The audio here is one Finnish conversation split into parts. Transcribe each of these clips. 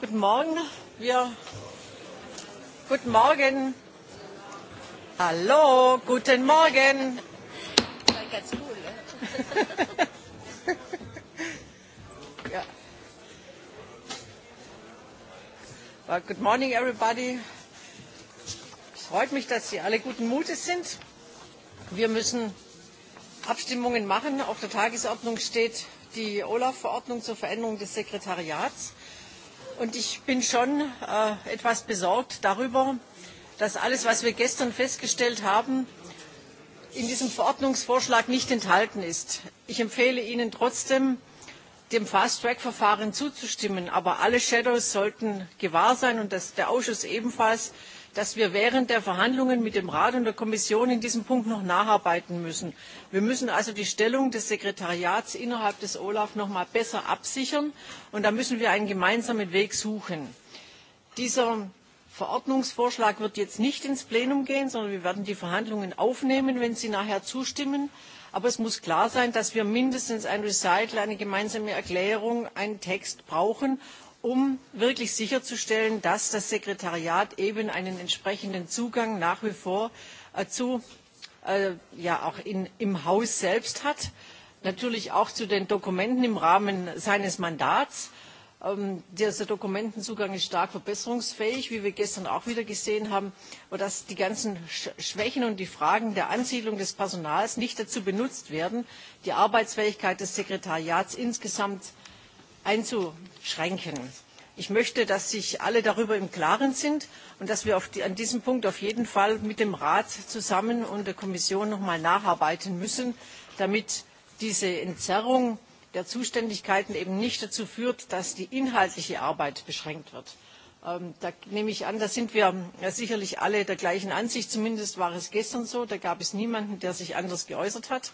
Guten Morgen. Wir Guten Morgen. Hallo, guten Morgen. ja. Well, good morning everybody. Es freut mich, dass Sie alle guten Mutes sind. Wir müssen Abstimmungen machen. Auf der Tagesordnung steht die Olaf-Verordnung zur Veränderung des Sekretariats. Und ich bin schon äh, etwas besorgt darüber, dass alles, was wir gestern festgestellt haben, in diesem Verordnungsvorschlag nicht enthalten ist. Ich empfehle Ihnen trotzdem, dem Fast-Track-Verfahren zuzustimmen. Aber alle Shadows sollten gewahr sein und das, der Ausschuss ebenfalls, dass wir während der Verhandlungen mit dem Rat und der Kommission in diesem Punkt noch nacharbeiten müssen. Wir müssen also die Stellung des Sekretariats innerhalb des Olaf noch mal besser absichern und da müssen wir einen gemeinsamen Weg suchen. Dieser Verordnungsvorschlag wird jetzt nicht ins Plenum gehen, sondern wir werden die Verhandlungen aufnehmen, wenn Sie nachher zustimmen. Aber es muss klar sein, dass wir mindestens ein Recital, eine gemeinsame Erklärung, einen Text brauchen um wirklich sicherzustellen, dass das Sekretariat eben einen entsprechenden Zugang nach wie vor äh, zu, äh, ja auch in, im Haus selbst hat, natürlich auch zu den Dokumenten im Rahmen seines Mandats. Ähm, dieser Dokumentenzugang ist stark verbesserungsfähig, wie wir gestern auch wieder gesehen haben, aber dass die ganzen Schwächen und die Fragen der Ansiedlung des Personals nicht dazu benutzt werden, die Arbeitsfähigkeit des Sekretariats insgesamt einzuschränken. Ich möchte, dass sich alle darüber im Klaren sind und dass wir die, an diesem Punkt auf jeden Fall mit dem Rat zusammen und der Kommission noch einmal nacharbeiten müssen, damit diese Entzerrung der Zuständigkeiten eben nicht dazu führt, dass die inhaltliche Arbeit beschränkt wird. Ähm, da nehme ich an, da sind wir ja sicherlich alle der gleichen Ansicht. Zumindest war es gestern so. Da gab es niemanden, der sich anders geäußert hat.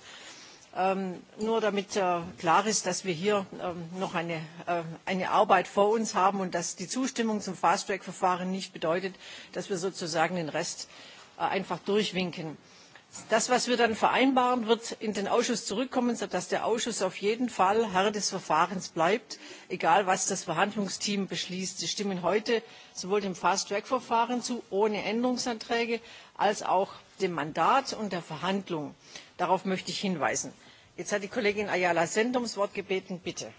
Ähm, nur damit äh, klar ist, dass wir hier ähm, noch eine, äh, eine Arbeit vor uns haben und dass die Zustimmung zum Fast-Track-Verfahren nicht bedeutet, dass wir sozusagen den Rest äh, einfach durchwinken. Das, was wir dann vereinbaren, wird in den Ausschuss zurückkommen, sodass der Ausschuss auf jeden Fall Herr des Verfahrens bleibt, egal was das Verhandlungsteam beschließt. Sie stimmen heute sowohl dem Fast-Track-Verfahren zu, ohne Änderungsanträge, als auch dem Mandat und der Verhandlung. Darauf möchte ich hinweisen Jetzt hat die Kollegin Ayala Sender ums Wort gebeten. Bitte.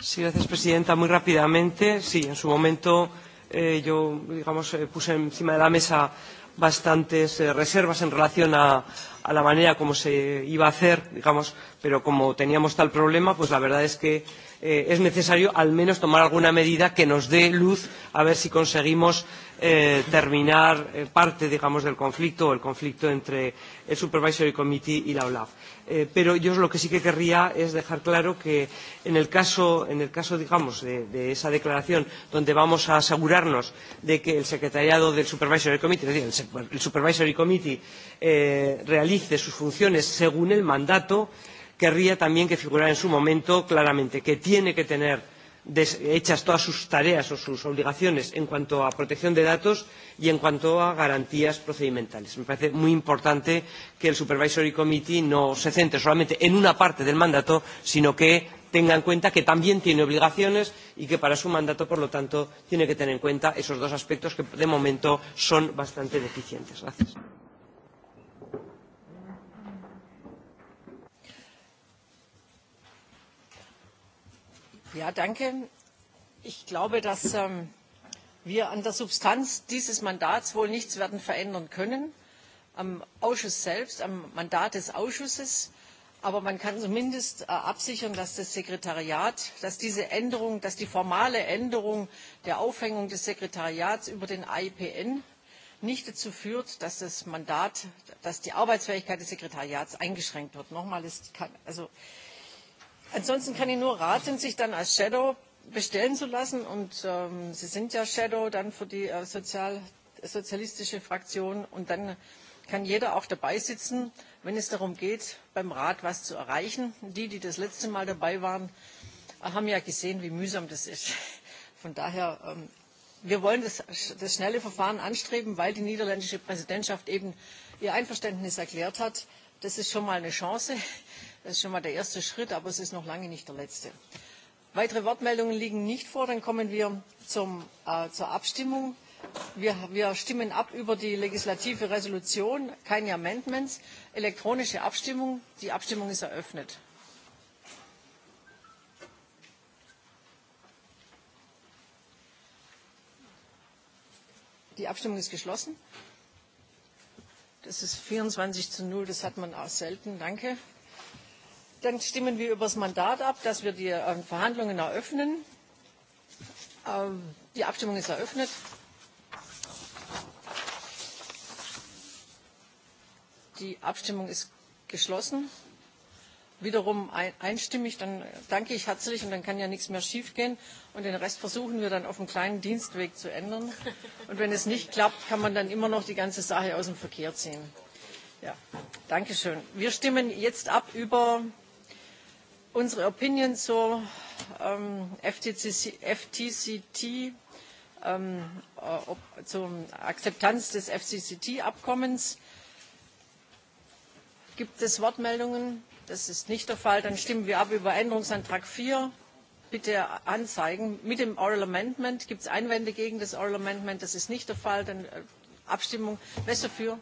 Sí, gracias, presidenta. Muy rápidamente. Sí, en su momento eh, yo, digamos, eh, puse encima de la mesa bastantes eh, reservas en relación a, a la manera como se iba a hacer, digamos, pero como teníamos tal problema, pues la verdad es que eh, es necesario al menos tomar alguna medida que nos dé luz a ver si conseguimos eh, terminar eh, parte, digamos, del conflicto o el conflicto entre el Supervisory Committee y la OLAF. Eh, pero yo lo que sí que querría es dejar claro que en el caso, en el caso digamos, de, de esa declaración donde vamos a asegurarnos de que el secretariado del Supervisory Committee, es decir, el, el Supervisory Committee eh, realice sus funciones según el mandato, querría también que figurara en su momento claramente que tiene que tener hechas todas sus tareas o sus obligaciones en cuanto a protección de datos y en cuanto a garantías procedimentales. Me parece muy importante que el Supervisory Committee no se centre solamente en una parte del mandato, sino que tenga en cuenta que también tiene obligaciones y que para su mandato, por lo tanto, tiene que tener en cuenta esos dos aspectos que de momento son bastante deficientes. Gracias. Ja, danke. Ich glaube, dass ähm, wir an der Substanz dieses Mandats wohl nichts werden verändern können, am Ausschuss selbst, am Mandat des Ausschusses. Aber man kann zumindest äh, absichern, dass das Sekretariat, dass diese Änderung, dass die formale Änderung der Aufhängung des Sekretariats über den IPN nicht dazu führt, dass das Mandat, dass die Arbeitsfähigkeit des Sekretariats eingeschränkt wird. Nochmal, es kann, also Ansonsten kann ich nur raten, sich dann als Shadow bestellen zu lassen. Und ähm, Sie sind ja Shadow dann für die äh, Sozial sozialistische Fraktion. Und dann kann jeder auch dabei sitzen, wenn es darum geht, beim Rat was zu erreichen. Die, die das letzte Mal dabei waren, haben ja gesehen, wie mühsam das ist. Von daher, ähm, wir wollen das, das schnelle Verfahren anstreben, weil die niederländische Präsidentschaft eben ihr Einverständnis erklärt hat. Das ist schon mal eine Chance. Das ist schon mal der erste Schritt, aber es ist noch lange nicht der letzte. Weitere Wortmeldungen liegen nicht vor. Dann kommen wir zum, äh, zur Abstimmung. Wir, wir stimmen ab über die legislative Resolution, keine Amendments, elektronische Abstimmung. Die Abstimmung ist eröffnet. Die Abstimmung ist geschlossen. Das ist 24 zu 0, das hat man auch selten. Danke. Dann stimmen wir über das Mandat ab, dass wir die äh, Verhandlungen eröffnen. Ähm, die Abstimmung ist eröffnet. Die Abstimmung ist geschlossen. Wiederum ein, einstimmig, dann danke ich herzlich und dann kann ja nichts mehr schiefgehen. Und den Rest versuchen wir dann auf dem kleinen Dienstweg zu ändern. Und wenn es nicht klappt, kann man dann immer noch die ganze Sache aus dem Verkehr ziehen. Ja, danke schön. Wir stimmen jetzt ab über unsere Opinion zur ähm, FTCC, FTCT, ähm, äh, ob, zur Akzeptanz des FCCT-Abkommens. Gibt es Wortmeldungen? Das ist nicht der Fall. Dann stimmen wir ab über Änderungsantrag 4. Bitte anzeigen. Mit dem Oral Amendment gibt es Einwände gegen das Oral Amendment. Das ist nicht der Fall. Dann äh, Abstimmung. Wer ist dafür?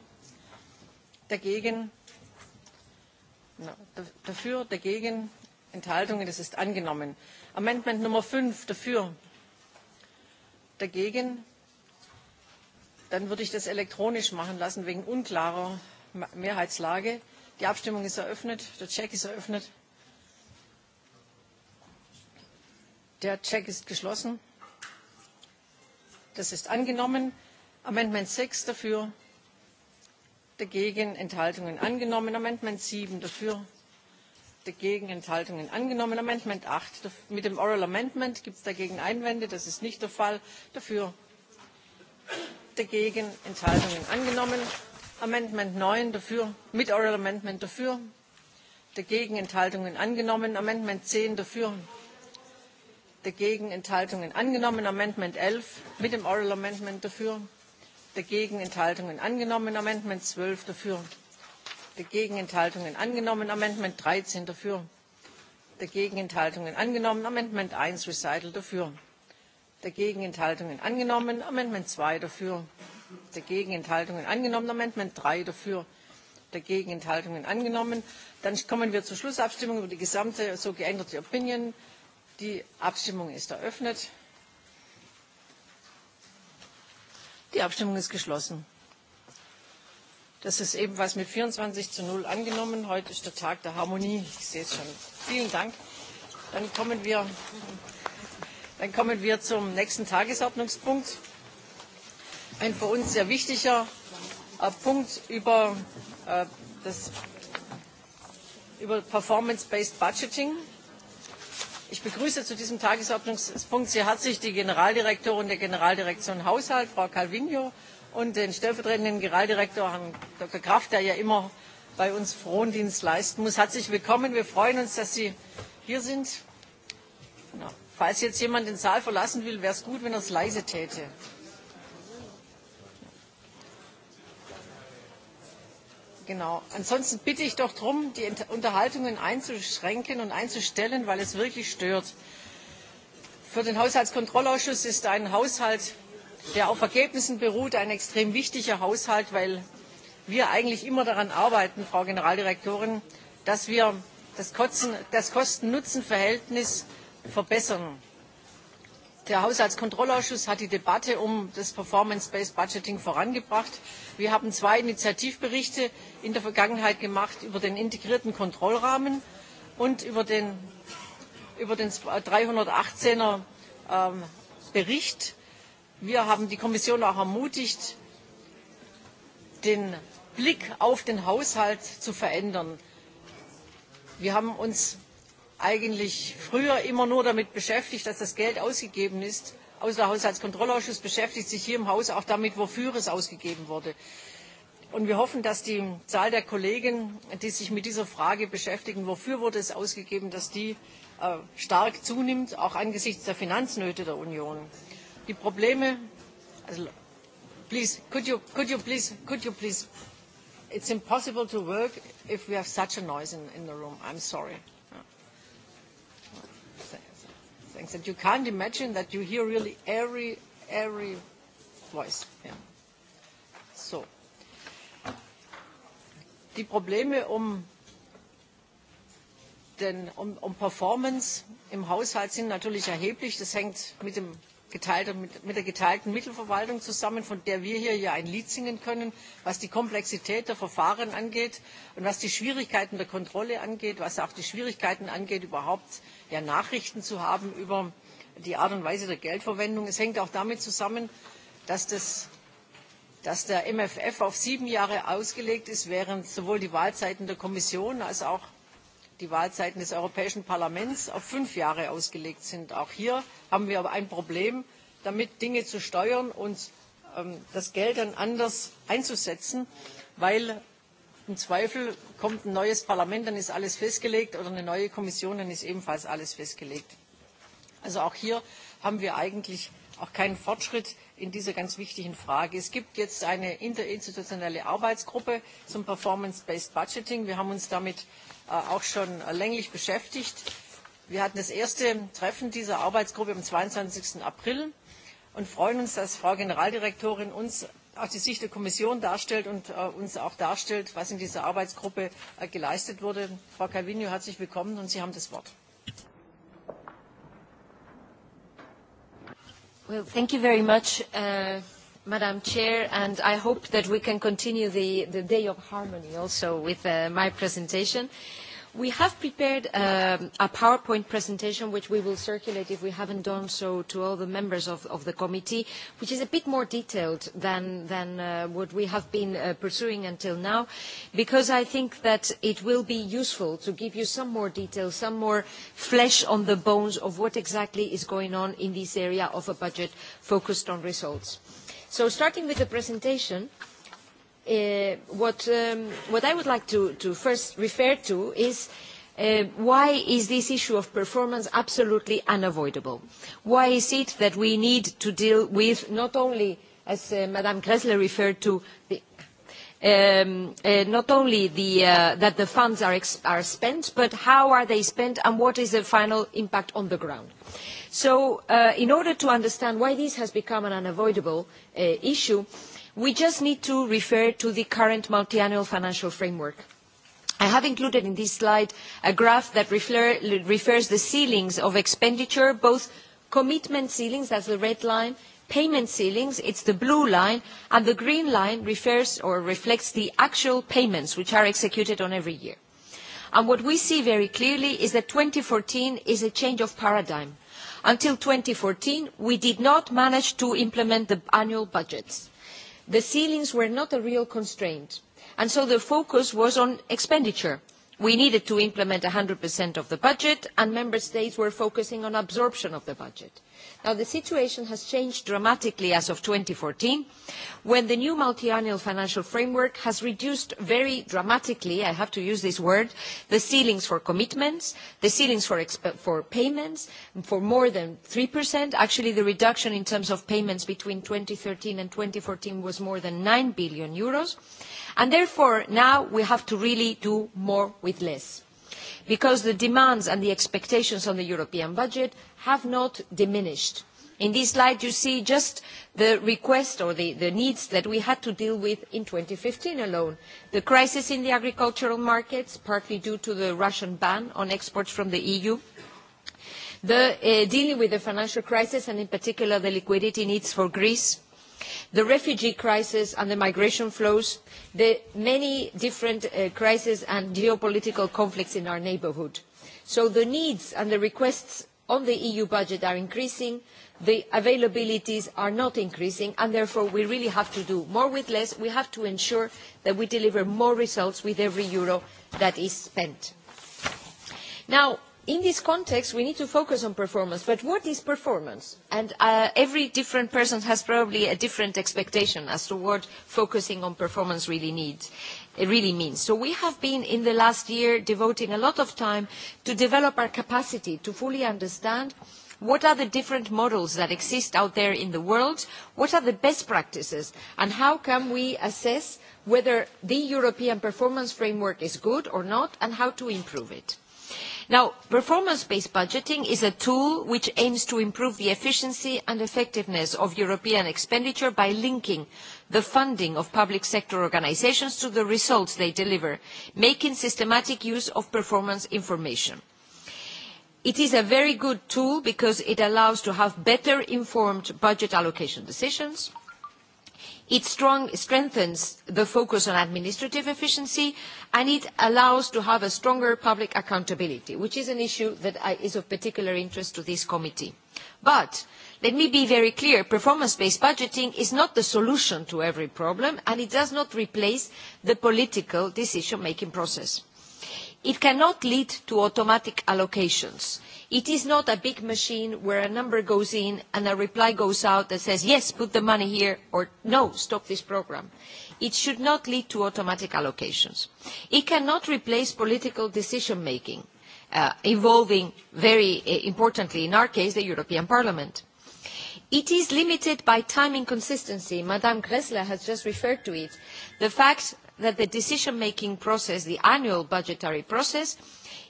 Dagegen? No. Dafür? Dagegen? Enthaltungen. Das ist angenommen. Amendment Nummer 5 dafür. Dagegen. Dann würde ich das elektronisch machen lassen wegen unklarer Mehrheitslage. Die Abstimmung ist eröffnet. Der Check ist eröffnet. Der Check ist geschlossen. Das ist angenommen. Amendment 6 dafür. Dagegen. Enthaltungen angenommen. Amendment 7 dafür dagegen Enthaltungen angenommen. Amendment 8 mit dem Oral Amendment. Gibt es dagegen Einwände? Das ist nicht der Fall. Dafür dagegen Enthaltungen angenommen. Amendment 9 dafür, mit Oral Amendment dafür, dagegen Enthaltungen angenommen. Amendment 10 dafür, dagegen Enthaltungen angenommen. Amendment 11 mit dem Oral Amendment dafür, dagegen Enthaltungen angenommen. Amendment 12 dafür, dagegen Enthaltungen angenommen. Amendment 13 dafür, dagegen Enthaltungen angenommen. Amendment 1 Recital dafür, dagegen Enthaltungen angenommen. Amendment 2 dafür, dagegen Enthaltungen angenommen. Amendment 3 dafür, dagegen Enthaltungen angenommen. Dann kommen wir zur Schlussabstimmung über die gesamte so geänderte Opinion. Die Abstimmung ist eröffnet. Die Abstimmung ist geschlossen. Das ist eben was mit 24 zu 0 angenommen. Heute ist der Tag der Harmonie. Ich sehe es schon. Vielen Dank. Dann kommen wir, dann kommen wir zum nächsten Tagesordnungspunkt. Ein für uns sehr wichtiger äh, Punkt über äh, das über Performance-Based Budgeting. Ich begrüße zu diesem Tagesordnungspunkt sehr herzlich die Generaldirektorin der Generaldirektion Haushalt, Frau Calvino, und den stellvertretenden Generaldirektor, Herrn Dr. Kraft, der ja immer bei uns Frondienst leisten muss. Herzlich willkommen. Wir freuen uns, dass Sie hier sind. Genau. Falls jetzt jemand den Saal verlassen will, wäre es gut, wenn er es leise täte. Genau. Ansonsten bitte ich doch darum, die Unterhaltungen einzuschränken und einzustellen, weil es wirklich stört. Für den Haushaltskontrollausschuss ist ein Haushalt der auf Ergebnissen beruht, ein extrem wichtiger Haushalt, weil wir eigentlich immer daran arbeiten, Frau Generaldirektorin, dass wir das, das Kosten-Nutzen-Verhältnis verbessern. Der Haushaltskontrollausschuss hat die Debatte um das Performance-Based Budgeting vorangebracht. Wir haben zwei Initiativberichte in der Vergangenheit gemacht über den integrierten Kontrollrahmen und über den, über den 318er ähm, Bericht wir haben die Kommission auch ermutigt, den Blick auf den Haushalt zu verändern. Wir haben uns eigentlich früher immer nur damit beschäftigt, dass das Geld ausgegeben ist. Außer der Haushaltskontrollausschuss beschäftigt sich hier im Haus auch damit, wofür es ausgegeben wurde. Und wir hoffen, dass die Zahl der Kollegen, die sich mit dieser Frage beschäftigen, wofür wurde es ausgegeben, dass die äh, stark zunimmt, auch angesichts der Finanznöte der Union die Probleme. Also, please, could you, could you please, could you please? It's impossible to work if we have such a noise in, in the room. I'm sorry. Thanks. And you can't imagine that you hear really every every voice. Yeah. So. Die Probleme um denn um, um Performance im Haushalt sind natürlich erheblich. Das hängt mit dem geteilter, mit, mit der geteilten Mittelverwaltung zusammen, von der wir hier ja ein Lied singen können, was die Komplexität der Verfahren angeht und was die Schwierigkeiten der Kontrolle angeht, was auch die Schwierigkeiten angeht, überhaupt ja, Nachrichten zu haben über die Art und Weise der Geldverwendung. Es hängt auch damit zusammen, dass, das, dass der MFF auf sieben Jahre ausgelegt ist, während sowohl die Wahlzeiten der Kommission als auch die Wahlzeiten des Europäischen Parlaments auf fünf Jahre ausgelegt sind. Auch hier haben wir ein Problem damit, Dinge zu steuern und ähm, das Geld dann anders einzusetzen, weil im Zweifel kommt ein neues Parlament, dann ist alles festgelegt, oder eine neue Kommission, dann ist ebenfalls alles festgelegt. Also auch hier haben wir eigentlich auch keinen Fortschritt in dieser ganz wichtigen Frage. Es gibt jetzt eine interinstitutionelle Arbeitsgruppe zum Performance-Based Budgeting. Wir haben uns damit Äh, auch schon länglich beschäftigt. Wir hatten das erste Treffen dieser Arbeitsgruppe am 22. April und freuen uns, dass Frau Generaldirektorin uns auch die Sicht der Kommission darstellt und äh, uns auch darstellt, was in dieser Arbeitsgruppe äh, geleistet wurde. Frau Calvino, herzlich willkommen und Sie haben das Wort. Well, thank you very much, uh, Madam Chair, and I hope that we can continue the, the Day of Harmony also with uh, my presentation. We have prepared um, a PowerPoint presentation, which we will circulate if we haven't done so to all the members of, of the committee, which is a bit more detailed than, than uh, what we have been uh, pursuing until now, because I think that it will be useful to give you some more details, some more flesh on the bones of what exactly is going on in this area of a budget focused on results. So starting with the presentation, uh, what, um, what I would like to, to first refer to is uh, why is this issue of performance absolutely unavoidable? Why is it that we need to deal with not only, as uh, Madame Kressler referred to, the Um, uh, not only the, uh, that the funds are, are spent, but how are they spent and what is the final impact on the ground. So uh, in order to understand why this has become an unavoidable uh, issue, we just need to refer to the current multiannual financial framework. I have included in this slide a graph that refers to the ceilings of expenditure, both commitment ceilings, that is the red line, payment ceilings, that is the blue line, and the green line refers or reflects the actual payments which are executed on every year. what we see very clearly is that two thousand and fourteen is a change of paradigm Until two thousand and fourteen we did not manage to implement the annual budgets. The ceilings were not a real constraint, and so the focus was on expenditure. We needed to implement one hundred of the budget, and member states were focusing on absorption of the budget. Now, the situation has changed dramatically as of two thousand and fourteen when the new multiannual financial framework has reduced very dramatically, I have to use this word, the ceilings for commitments, the ceilings for, payments, for more than three Actually, the reduction in terms of payments between two thousand and thirteen and and two thousand fourteen was more than eur nine billion And therefore, now we have to really do more with less because the demands and the expectations on the European budget have not diminished. In this slide, you see just the request or the, the needs that we had to deal with in 2015 alone. The crisis in the agricultural markets, partly due to the Russian ban on exports from the EU, the uh, dealing with the financial crisis and in particular the liquidity needs for Greece, the refugee crisis and the migration flows, the many different uh, crises and geopolitical conflicts in our neighbourhood. So the needs and the requests on the EU budget are increasing, the availabilities are not increasing, and therefore we really have to do more with less. We have to ensure that we deliver more results with every euro that is spent. Now, in this context, we need to focus on performance. But what is performance? And uh, every different person has probably a different expectation as to what focusing on performance really needs really means. So we have been in the last year devoting a lot of time to develop our capacity to fully understand what are the different models that exist out there in the world, what are the best practices, and how can we assess whether the European performance framework is good or not, and how to improve it. Now, performance-based budgeting is a tool which aims to improve the efficiency and effectiveness of European expenditure by linking the funding of public sector organisations to the results they deliver, making systematic use of performance information. It is a very good tool because it allows to have better informed budget allocation decisions. It strong, strengthens the focus on administrative efficiency, and it allows to have a stronger public accountability, which is an issue that is of particular interest to this committee. But Let me be very clear. Performance-based budgeting is not the solution to every problem, and it does not replace the political decision-making process. It cannot lead to automatic allocations. It is not a big machine where a number goes in and a reply goes out that says, yes, put the money here, or no, stop this program. It should not lead to automatic allocations. It cannot replace political decision-making, uh, involving, very uh, importantly in our case, the European Parliament. It is limited by time inconsistency. Madame Gressler has just referred to it. The fact that the decision-making process, the annual budgetary process,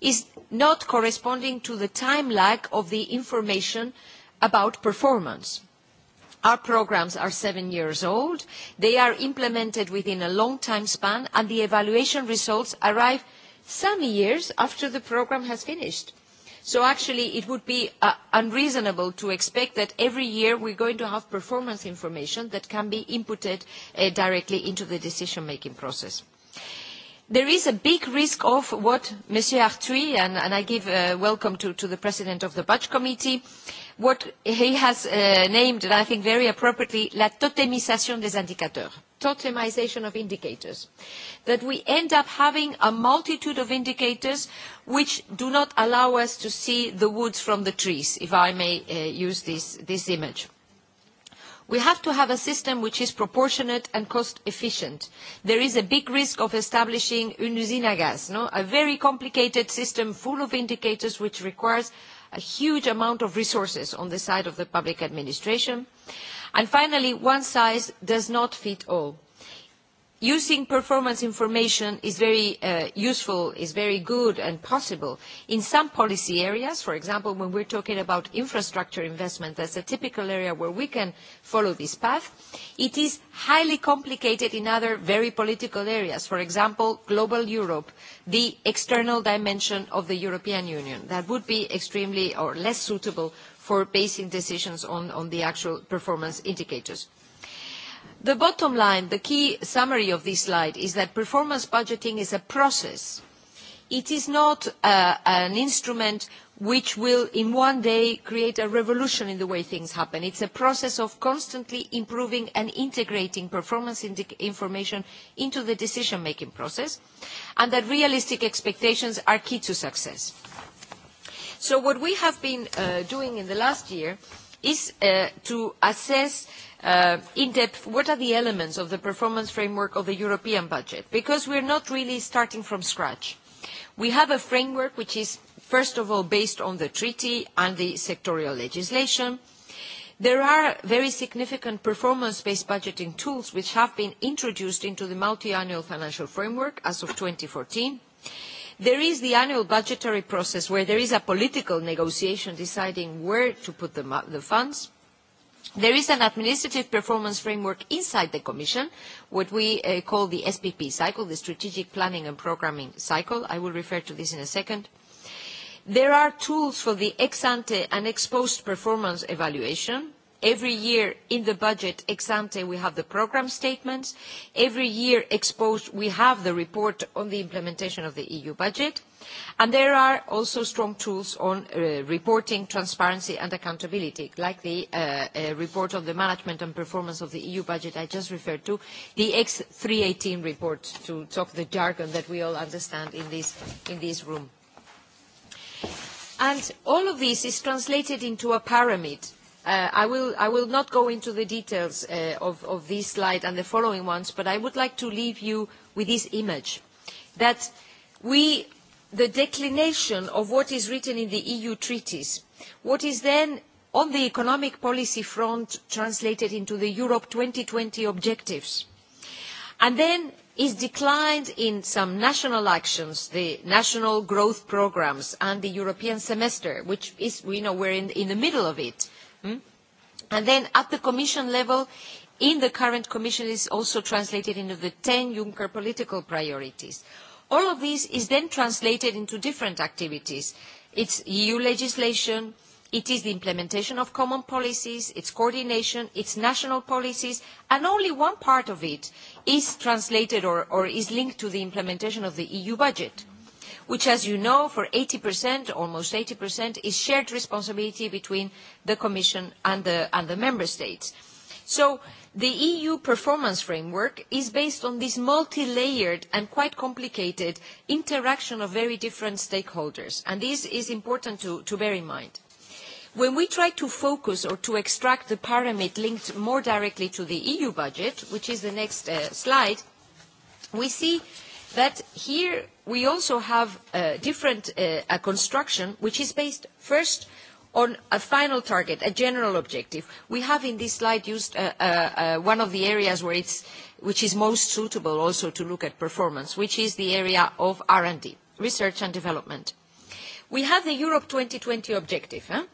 is not corresponding to the time lag of the information about performance. Our programmes are seven years old. They are implemented within a long time span, and the evaluation results arrive some years after the programme has finished. So actually, it would be uh, unreasonable to expect that every year we're going to have performance information that can be inputted uh, directly into the decision-making process. There is a big risk of what Monsieur Arthuis, and, I give a uh, welcome to the President of the Budget Committee, what he has uh, named, and I think very appropriately, la totemisation des indicateurs, totemization of indicators, that we end up having a multitude of indicators which do not allow us to see the woods from the trees, if I may uh, use this, this image. We have to have a system which is proportionate and cost efficient. There is a big risk of establishing une usine à gaz, no? a very complicated system full of indicators which requires a huge amount of resources on the side of the public administration. And finally, one size does not fit all using performance information is very uh, useful, is very good and possible in some policy areas. For example, when we're talking about infrastructure investment, that's a typical area where we can follow this path. It is highly complicated in other very political areas. For example, global Europe, the external dimension of the European Union. That would be extremely or less suitable for basing decisions on, on the actual performance indicators. The bottom line, the key summary of this slide is that performance budgeting is a process. It is not uh, an instrument which will in one day create a revolution in the way things happen. It's a process of constantly improving and integrating performance information into the decision-making process, and that realistic expectations are key to success. So what we have been uh, doing in the last year is uh, to assess Uh, in depth what are the elements of the performance framework of the European budget, because we're not really starting from scratch. We have a framework which is, first of all, based on the treaty and the sectorial legislation. There are very significant performance-based budgeting tools which have been introduced into the multi-annual financial framework as of 2014. There is the annual budgetary process where there is a political negotiation deciding where to put the, the funds. There is an administrative performance framework inside the Commission, what we uh, call the SPP cycle, the Strategic Planning and Programming Cycle. I will refer to this in a second. There are tools for the ex-ante and ex-post performance evaluation Every year in the budget, ex ante, we have the program statements. Every year ex-post, we have the report on the implementation of the EU budget. there are also strong tools on uh, reporting, transparency and accountability, like the uh, uh, report on the management and performance of the EU budget I just referred to, the X318 report, to talk the jargon that we all understand in this, in this room. all of this is translated into a pyramid Uh, I, will, not go into the details uh, of, this slide and the following ones, but I would like to leave you with this image, that the declination of what is written in the EU treaties, what is then on the economic policy front translated into the Europe 2020 objectives, and then is declined in some national actions, the national growth programmes and the European semester, which we know, we're are in the middle of it Hmm? And then at the Commission level, in the current Commission is also translated into the 10 Juncker political priorities. All of this is then translated into different activities. It's EU legislation, it is the implementation of common policies, its coordination, its national policies, and only one part of it is translated or, or is linked to the implementation of the EU budget which, as you know, for 80%, almost 80%, is shared responsibility between the Commission and the, member states. the EU performance framework is based on this multi-layered and quite complicated interaction of very different stakeholders, and this is important to, bear in mind. When we try to focus or to extract the parameter linked more directly to the EU budget, which is the next uh, slide, we see But here we also have a uh, different uh, a construction, which is based first on a final target, a general objective. We have in this slide used uh, uh, uh one of the areas where it's, which is most suitable also to look at performance, which is the area of R&D, research and development. We have the Europe 2020 objective, huh?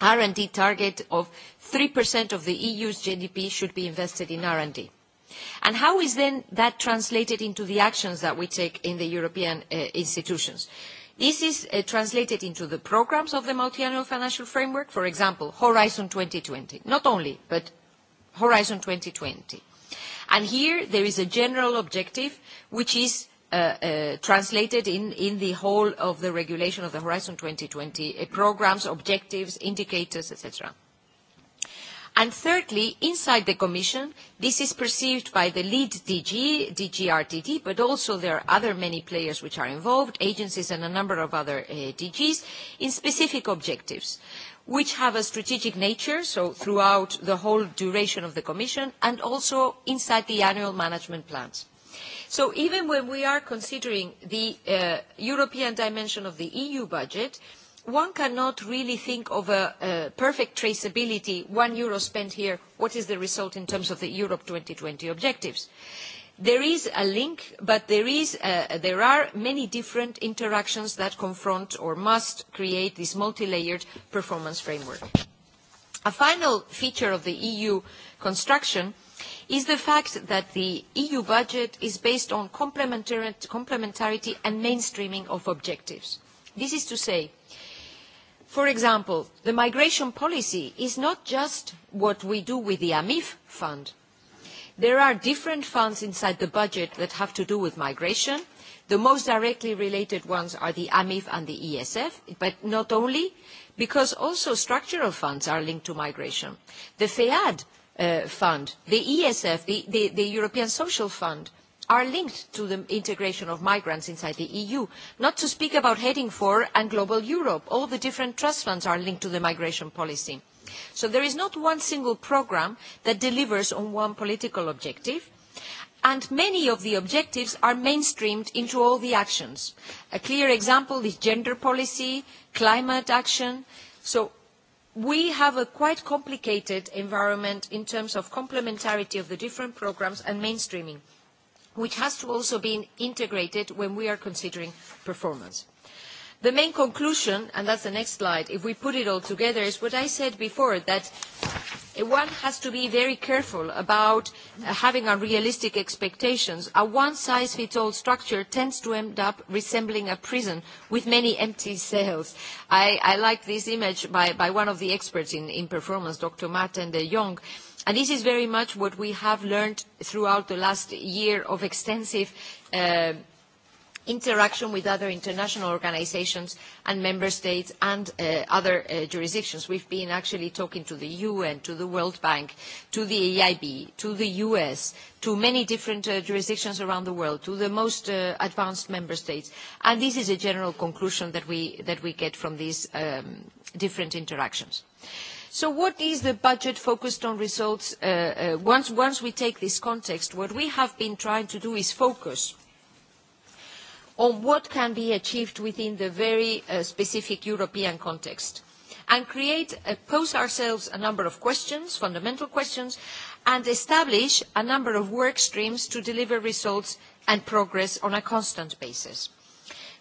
R&D target of 3% of the EU's GDP should be invested in R&D. Uh, And how is then that translated into the actions that we take in the European uh, institutions? This is uh, translated into the programs of the multiannual financial framework, for example, Horizon 2020. Not only, but Horizon 2020. And here there is a general objective which is uh, translated in, the whole of the regulation of the Horizon 2020 uh, programs, objectives, indicators, etc. And thirdly, inside the Commission, this is perceived by the lead DG, DG RTD, but also there are other many players which are involved, agencies and a number of other uh, DGs, in specific objectives, which have a strategic nature, so throughout the whole duration of the Commission, and also inside the annual management plans. So even when we are considering the uh, European dimension of the EU budget, uh, one cannot really think of a, a perfect traceability, one euro spent here, what is the result in terms of the Europe 2020 objectives? There is a link, but there, is, a, uh, there are many different interactions that confront or must create this multi-layered performance framework. A final feature of the EU construction is the fact that the EU budget is based on complementarity and mainstreaming of objectives. This is to say, For example, the migration policy is not just what we do with the AMIF fund. There are different funds inside the budget that have to do with migration. The most directly related ones are the AMIF and the ESF, but not only, because also structural funds are linked to migration. The FEAD uh, fund, the ESF, the, the, the European Social Fund, are linked to the integration of migrants inside the EU, not to speak about Heading four and Global Europe. All the different trust funds are linked to the migration policy. So there is not one single programme that delivers on one political objective, and many of the objectives are mainstreamed into all the actions. A clear example is gender policy, climate action. So we have a quite complicated environment in terms of complementarity of the different programmes and mainstreaming which has to also be integrated when we are considering performance. The main conclusion, and that's the next slide, if we put it all together, is what I said before, that one has to be very careful about uh, having unrealistic expectations. A one-size-fits-all structure tends to end up resembling a prison with many empty cells. I, like this image by, one of the experts in, performance, Dr. Martin de Jong, this is very much what we have learned throughout the last year of extensive uh, interaction with other international organizations and member states and uh, other uh, jurisdictions. We've been actually talking to the UN, to the World Bank, to the EIB, to the US, to many different uh, jurisdictions around the world, to the most uh, advanced member states. And this is a general conclusion that we, that we get from these um, different interactions. So what is the budget focused on results? Uh, uh, once, we take this context, what we have been trying to do is focus on what can be achieved within the very uh, specific European context and create, pose ourselves a number of questions, fundamental questions, and establish a number of work streams to deliver results and progress on a constant basis.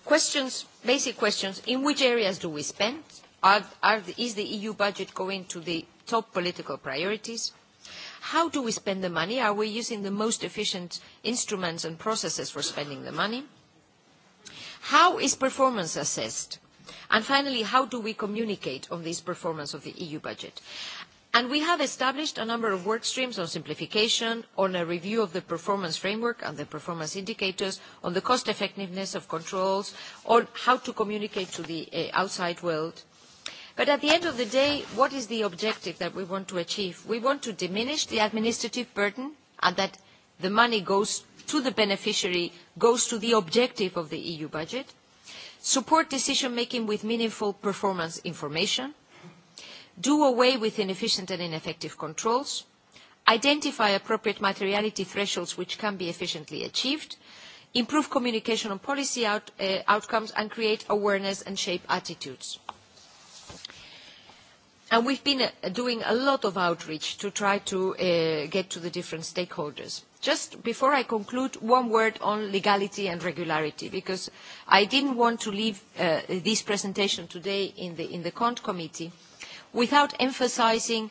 Questions, basic questions, in which areas do we spend? is the EU budget going to the top political priorities? How do we spend the money? Are we using the most efficient instruments and processes for spending the money? How is performance assessed? And finally, how do we communicate on this performance of the EU budget? And we have established a number of work streams on simplification, on a review of the performance framework and the performance indicators, on the cost effectiveness of controls, on how to communicate to the eh, outside world, But at the end of the day, what is the objective that we want to achieve? We want to diminish the administrative burden and that the money goes to the beneficiary, goes to the objective of the EU budget, support decision-making with meaningful performance information, do away with inefficient and ineffective controls, identify appropriate materiality thresholds which can be efficiently achieved, improve communication on policy out, uh, outcomes, and create awareness and shape attitudes we've been uh, doing a lot of outreach to try to uh, get to the different stakeholders. Just before I conclude, one word on legality and regularity, because I didn't want to leave uh, this presentation today in the, Comp committee without emphasizing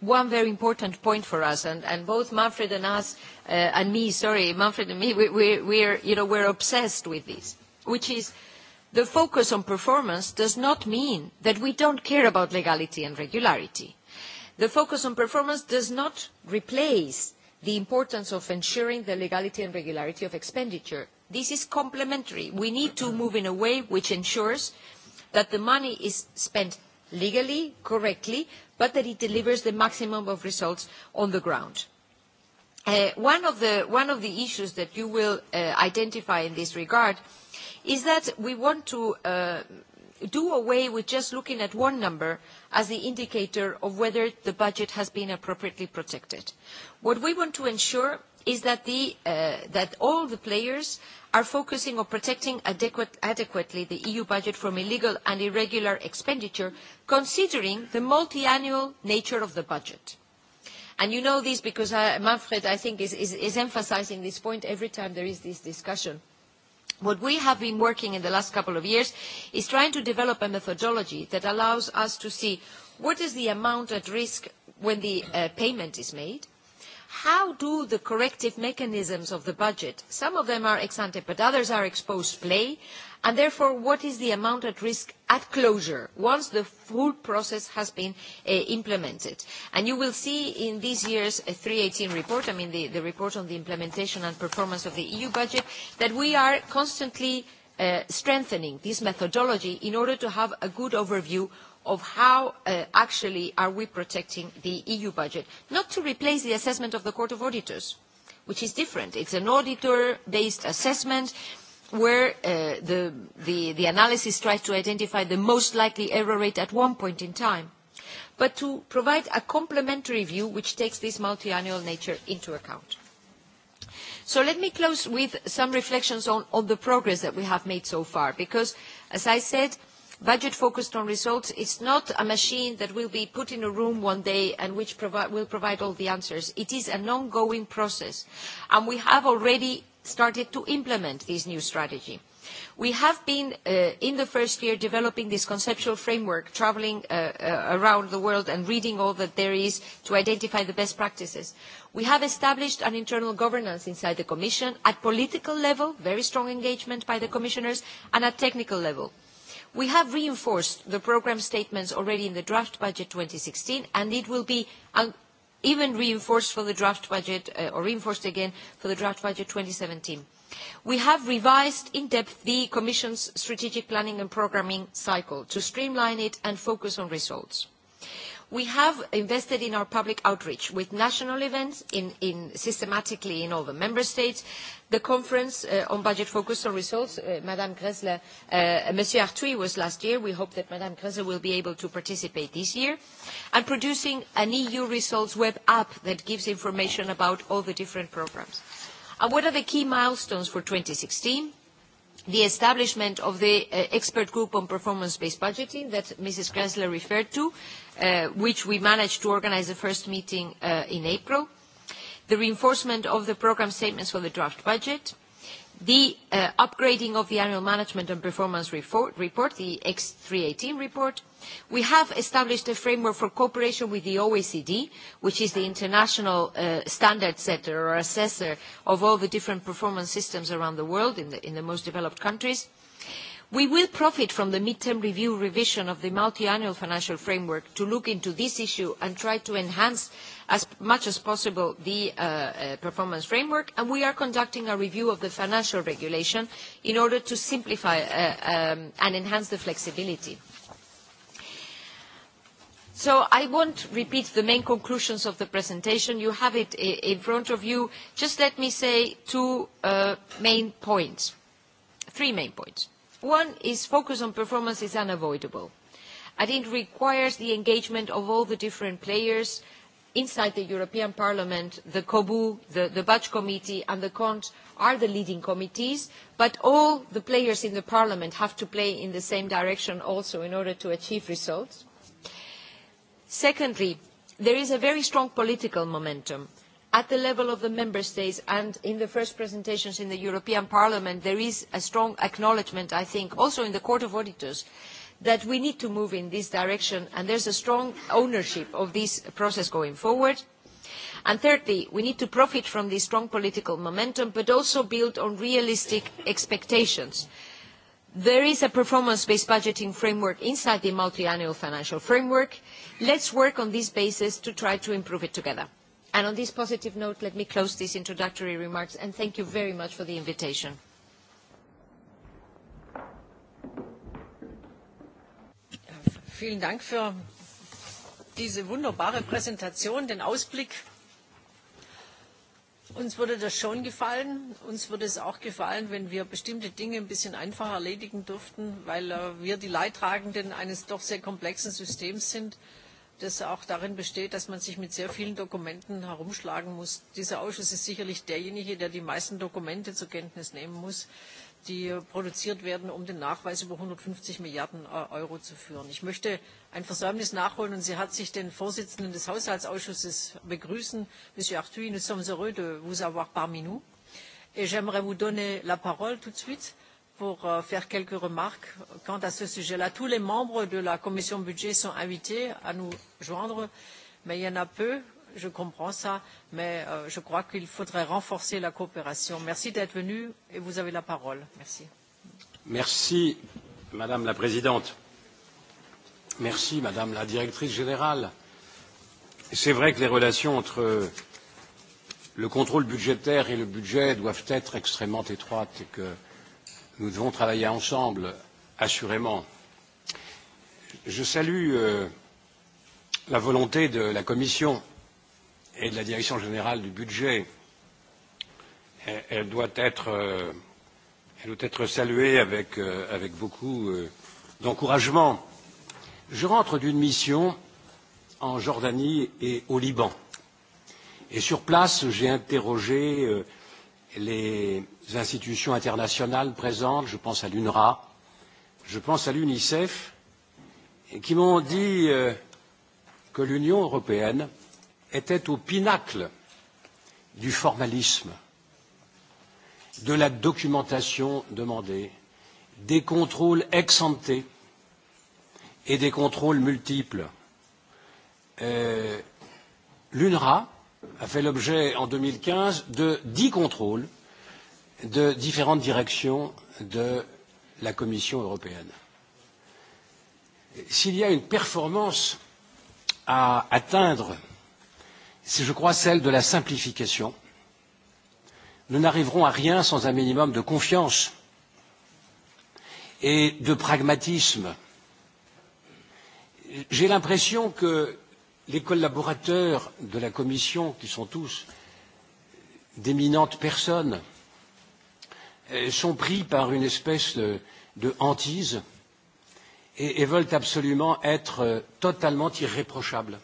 one very important point for us, and, both Manfred and us, and me, sorry, Manfred and me, we're, you know, we're obsessed with this, which is the focus on performance does not mean that we don't care about legality and regularity. The focus on performance does not replace the importance of ensuring the legality and regularity of expenditure. This is complementary. We need to move in a way which ensures that the money is spent legally, correctly, but that it delivers the maximum of results on the ground. Uh, one, of the, issues that you will uh, identify in this regard is is that we want to uh, do away with just looking at one number as the indicator of whether the budget has been appropriately protected. What we want to ensure is that, the, uh, that all the players are focusing on protecting adequate, adequately the EU budget from illegal and irregular expenditure, considering the multi-annual nature of the budget. And you know this because I, uh, Manfred, I think, is, is, is emphasizing this point every time there is this discussion. What we have been working in the last couple of years is trying to develop a methodology that allows us to see what is the amount at risk when the uh, payment is made, how do the corrective mechanisms of the budget, some of them are ex ante, but others are exposed play, therefore what is the amount at risk at closure once the full process has been uh, implemented. And you will see in this year's uh, 318 report, I mean the, the report on the implementation and performance of the EU budget, that we are constantly uh, strengthening this methodology in order to have a good overview of how uh, actually are we protecting the EU budget, not to replace the assessment of the Court of Auditors, which is different. It's an auditor-based assessment where uh, the, the analysis tries to identify the most likely error rate at one point in time, but to provide a complementary view which takes this multi-annual nature into account. So let me close with some reflections on, on the progress that we have made so far, because, as I said, budget focused on results is not a machine that will be put in a room one day and which provi will provide all the answers. It is an ongoing process, and we have already started to implement this new strategy. We have been, uh, in the first year, developing this conceptual framework, traveling uh, uh, around the world and reading all that there is to identify the best practices. We have established an internal governance inside the Commission at political level, very strong engagement by the commissioners, and at technical level. We have reinforced the programme statements already in the draft budget 2016, and it will be even reinforced for the draft budget, uh, or reinforced again for the draft budget 2017. We have revised in depth the Commission's strategic planning and programming cycle to streamline it and focus on results. We have invested in our public outreach with national events in, in systematically in all the member states. The conference uh, on budget focus on results, uh, Madame Gressler, uh, Monsieur Artui was last year. We hope that Madame Gressler will be able to participate this year. And producing an EU results web app that gives information about all the different programs. And what are the key milestones for 2016? the establishment of the uh, expert group on performance-based budgeting that Mrs. Gressler referred to, Uh, which we managed to organize the first meeting uh, in April, the reinforcement of the program statements for the draft budget, the uh, upgrading of the annual management and performance report, the X318 report. We have established a framework for cooperation with the OECD, which is the international standard setter or assessor of all the different performance systems around the world in the, most developed countries. Uh, We will profit from the midterm review revision of the multi-annual financial framework to look into this issue and try to enhance as much as possible the uh, uh, performance framework, and we are conducting a review of the financial regulation in order to simplify uh, um, and enhance the flexibility. So I won't repeat the main conclusions of the presentation. You have it in front of you. Just let me say two uh, main points, three main points. One is focus on performance is unavoidable. And it requires the engagement of all the different players inside the European Parliament, the COBU, the, the Budge Committee and the CONT are the leading committees, but all the players in the Parliament have to play in the same direction also in order to achieve results. Secondly, there is a very strong political momentum at the level of the member states and in the first presentations in the European Parliament, there is a strong acknowledgement, I think, also in the Court of Auditors, that we need to move in this direction, and there is a strong ownership of this process going forward. And thirdly, we need to profit from this strong political momentum, but also build on realistic expectations. There is a performance-based budgeting framework inside the multiannual financial framework. let us work on this basis to try to improve it together on this positive note, let me close these introductory remarks, and thank you very much for the invitation. Vielen Dank für diese wunderbare Präsentation, den Ausblick. Uns würde das schon gefallen. Uns würde es auch gefallen, wenn wir bestimmte Dinge ein bisschen einfacher erledigen dürften, weil äh, wir die Leidtragenden eines doch sehr komplexen Systems sind das auch darin besteht, dass man sich mit sehr vielen Dokumenten herumschlagen muss. Dieser Ausschuss ist sicherlich derjenige, der die meisten Dokumente zur Kenntnis nehmen muss, die produziert werden, um den Nachweis über 150 Milliarden äh, Euro zu führen. Ich möchte ein Versäumnis nachholen und sie hat sich den Vorsitzenden des Haushaltsausschusses begrüßen, Monsieur Arthuis, nous sommes heureux de vous avoir parmi nous. Et j'aimerais vous donner la parole tout de suite pour euh, faire quelques remarques quant à ce sujet-là. Tous les membres de la commission budget sont invités à nous joindre, mais il y en a peu, je comprends ça, mais euh, je crois qu'il faudrait renforcer la coopération. Merci d'être venu et vous avez la parole. Merci. Merci, Madame la Présidente. Merci, Madame la Directrice Générale. C'est vrai que les relations entre le contrôle budgétaire et le budget doivent être extrêmement étroites et que euh, Nous devons travailler ensemble, assurément. Je salue euh, la volonté de la Commission et de la Direction générale du budget. Elle, doit être, euh, elle doit être saluée avec, euh, avec beaucoup d'encouragement. Je rentre d'une mission en Jordanie et au Liban. Et sur place, j'ai interrogé euh, les institutions internationales présentes, je pense à l'UNRWA, je pense à l'UNICEF, qui m'ont dit euh, que l'Union européenne était au pinacle du formalisme, de la documentation demandée, des contrôles ex ante et des contrôles multiples. Euh, L'UNRWA a fait l'objet en 2015 de dix contrôles de différentes directions de la Commission européenne. S'il y a une performance à atteindre, c'est, je crois, celle de la simplification. Nous n'arriverons à rien sans un minimum de confiance et de pragmatisme. J'ai l'impression que les collaborateurs de la Commission, qui sont tous d'éminentes personnes, euh, sont pris par une espèce de, de hantise et, et veulent absolument être euh, totalement irréprochables.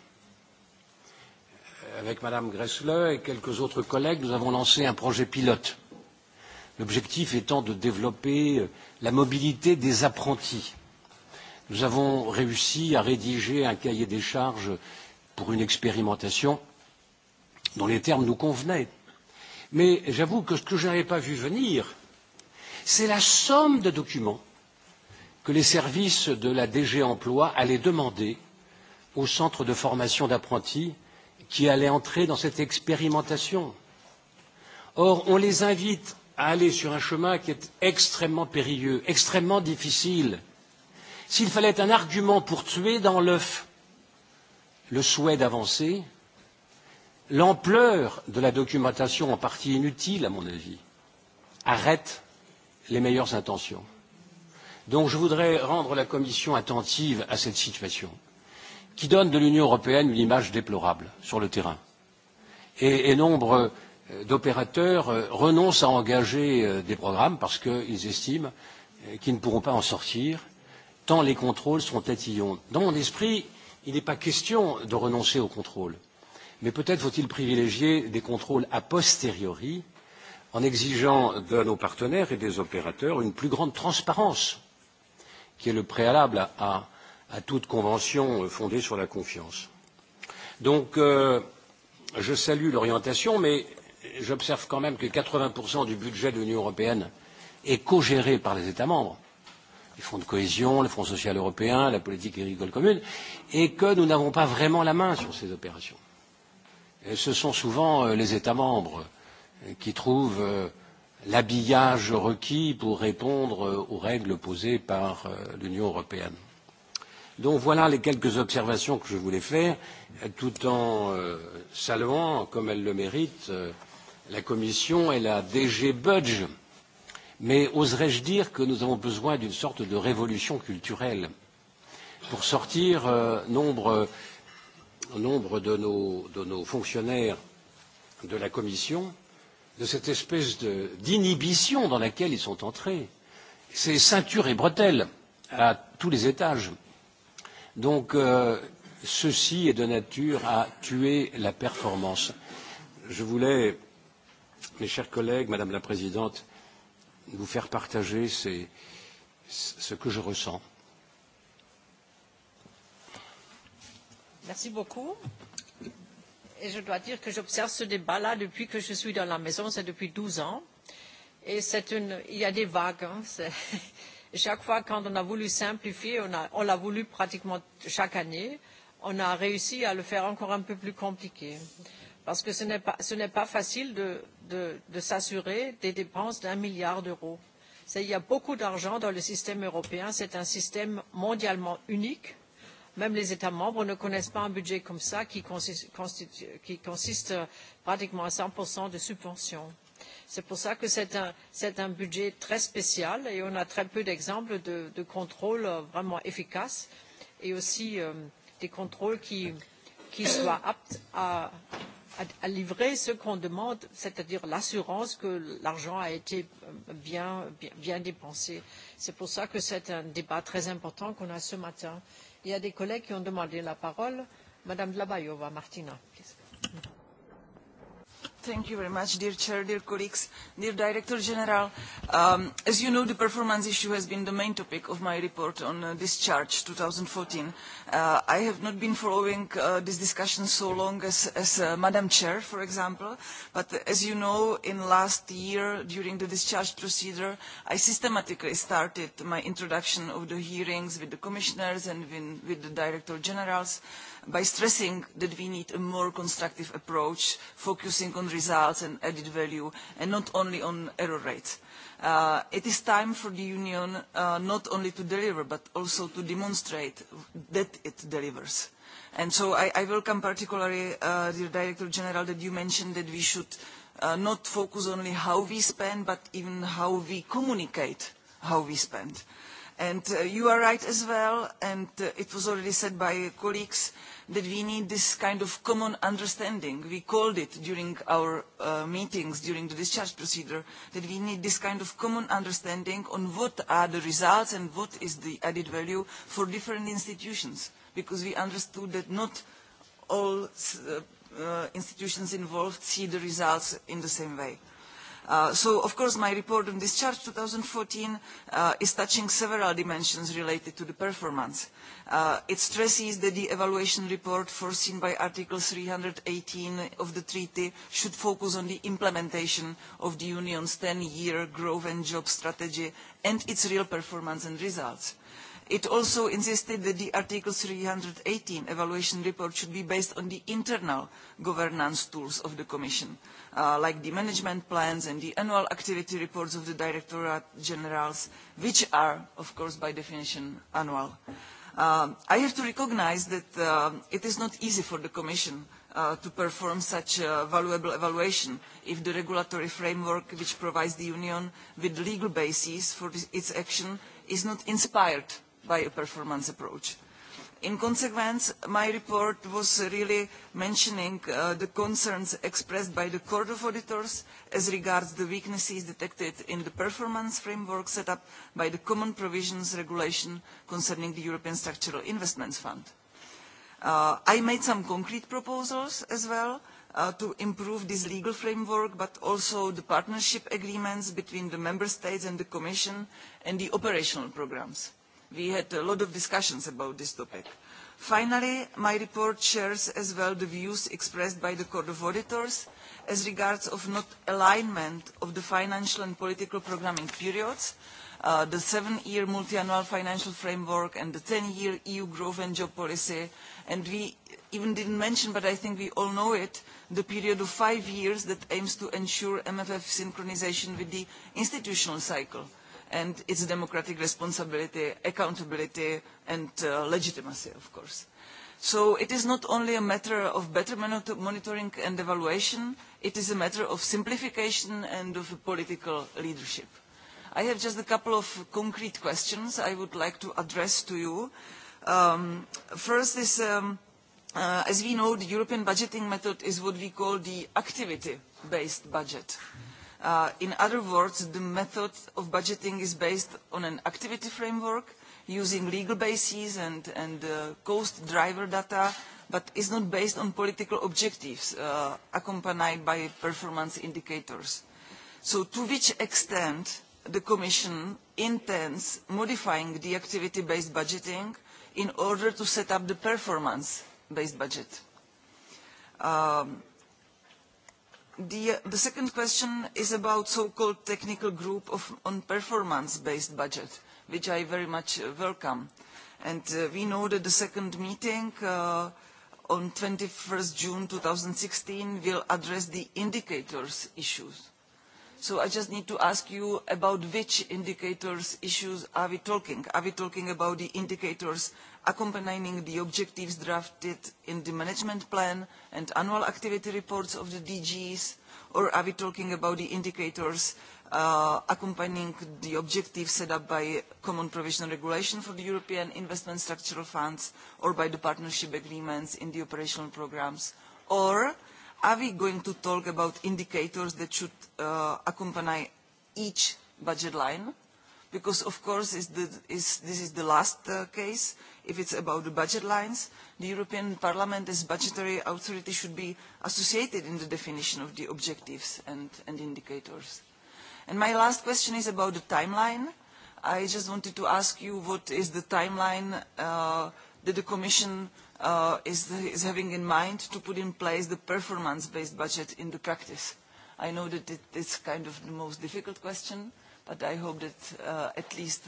Avec Madame Gressle et quelques autres collègues, nous avons lancé un projet pilote. L'objectif étant de développer euh, la mobilité des apprentis. Nous avons réussi à rédiger un cahier des charges pour une expérimentation dont les termes nous convenaient. Mais j'avoue que ce que je n'avais pas vu venir, c'est la somme de documents que les services de la DG Emploi allaient demander au centre de formation d'apprentis qui allait entrer dans cette expérimentation. Or, on les invite à aller sur un chemin qui est extrêmement périlleux, extrêmement difficile. S'il fallait un argument pour tuer dans l'œuf, le souhait d'avancer, l'ampleur de la documentation, en partie inutile à mon avis, arrête les meilleures intentions. Donc je voudrais rendre la Commission attentive à cette situation, qui donne de l'Union européenne une image déplorable sur le terrain. Et, et nombre euh, d'opérateurs euh, renoncent à engager euh, des programmes parce qu'ils estiment qu'ils ne pourront pas en sortir, tant les contrôles sont tatillons. Dans mon esprit, euh, Il n'est pas question de renoncer au contrôle, mais peut-être faut-il privilégier des contrôles a posteriori en exigeant de nos partenaires et des opérateurs une plus grande transparence, qui est le préalable à, à, à toute convention euh, fondée sur la confiance. Donc, euh, je salue l'orientation, mais j'observe quand même que 80% du budget de l'Union européenne est co-géré par les États membres les fonds de cohésion, le Fonds social européen, la politique agricole commune, et que nous n'avons pas vraiment la main sur ces opérations. Et ce sont souvent euh, les États membres euh, qui trouvent euh, l'habillage requis pour répondre aux règles posées par l'Union européenne. Donc voilà les quelques observations que je voulais faire, tout en saluant, comme elle le mérite, la Commission et la DG Budge Mais oserais-je dire que nous avons besoin d'une sorte de révolution culturelle pour sortir euh, nombre, nombre de, nos, de nos fonctionnaires de la Commission de cette espèce d'inhibition dans laquelle ils sont entrés. C'est ceinture et bretelles à tous les étages. Donc, euh, ceci est de nature à tuer la performance. Je voulais, mes chers collègues, Madame la Présidente, vous faire partager ces, ce que je ressens. Merci beaucoup. Et je dois dire que j'observe ce débat-là depuis que je suis dans la maison, c'est depuis 12 ans. Et c'est une, il y a des vagues. Hein, chaque fois, quand on a voulu simplifier, on, a, on l'a voulu pratiquement chaque année, on a réussi à le faire encore un peu plus compliqué. Parce que ce n'est pas, ce n'est pas facile de de, de s'assurer des dépenses d'un milliard d'euros. Il y a beaucoup d'argent dans le système européen. C'est un système mondialement unique. Même les États membres ne connaissent pas un budget comme ça qui consiste, qui consiste pratiquement à 100% de subventions. C'est pour ça que c'est un, un budget très spécial et on a très peu d'exemples de, de contrôles vraiment efficaces et aussi euh, des contrôles qui, qui soient aptes à, à, à livrer ce qu'on demande, c'est-à-dire l'assurance que l'argent a été euh, bien, bien, bien dépensé. C'est pour ça que c'est un débat très important qu'on a ce matin. Il y a des collègues qui ont demandé la parole. Madame Dlabayova Martina. Thank you very much, dear Chair, dear colleagues, dear Director General. Um, as you know, the performance issue has been the main topic of my report on uh, discharge 2014. Uh, I have not been following uh, this discussion so long as, as uh, Madam Chair, for example, but as you know, in last year, during the discharge procedure, I systematically started my introduction of the hearings with the commissioners and with, with the Director Generals by stressing that we need a more constructive approach, focusing on results and added value, and not only on error rates. Uh, it is time for the Union uh, not only to deliver, but also to demonstrate that it delivers. And so I, I welcome particularly, uh, dear Director General, that you mentioned that we should uh, not focus only how we spend, but even how we communicate how we spend. Uh, And uh, you are right as well, and uh, it was already said by colleagues that we need this kind of common understanding. We called it during our uh, meetings, during the discharge procedure, that we need this kind of common understanding on what are the results and what is the added value for different institutions, because we understood that not all institutions involved see the results in the same way. Uh, so, of course, my report on discharge 2014 uh, is touching several dimensions related to the performance. Uh, it stresses that the evaluation report foreseen by Article 318 of the treaty should focus on the implementation of the Union's 10-year growth and job strategy and its real performance and results. It also insisted that the Article 318 evaluation report should be based on the internal governance tools of the Commission, uh, like the management plans and the annual activity reports of the Directorate Generals, which are, of course, by definition, annual. Uh, I have to recognize that uh, it is not easy for the Commission Uh, to perform such a valuable evaluation if the regulatory framework which provides the Union with legal basis for its action is not inspired by a performance approach. In consequence, my report was really mentioning uh, the concerns expressed by the Court of Auditors as regards the weaknesses detected in the performance framework set up by the Common Provisions Regulation concerning the European Structural Investments Fund. Uh, I made some concrete proposals as well uh, to improve this legal framework, but also the partnership agreements between the Member States and the Commission and the operational programs. We had a lot of discussions about this topic. Finally, my report shares as well the views expressed by the Court of Auditors as regards of not alignment of the financial and political programming periods, uh, the seven-year multiannual financial framework and the 10-year EU growth and Jobs policy. And we even didn't mention, but I think we all know it, the period of five years that aims to ensure MFF synchronization with the institutional cycle and its democratic responsibility, accountability and uh, legitimacy, of course. So it is not only a matter of better monitoring and evaluation, it is a matter of simplification and of political leadership. I have just a couple of concrete questions I would like to address to you. Um, first is, um, uh, as we know, the European budgeting method is what we call the activity-based budget. Uh, Uh, in other words, the method of budgeting is based on an activity framework using legal bases and, and uh, cost driver data, but is not based on political objectives uh, accompanied by performance indicators. So to which extent the Commission intends modifying the activity-based budgeting in order to set up the performance-based budget? Um, Uh, the, second question is about so-called technical group on performance-based budget, which I very much uh, welcome. And uh, we know that the second meeting on 21st June 2016 will address the indicators issues So I just need to ask you about which indicators issues are we talking? Are we talking about the indicators accompanying the objectives drafted in the management plan and annual activity reports of the DGs, or are we talking about the indicators uh, accompanying the objectives set up by Common Provisional Regulation for the European Investment Structural Funds or by the partnership agreements in the operational programmes, or are we going to talk about indicators that should uh, accompany each budget line? Because of course is the, is, this is the last uh, case. If it's about the budget lines, the European Parliament as budgetary authority should be associated in the definition of the objectives and, and indicators. And my last question is about the timeline. I just wanted to ask you what is the timeline uh, that the Commission Uh, is, is having in mind to put in place the performance-based budget in the practice. I know that it is kind of the most difficult question, but I hope that uh, at least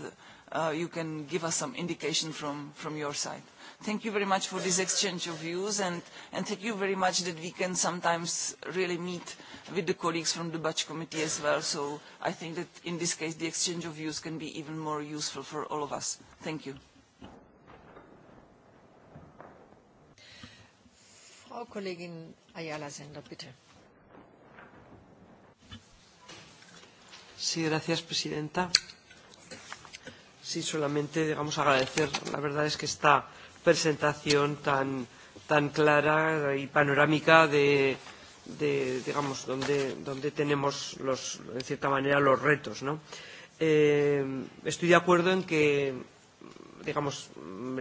uh, you can give us some indication from, from your side. Thank you very much for this exchange of views, and, and thank you very much that we can sometimes really meet with the colleagues from the Budget Committee as well, so I think that in this case the exchange of views can be even more useful for all of us. Thank you. señora Kollegin Ayala presidenta. Sí, solamente, digamos, agradecer. La verdad es que esta presentación tan, tan clara y panorámica de, de digamos, donde, donde tenemos, los, en cierta manera, los retos, ¿no? Eh, estoy de acuerdo en que, digamos,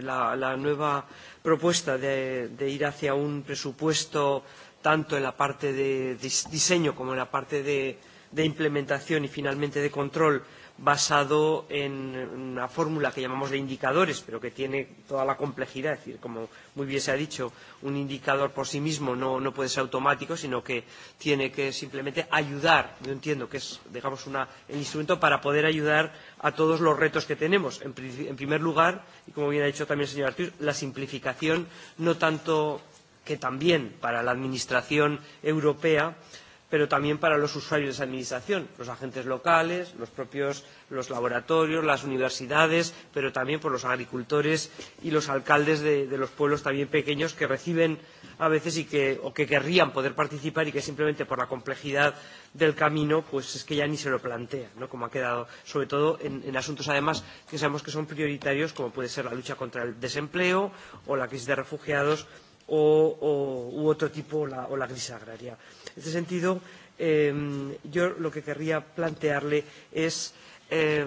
la, la nueva propuesta de, de ir hacia un presupuesto tanto en la parte de diseño como en la parte de, de implementación y finalmente de control basado en una fórmula que llamamos de indicadores, pero que tiene toda la complejidad. Es decir, como muy bien se ha dicho, un indicador por sí mismo no, no puede ser automático, sino que tiene que simplemente ayudar. Yo entiendo que es, digamos, una, el instrumento para poder ayudar a todos los retos que tenemos. En, en primer lugar, y como bien ha dicho también el señor Artur, la simplificación, no tanto que también para la Administración Europea, pero también para los usuarios de esa administración, los agentes locales, los propios los laboratorios, las universidades, pero también por los agricultores y los alcaldes de, de los pueblos también pequeños que reciben a veces y que, o que querrían poder participar y que simplemente por la complejidad del camino, pues es que ya ni se lo plantea, ¿no? como ha quedado, sobre todo en, en asuntos además que sabemos que son prioritarios, como puede ser la lucha contra el desempleo o la crisis de refugiados o, o, u otro tipo, la, o la crisis agraria. En este sentido, eh, yo lo que querría plantearle es, eh,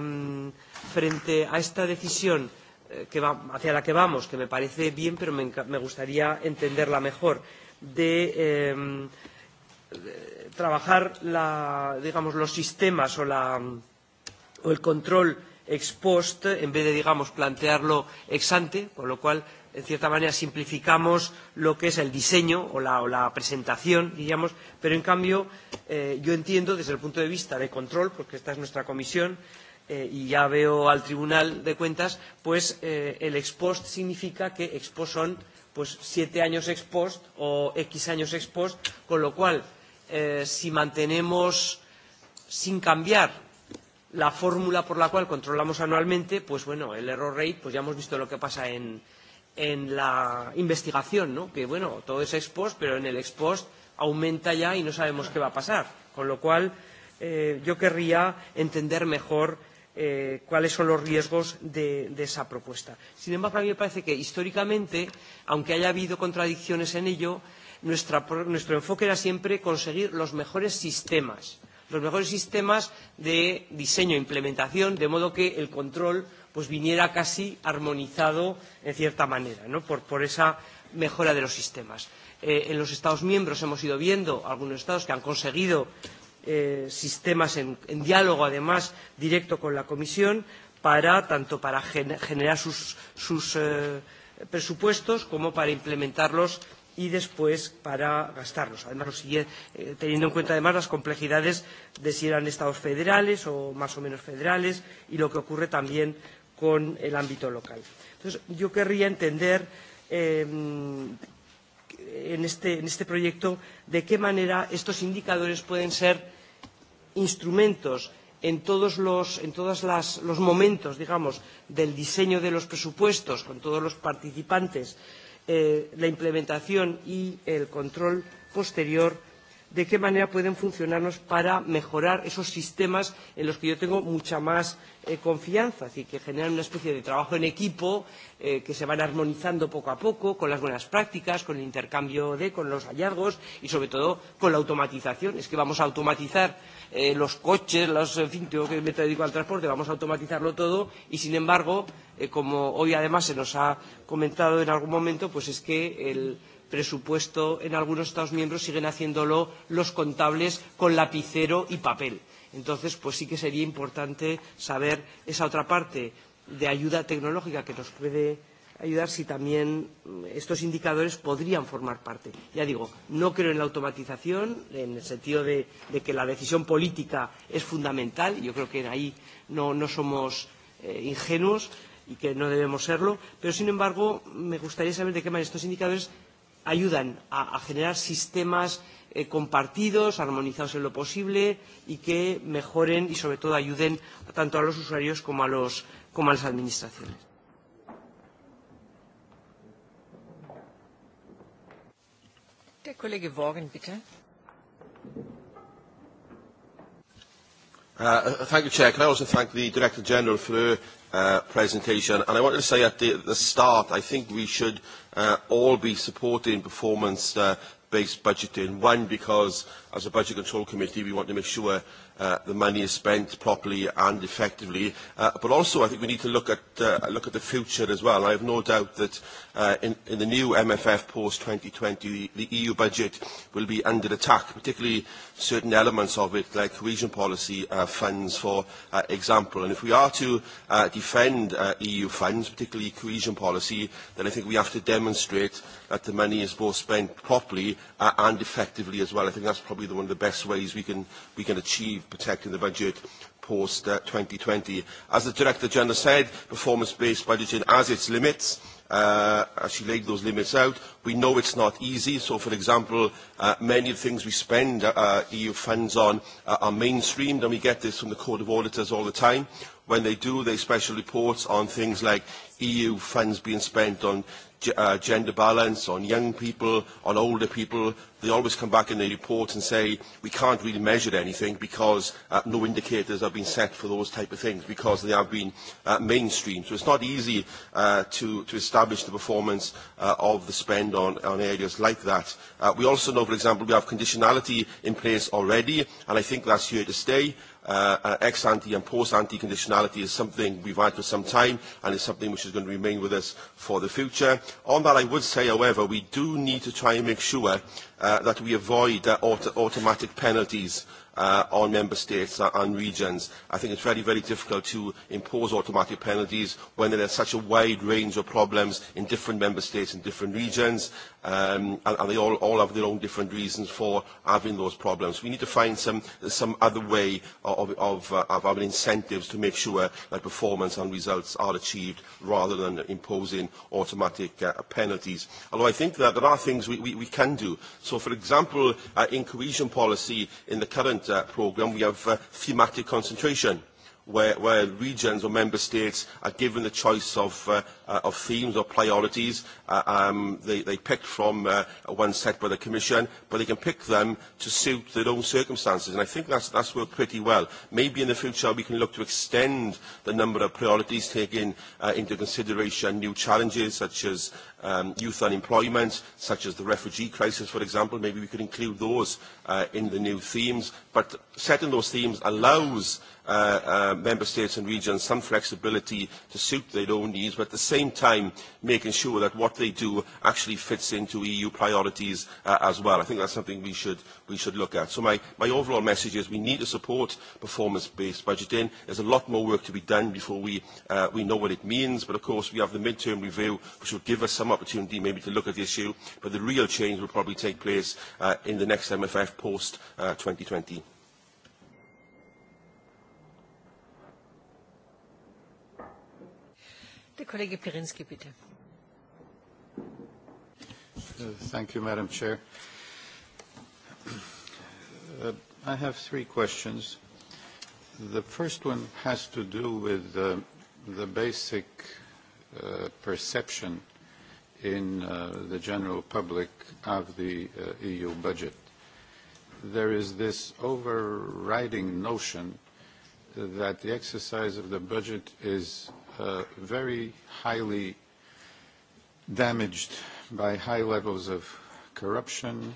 frente a esta decisión eh, que va, hacia la que vamos, que me parece bien, pero me, me gustaría entenderla mejor, de, eh, de trabajar la, digamos, los sistemas o, la, o el control ex post en vez de digamos plantearlo ex ante, con lo cual en cierta manera simplificamos lo que es el diseño o la, o la presentación, diríamos, pero en cambio eh, yo entiendo desde el punto de vista de control, porque esta es nuestra comisión, eh, y ya veo al Tribunal de Cuentas, pues eh, el ex post significa que ex post son pues siete años ex post o X años ex post, con lo cual eh, si mantenemos sin cambiar la fórmula por la cual controlamos anualmente, pues bueno, el error rate, pues ya hemos visto lo que pasa en, en la investigación, ¿no? Que bueno, todo es ex post, pero en el ex post aumenta ya y no sabemos qué va a pasar. Con lo cual, eh, yo querría entender mejor eh, cuáles son los riesgos de, de esa propuesta. Sin embargo, a mí me parece que históricamente, aunque haya habido contradicciones en ello, nuestra, nuestro enfoque era siempre conseguir los mejores sistemas, los mejores sistemas de diseño e implementación, de modo que el control pues viniera casi armonizado en cierta manera, ¿no? por, por esa mejora de los sistemas. Eh, en los Estados miembros hemos ido viendo algunos Estados que han conseguido eh, sistemas en, en diálogo, además, directo con la Comisión, para, tanto para generar sus, sus eh, presupuestos como para implementarlos y después para gastarlos. Además, lo sigue, eh, teniendo en cuenta además las complejidades de si eran estados federales o más o menos federales y lo que ocurre también con el ámbito local. Entonces, yo querría entender eh, en, este, en este proyecto de qué manera estos indicadores pueden ser instrumentos en todos los, en todas las, los momentos, digamos, del diseño de los presupuestos con todos los participantes, eh, la implementación y el control posterior de qué manera pueden funcionarnos para mejorar esos sistemas en los que yo tengo mucha más eh, confianza, y que generan una especie de trabajo en equipo eh, que se van armonizando poco a poco con las buenas prácticas, con el intercambio de, con los hallazgos y sobre todo con la automatización. Es que vamos a automatizar eh, los coches, los, en fin, tengo que me dedico al transporte, vamos a automatizarlo todo y sin embargo, eh, como hoy además se nos ha comentado en algún momento, pues es que el presupuesto en algunos Estados miembros siguen haciéndolo los contables con lapicero y papel. Entonces, pues sí que sería importante saber esa otra parte de ayuda tecnológica que nos puede ayudar si también mm, estos indicadores podrían formar parte. Ya digo, no creo en la automatización, en el sentido de, de que la decisión política es fundamental, yo creo que ahí no, no somos eh, ingenuos y que no debemos serlo, pero sin embargo me gustaría saber de qué manera estos indicadores ayudan a, a generar sistemas eh, compartidos, armonizados en lo posible y que mejoren y sobre todo ayuden tanto a los usuarios como a, los, como a las administraciones. Der Kollege Worgen, bitte. Uh, thank you, Chair. Can I also thank the Director General for her uh, presentation. And I wanted to say at the, the start, I think we should uh, all be supporting performance uh, based budgeting. One, because as a Budget Control Committee, we want to make sure Uh, the money is spent properly and effectively. Uh, but also, I think we need to look at, uh, look at the future as well. I have no doubt that uh, in, in the new MFF post-2020, the EU budget will be under attack, particularly certain elements of it, like cohesion policy uh, funds, for uh, example. And if we are to uh, defend uh, EU funds, particularly cohesion policy, then I think we have to demonstrate that the money is both spent properly uh, and effectively as well. I think that's probably the, one of the best ways we can, we can achieve protecting the budget post-2020. Uh, as the Director General said, performance-based budgeting has its limits. Uh, as she laid those limits out, we know it's not easy. So, for example, uh, many of the things we spend uh, uh EU funds on uh, are mainstreamed, and we get this from the Court of Auditors all the time. When they do their special reports on things like EU funds being spent on uh, gender balance, on young people, on older people, they always come back in the report and say, we can't really measure anything because uh, no indicators have been set for those type of things because they have been uh, mainstream. So it's not easy uh, to, to establish the performance uh, of the spend on, on areas like that. Uh, we also know, for example, we have conditionality in place already, and I think that's here to stay Uh, uh, ex-ante and post-ante conditionality is something we've had for some time and is something which is going to remain with us for the future. On that I would say, however, we do need to try and make sure uh, that we avoid uh, auto automatic penalties uh, on member states uh, and regions. I think it's very, very difficult to impose automatic penalties when there are such a wide range of problems in different member states and different regions um, and, and they all, all have their own different reasons for having those problems. We need to find some, some other way of, of, uh, of having incentives to make sure that performance and results are achieved rather than imposing automatic uh, penalties. Although I think that there are things we, we, we can do. So, for example, uh, in cohesion policy, in the current uh, programme, we have uh, thematic concentration where, where regions or member states are given the choice of, uh, uh, of themes or priorities. Uh, um, they, they pick from uh, one set by the Commission, but they can pick them to suit their own circumstances. And I think that's, that's worked pretty well. Maybe in the future we can look to extend the number of priorities, taking uh, into consideration new challenges such as um, youth unemployment, such as the refugee crisis, for example. Maybe we could include those uh, in the new themes. But setting those themes allows uh, uh, member states and regions some flexibility to suit their own needs, but at the same time making sure that what they do actually fits into EU priorities uh, as well. I think that's something we should, we should look at. So my, my overall message is we need to support performance-based budgeting. There's a lot more work to be done before we, uh, we know what it means, but of course we have the midterm review, which will give us some some opportunity maybe to look at the issue, but the real change will probably take place uh, in the next MFF post uh, 2020. Der Kollege Pirinski, bitte. Thank you, Madam Chair. Uh, I have three questions. The first one has to do with uh, the basic uh, perception in uh, the general public of the uh, EU budget. There is this overriding notion that the exercise of the budget is uh, very highly damaged by high levels of corruption,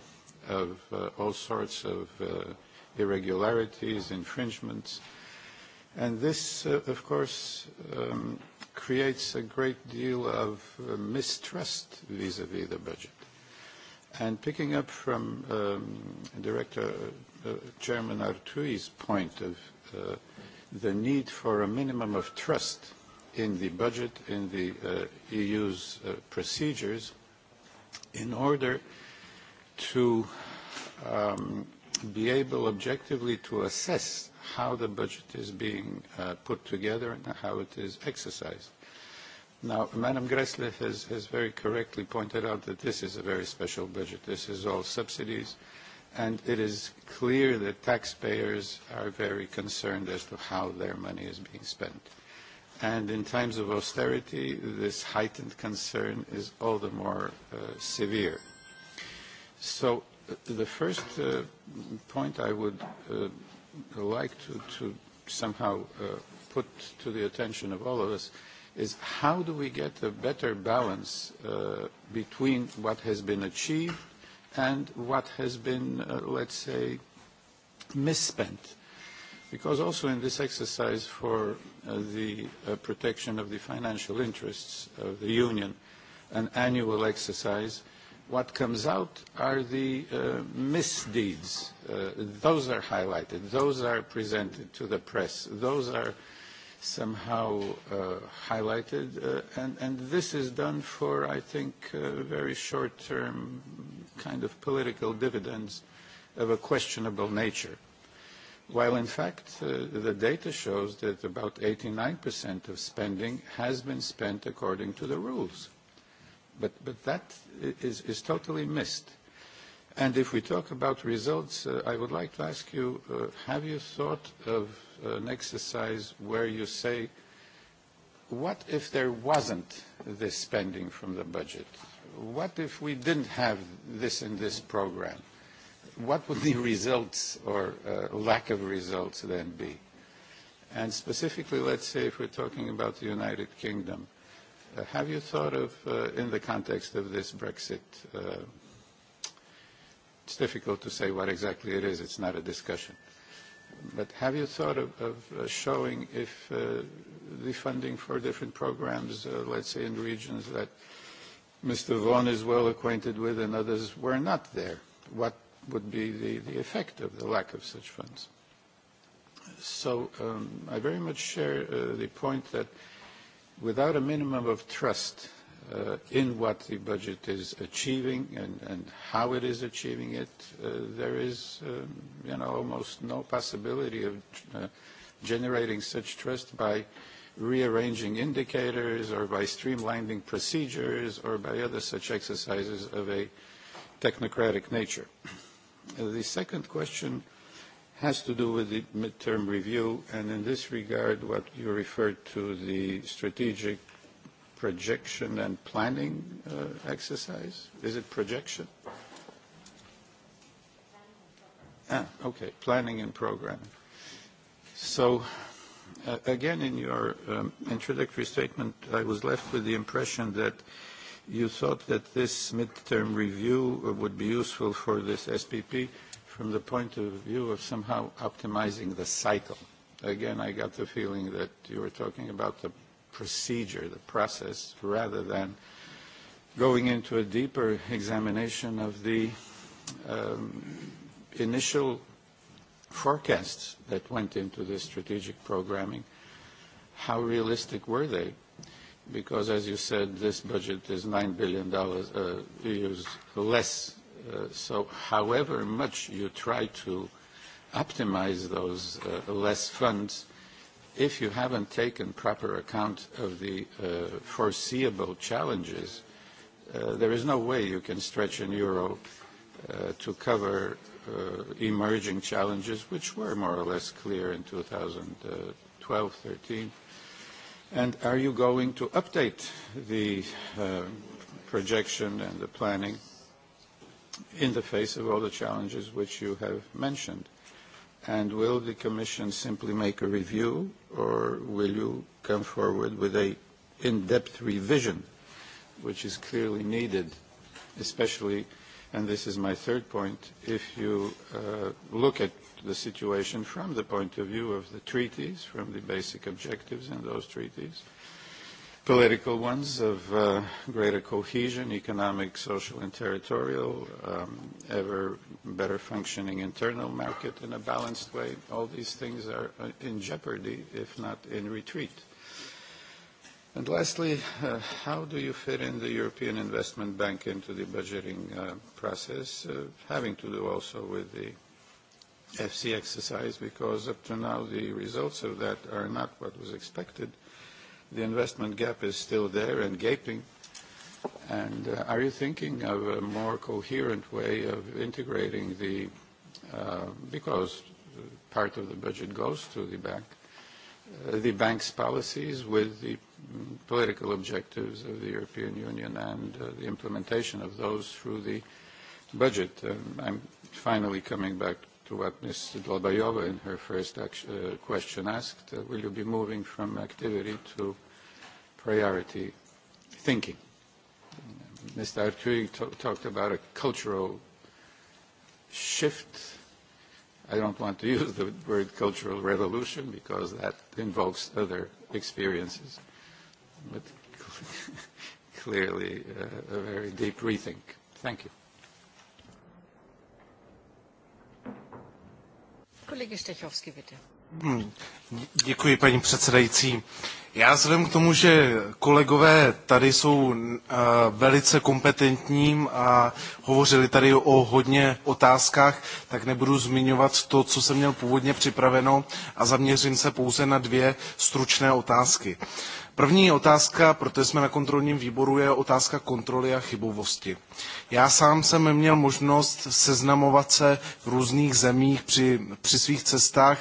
of uh, all sorts of uh, irregularities, infringements, uh, And this, uh, of course, um, creates a great deal of uh, mistrust vis-à-vis -vis the budget. And picking up from um, Director uh, uh, Chairman Artui's point of uh, the need for a minimum of trust in the budget, in the uh, EU's uh, procedures, in order to um, be able objectively to assess how the budget is being uh, put together and how it is exercised. Now, Madam Gressle has, has very correctly pointed out that this is a very special budget. This is all subsidies, and it is clear that taxpayers are very concerned as to how their money is being spent. And in times of austerity, this heightened concern is all the more uh, severe. So the first uh, point I would uh, like to, to somehow uh, put to the attention of all of us is how do we get a better balance uh, between what has been achieved and what has been, uh, let's say, misspent? Because also in this exercise for uh, the uh, protection of the financial interests of the Union, an annual exercise, What comes out are the uh, misdeeds. Uh, those are highlighted. Those are presented to the press. Those are somehow uh, highlighted. Uh, and, and this is done for, I think, uh, very short-term kind of political dividends of a questionable nature. While in fact, uh, the data shows that about 89% of spending has been spent according to the rules. But, that is, totally missed. And if we talk about results, uh, I would like to ask you, uh, have you thought of an exercise where you say, what if there wasn't this spending from the budget? What if we didn't have this in this program? What would the results or uh, lack of results then be? And specifically, let's say if we're talking about the United Kingdom, have you thought of, uh, in the context of this Brexit, uh, it's difficult to say what exactly it is, it's not a discussion, but have you thought of, of uh, showing if uh, the funding for different programs, uh, let's say in regions that Mr. Vaughan is well acquainted with and others were not there, what would be the, the effect of the lack of such funds? So um, I very much share uh, the point that uh, without a minimum of trust uh, in what the budget is achieving and, and how it is achieving it, uh, there is um, you know, almost no possibility of uh, generating such trust by rearranging indicators or by streamlining procedures or by other such exercises of a technocratic nature. Uh, the second question uh, has to do with the midterm review, and in this regard, what you referred to the strategic projection and planning uh, exercise? Is it projection? Ah, okay, planning and programming. So, uh, again, in your um, introductory statement, I was left with the impression that you thought that this midterm review would be useful for this SPP from the point of view of somehow optimizing the cycle. Again, I got the feeling that you were talking about the procedure, the process, rather than going into a deeper examination of the um, initial forecasts that went into this strategic programming. How realistic were they? Because as you said, this budget is $9 billion uh, less Uh, so however much you try to optimize those uh, less funds, if you haven't taken proper account of the uh, foreseeable challenges, uh, there is no way you can stretch an euro uh, to cover uh, emerging challenges, which were more or less clear in 2012, 13. And are you going to update the uh, projection and the planning in the face of all the challenges which you have mentioned? And will the Commission simply make a review, or will you come forward with a in-depth revision, which is clearly needed, especially, and this is my third point, if you uh, look at the situation from the point of view of the treaties, from the basic objectives in those treaties, uh, political ones of uh, greater cohesion, economic, social, and territorial, um, ever better functioning internal market in a balanced way. All these things are uh, in jeopardy, if not in retreat. And lastly, uh, how do you fit in the European Investment Bank into the budgeting uh, process, uh, having to do also with the FC exercise, because up to now the results of that are not what was expected – the investment gap is still there and gaping. And uh, are you thinking of a more coherent way of integrating the, uh, because part of the budget goes to the bank, uh, the bank's policies with the political objectives of the European Union and uh, the implementation of those through the budget? Um, I'm finally coming back to what Ms. Dlabajova in her first action, uh, question asked, uh, will you be moving from activity to priority thinking? Uh, Mr. Artui talked about a cultural shift. I don't want to use the word cultural revolution because that invokes other experiences, but clearly uh, a very deep rethink. Thank you. Kollege Stechowski, bitte. Hmm. Děkuji, paní předsedající. Já vzhledem k tomu, že kolegové tady jsou eh, velice kompetentní a hovořili tady o hodně otázkách, tak nebudu zmiňovat to, co jsem měl původně připraveno a zaměřím se pouze na dvě stručné otázky. Uh, První otázka, protože jsme na kontrolním výboru, je otázka kontroly a chybovosti. Já sám jsem měl možnost seznamovat se v různých zemích při, při svých cestách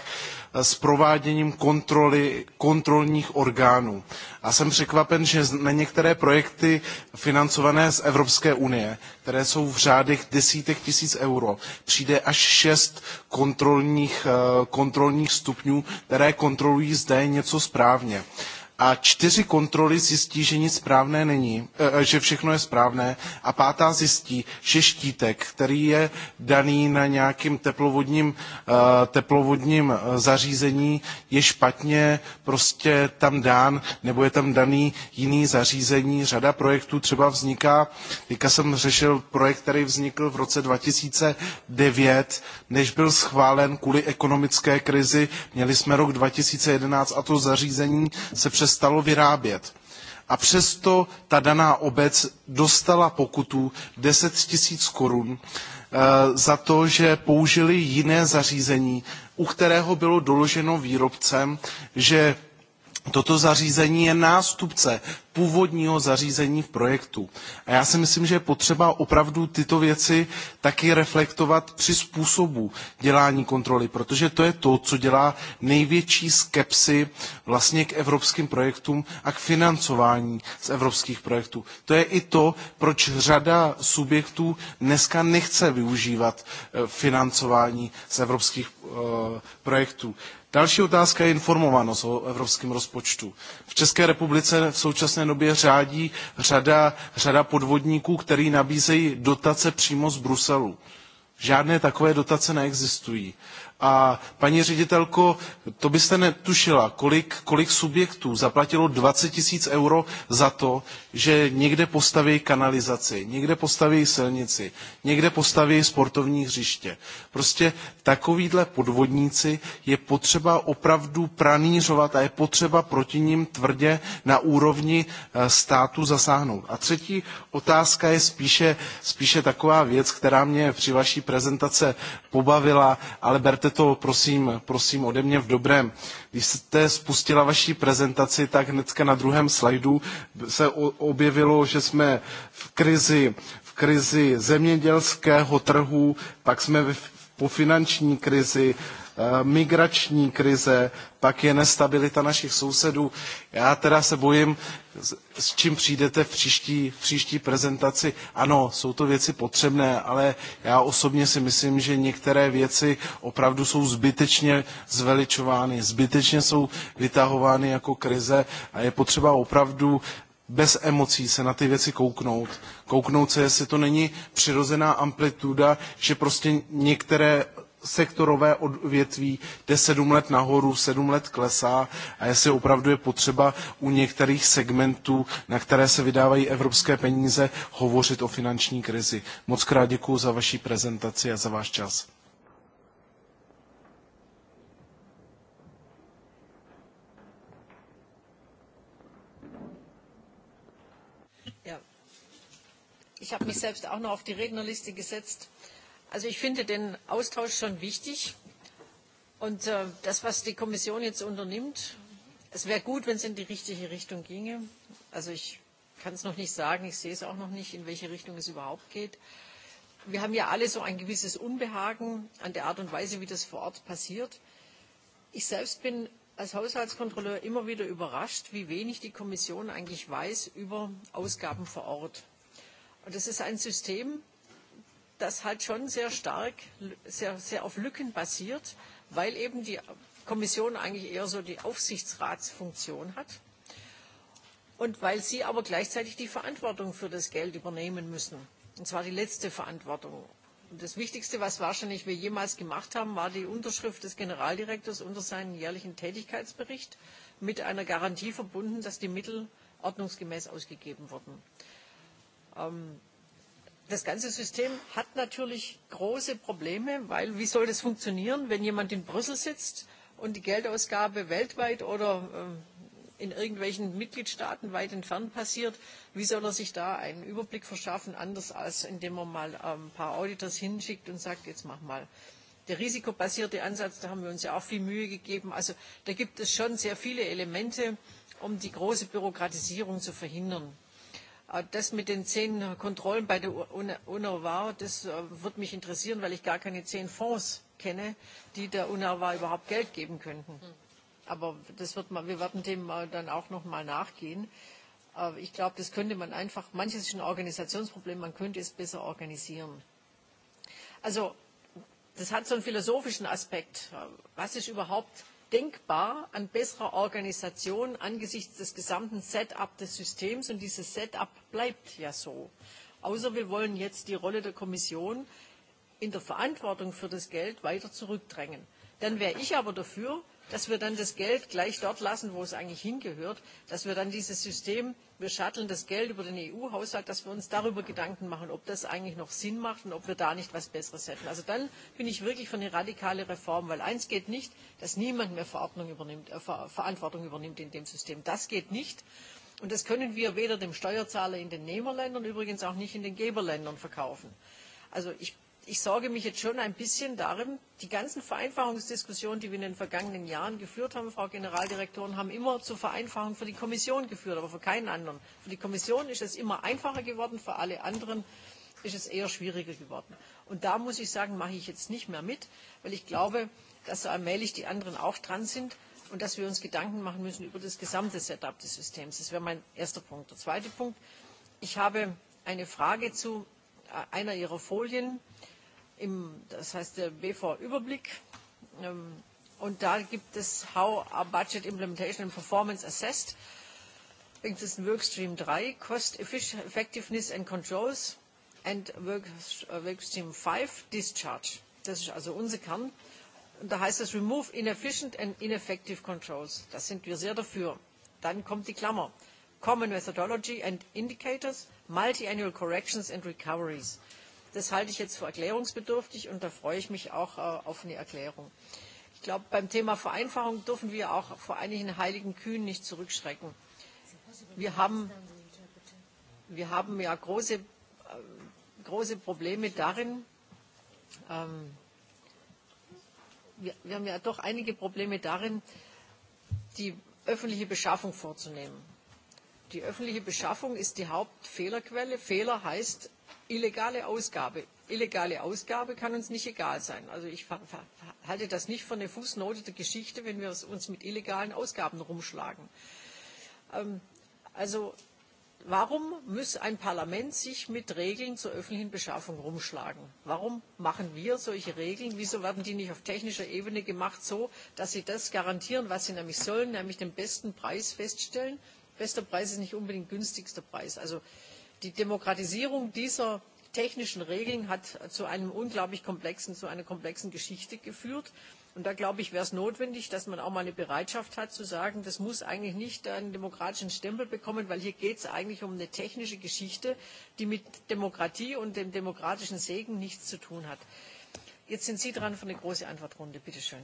eh, s prováděním kontroly kontrolních orgánů. A jsem překvapen, že na některé projekty financované z Evropské unie, které jsou v řádech desítek tisíc euro, přijde až šest kontrolních, eh, kontrolních stupňů, které kontrolují zde něco správně a čtyři kontroly zjistí, že nic správné není, e, e, že všechno je správné a pátá zjistí, že štítek, který je daný na nějakým teplovodním, e, teplovodním zařízení, je špatně prostě tam dán, nebo je tam daný jiný zařízení. Řada projektů třeba vzniká, teďka jsem řešil projekt, který vznikl v roce 2009, než byl schválen kvůli ekonomické krizi, měli jsme rok 2011 a to zařízení se přes přestalo vyrábět. A přesto ta daná obec dostala pokutu 10 tisíc korun eh, za to, že použili jiné zařízení, u kterého bylo doloženo výrobcem, že Toto zařízení je nástupce původního zařízení v projektu. A já si myslím, že je potřeba opravdu tyto věci taky reflektovat při způsobu dělání kontroly, protože to je to, co dělá největší skepsy vlastně k evropským projektům a k financování z evropských projektů. To je i to, proč řada subjektů dneska nechce využívat eh, financování z evropských uh, projektů. Další otázka je informovanost o evropském rozpočtu. V České republice v současné době řádí řada, řada podvodníků, který nabízejí dotace přímo z Bruselu. Žádné takové dotace neexistují. A paní ředitelko, to byste netušila, kolik, kolik subjektů zaplatilo 20 tisíc euro za to, že někde postaví kanalizaci, někde postaví silnici, někde postaví sportovní hřiště. Prostě takovýhle podvodníci je potřeba opravdu pranířovat a je potřeba proti nim tvrdě na úrovni eh, státu zasáhnout. A třetí otázka je spíše, spíše taková věc, která mě při vaší prezentace pobavila, ale berte jste to, prosím, prosím ode mě v dobrém. Když jste spustila vaší prezentaci, tak hnedka na druhém slajdu se objevilo, že jsme v krizi, v krizi zemědělského trhu, pak jsme po finanční krizi, Eh, migrační krize, pak je nestabilita našich sousedů. Já teda se bojím, s čím přijdete v příští, v příští prezentaci. Ano, jsou to věci potřebné, ale já osobně si myslím, že některé věci opravdu jsou zbytečně zveličovány, zbytečně jsou vytahovány jako krize a je potřeba opravdu bez emocí se na ty věci kouknout. Kouknout se, jestli to není přirozená amplituda, že prostě některé sektorové odvětví jde sedm let nahoru, sedm let klesá a jestli opravdu je potřeba u některých segmentů, na které se vydávají evropské peníze, hovořit o finanční krizi. Moc krát děkuji za vaši prezentaci a za váš čas. Ich habe mich selbst auch noch auf die Rednerliste gesetzt Also ich finde den Austausch schon wichtig. Und äh, das, was die Kommission jetzt unternimmt, es wäre gut, wenn es in die richtige Richtung ginge. Also ich kann es noch nicht sagen. Ich sehe es auch noch nicht, in welche Richtung es überhaupt geht. Wir haben ja alle so ein gewisses Unbehagen an der Art und Weise, wie das vor Ort passiert. Ich selbst bin als Haushaltskontrolleur immer wieder überrascht, wie wenig die Kommission eigentlich weiß über Ausgaben vor Ort. Und das ist ein System, das halt schon sehr stark, sehr, sehr auf Lücken basiert, weil eben die Kommission eigentlich eher so die Aufsichtsratsfunktion hat. Und weil sie aber gleichzeitig die Verantwortung für das Geld übernehmen müssen. Und zwar die letzte Verantwortung. Und das Wichtigste, was wahrscheinlich wir jemals gemacht haben, war die Unterschrift des Generaldirektors unter seinen jährlichen Tätigkeitsbericht mit einer Garantie verbunden, dass die Mittel ordnungsgemäß ausgegeben wurden. Ähm, das ganze System hat natürlich große Probleme, weil wie soll das funktionieren, wenn jemand in Brüssel sitzt und die Geldausgabe weltweit oder äh, in irgendwelchen Mitgliedstaaten weit entfernt passiert? Wie soll er sich da einen Überblick verschaffen, anders als indem er mal ein ähm, paar Auditors hinschickt und sagt, jetzt mach mal. Der risikobasierte Ansatz, da haben wir uns ja auch viel Mühe gegeben. Also da gibt es schon sehr viele Elemente, um die große Bürokratisierung zu verhindern. Ah, das mit den zehn äh, Kontrollen bei der UNRWA, das äh, würde mich interessieren, weil ich gar keine zehn Fonds kenne, die der UNRWA überhaupt Geld geben könnten. Hm. Aber das wird man, wir werden dem dann auch noch mal nachgehen. Ich glaube, das könnte man einfach, manches ist ein Organisationsproblem, man könnte es besser organisieren. Also, das hat so einen philosophischen Aspekt. Äh, was ist überhaupt denkbar an besserer Organisation angesichts des gesamten Setup des Systems. Und dieses Setup bleibt ja so. Außer wir wollen jetzt die Rolle der Kommission in der Verantwortung für das Geld weiter zurückdrängen. Dann wäre ich aber dafür, dass wir dann das Geld gleich dort lassen, wo es eigentlich hingehört, dass wir dann dieses System, wir schatteln das Geld über den EU-Haushalt, dass wir uns darüber Gedanken machen, ob das eigentlich noch Sinn macht und ob wir da nicht was Besseres hätten. Also dann bin ich wirklich für eine radikale Reform, weil eins geht nicht, dass niemand mehr Verordnung übernimmt, äh, Ver Verantwortung übernimmt in dem System. Das geht nicht. Und das können wir weder dem Steuerzahler in den Nehmerländern, übrigens auch nicht in den Geberländern verkaufen. Also ich ich sorge mich jetzt schon ein bisschen darum, die ganzen Vereinfachungsdiskussionen, die wir in den vergangenen Jahren geführt haben, Frau Generaldirektorin, haben immer zur Vereinfachung für die Kommission geführt, aber für keinen anderen. Für die Kommission ist es immer einfacher geworden, für alle anderen ist es eher schwieriger geworden. Und da muss ich sagen, mache ich jetzt nicht mehr mit, weil ich glaube, dass so allmählich die anderen auch dran sind und dass wir uns Gedanken machen müssen über das gesamte Setup des Systems. Das wäre mein erster Punkt. Der zweite Punkt, ich habe eine Frage zu äh, einer Ihrer Folien. Äh, im, das heißt der BV-Überblick. Ähm, und da gibt es How a Budget Implementation and Performance Assessed. Übrigens ist ein Workstream 3, Cost Effectiveness and Controls and Work, äh, Workstream 5, Discharge. Das ist also unser Kern. Und da heißt es Remove Inefficient and Ineffective Controls. Das sind wir sehr dafür. Dann kommt die Klammer. Common Methodology and Indicators, Multi-Annual Corrections and Recoveries. Das halte ich jetzt für erklärungsbedürftig und da freue ich mich auch äh, auf eine Erklärung. Ich glaube, beim Thema Vereinfachung dürfen wir auch vor einigen heiligen Kühen nicht zurückschrecken. Wir haben, wir haben ja große, äh, große Probleme darin, ähm, wir, wir haben ja doch einige Probleme darin, die öffentliche Beschaffung vorzunehmen. Die öffentliche Beschaffung ist die Hauptfehlerquelle. Fehler heißt, illegale Ausgabe. Illegale Ausgabe kann uns nicht egal sein. Also ich halte das nicht für eine Fußnote der Geschichte, wenn wir uns mit illegalen Ausgaben rumschlagen. Ähm, also warum muss ein Parlament sich mit Regeln zur öffentlichen Beschaffung rumschlagen? Warum machen wir solche Regeln? Wieso werden die nicht auf technischer Ebene gemacht, so dass sie das garantieren, was sie nämlich sollen, nämlich den besten Preis feststellen? Bester Preis ist nicht unbedingt günstigster Preis. Also die demokratisierung dieser technischen regeln hat zu, einem unglaublich komplexen, zu einer komplexen geschichte geführt. Und da glaube ich, wäre es notwendig, dass man auch mal eine Bereitschaft hat zu sagen, das muss eigentlich nicht einen demokratischen Stempel bekommen, weil hier geht es eigentlich um eine technische Geschichte, die mit Demokratie und dem demokratischen Segen nichts zu tun hat. Jetzt sind Sie dran für eine große Antwortrunde. Bitte schön.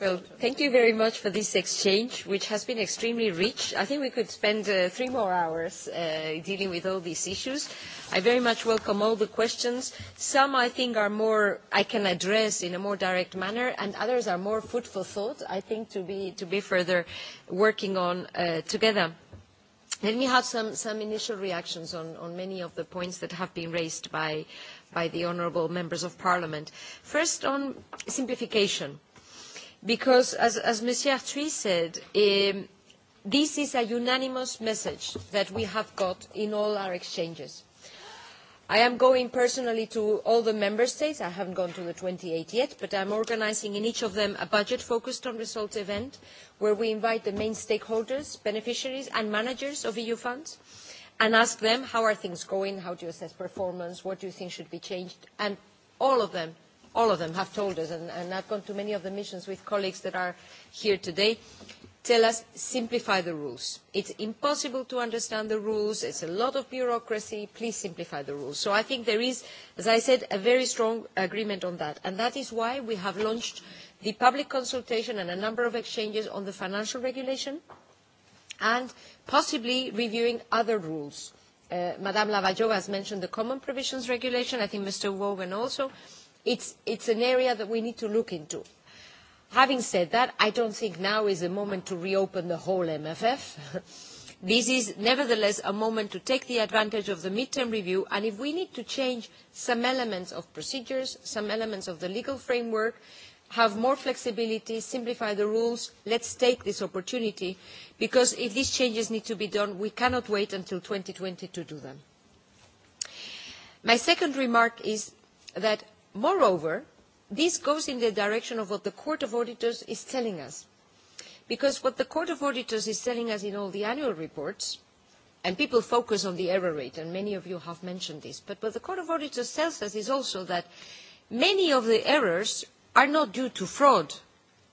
Well, thank you very much for this exchange, which has been extremely rich. I think we could spend uh, three more hours uh, dealing with all these issues. I very much welcome all the questions. Some I think are more, I can address in a more direct manner, and others are more food for thought, I think, to be, to be further working on uh, together. Let me have some, some initial reactions on, on many of the points that have been raised by, by the honourable members of parliament. First, on simplification. Because, as, as Monsieur said, um, this is a unanimous message that we have got in all our exchanges. I am going personally to all the member states. I haven't gone to the 28 yet, but I'm organizing in each of them a budget-focused on results event where we invite the main stakeholders, beneficiaries and managers of EU funds and ask them how are things going, how do you assess performance, what do you think should be changed, and all of them all of them have told us, and, and I've gone to many of the missions with colleagues that are here today, tell us simplify the rules. It's impossible to understand the rules. It's a lot of bureaucracy. Please simplify the rules. So I think there is, as I said, a very strong agreement on that. And that is why we have launched the public consultation and a number of exchanges on the financial regulation and possibly reviewing other rules. Uh, Madame Lavajo has mentioned the common provisions regulation. I think Mr. Wogan also. Uh, it's, it's an area that we need to look into. Having said that, I don't think now is the moment to reopen the whole MFF. this is nevertheless a moment to take the advantage of the midterm review, and if we need to change some elements of procedures, some elements of the legal framework, have more flexibility, simplify the rules, let's take this opportunity, because if these changes need to be done, we cannot wait until 2020 to do them. My second remark is that Moreover, this goes in the direction of what the Court of Auditors is telling us. Because what the Court of Auditors is telling us in all the annual reports, and people focus on the error rate, and many of you have mentioned this, but what the Court of Auditors tells us is also that many of the errors are not due to fraud,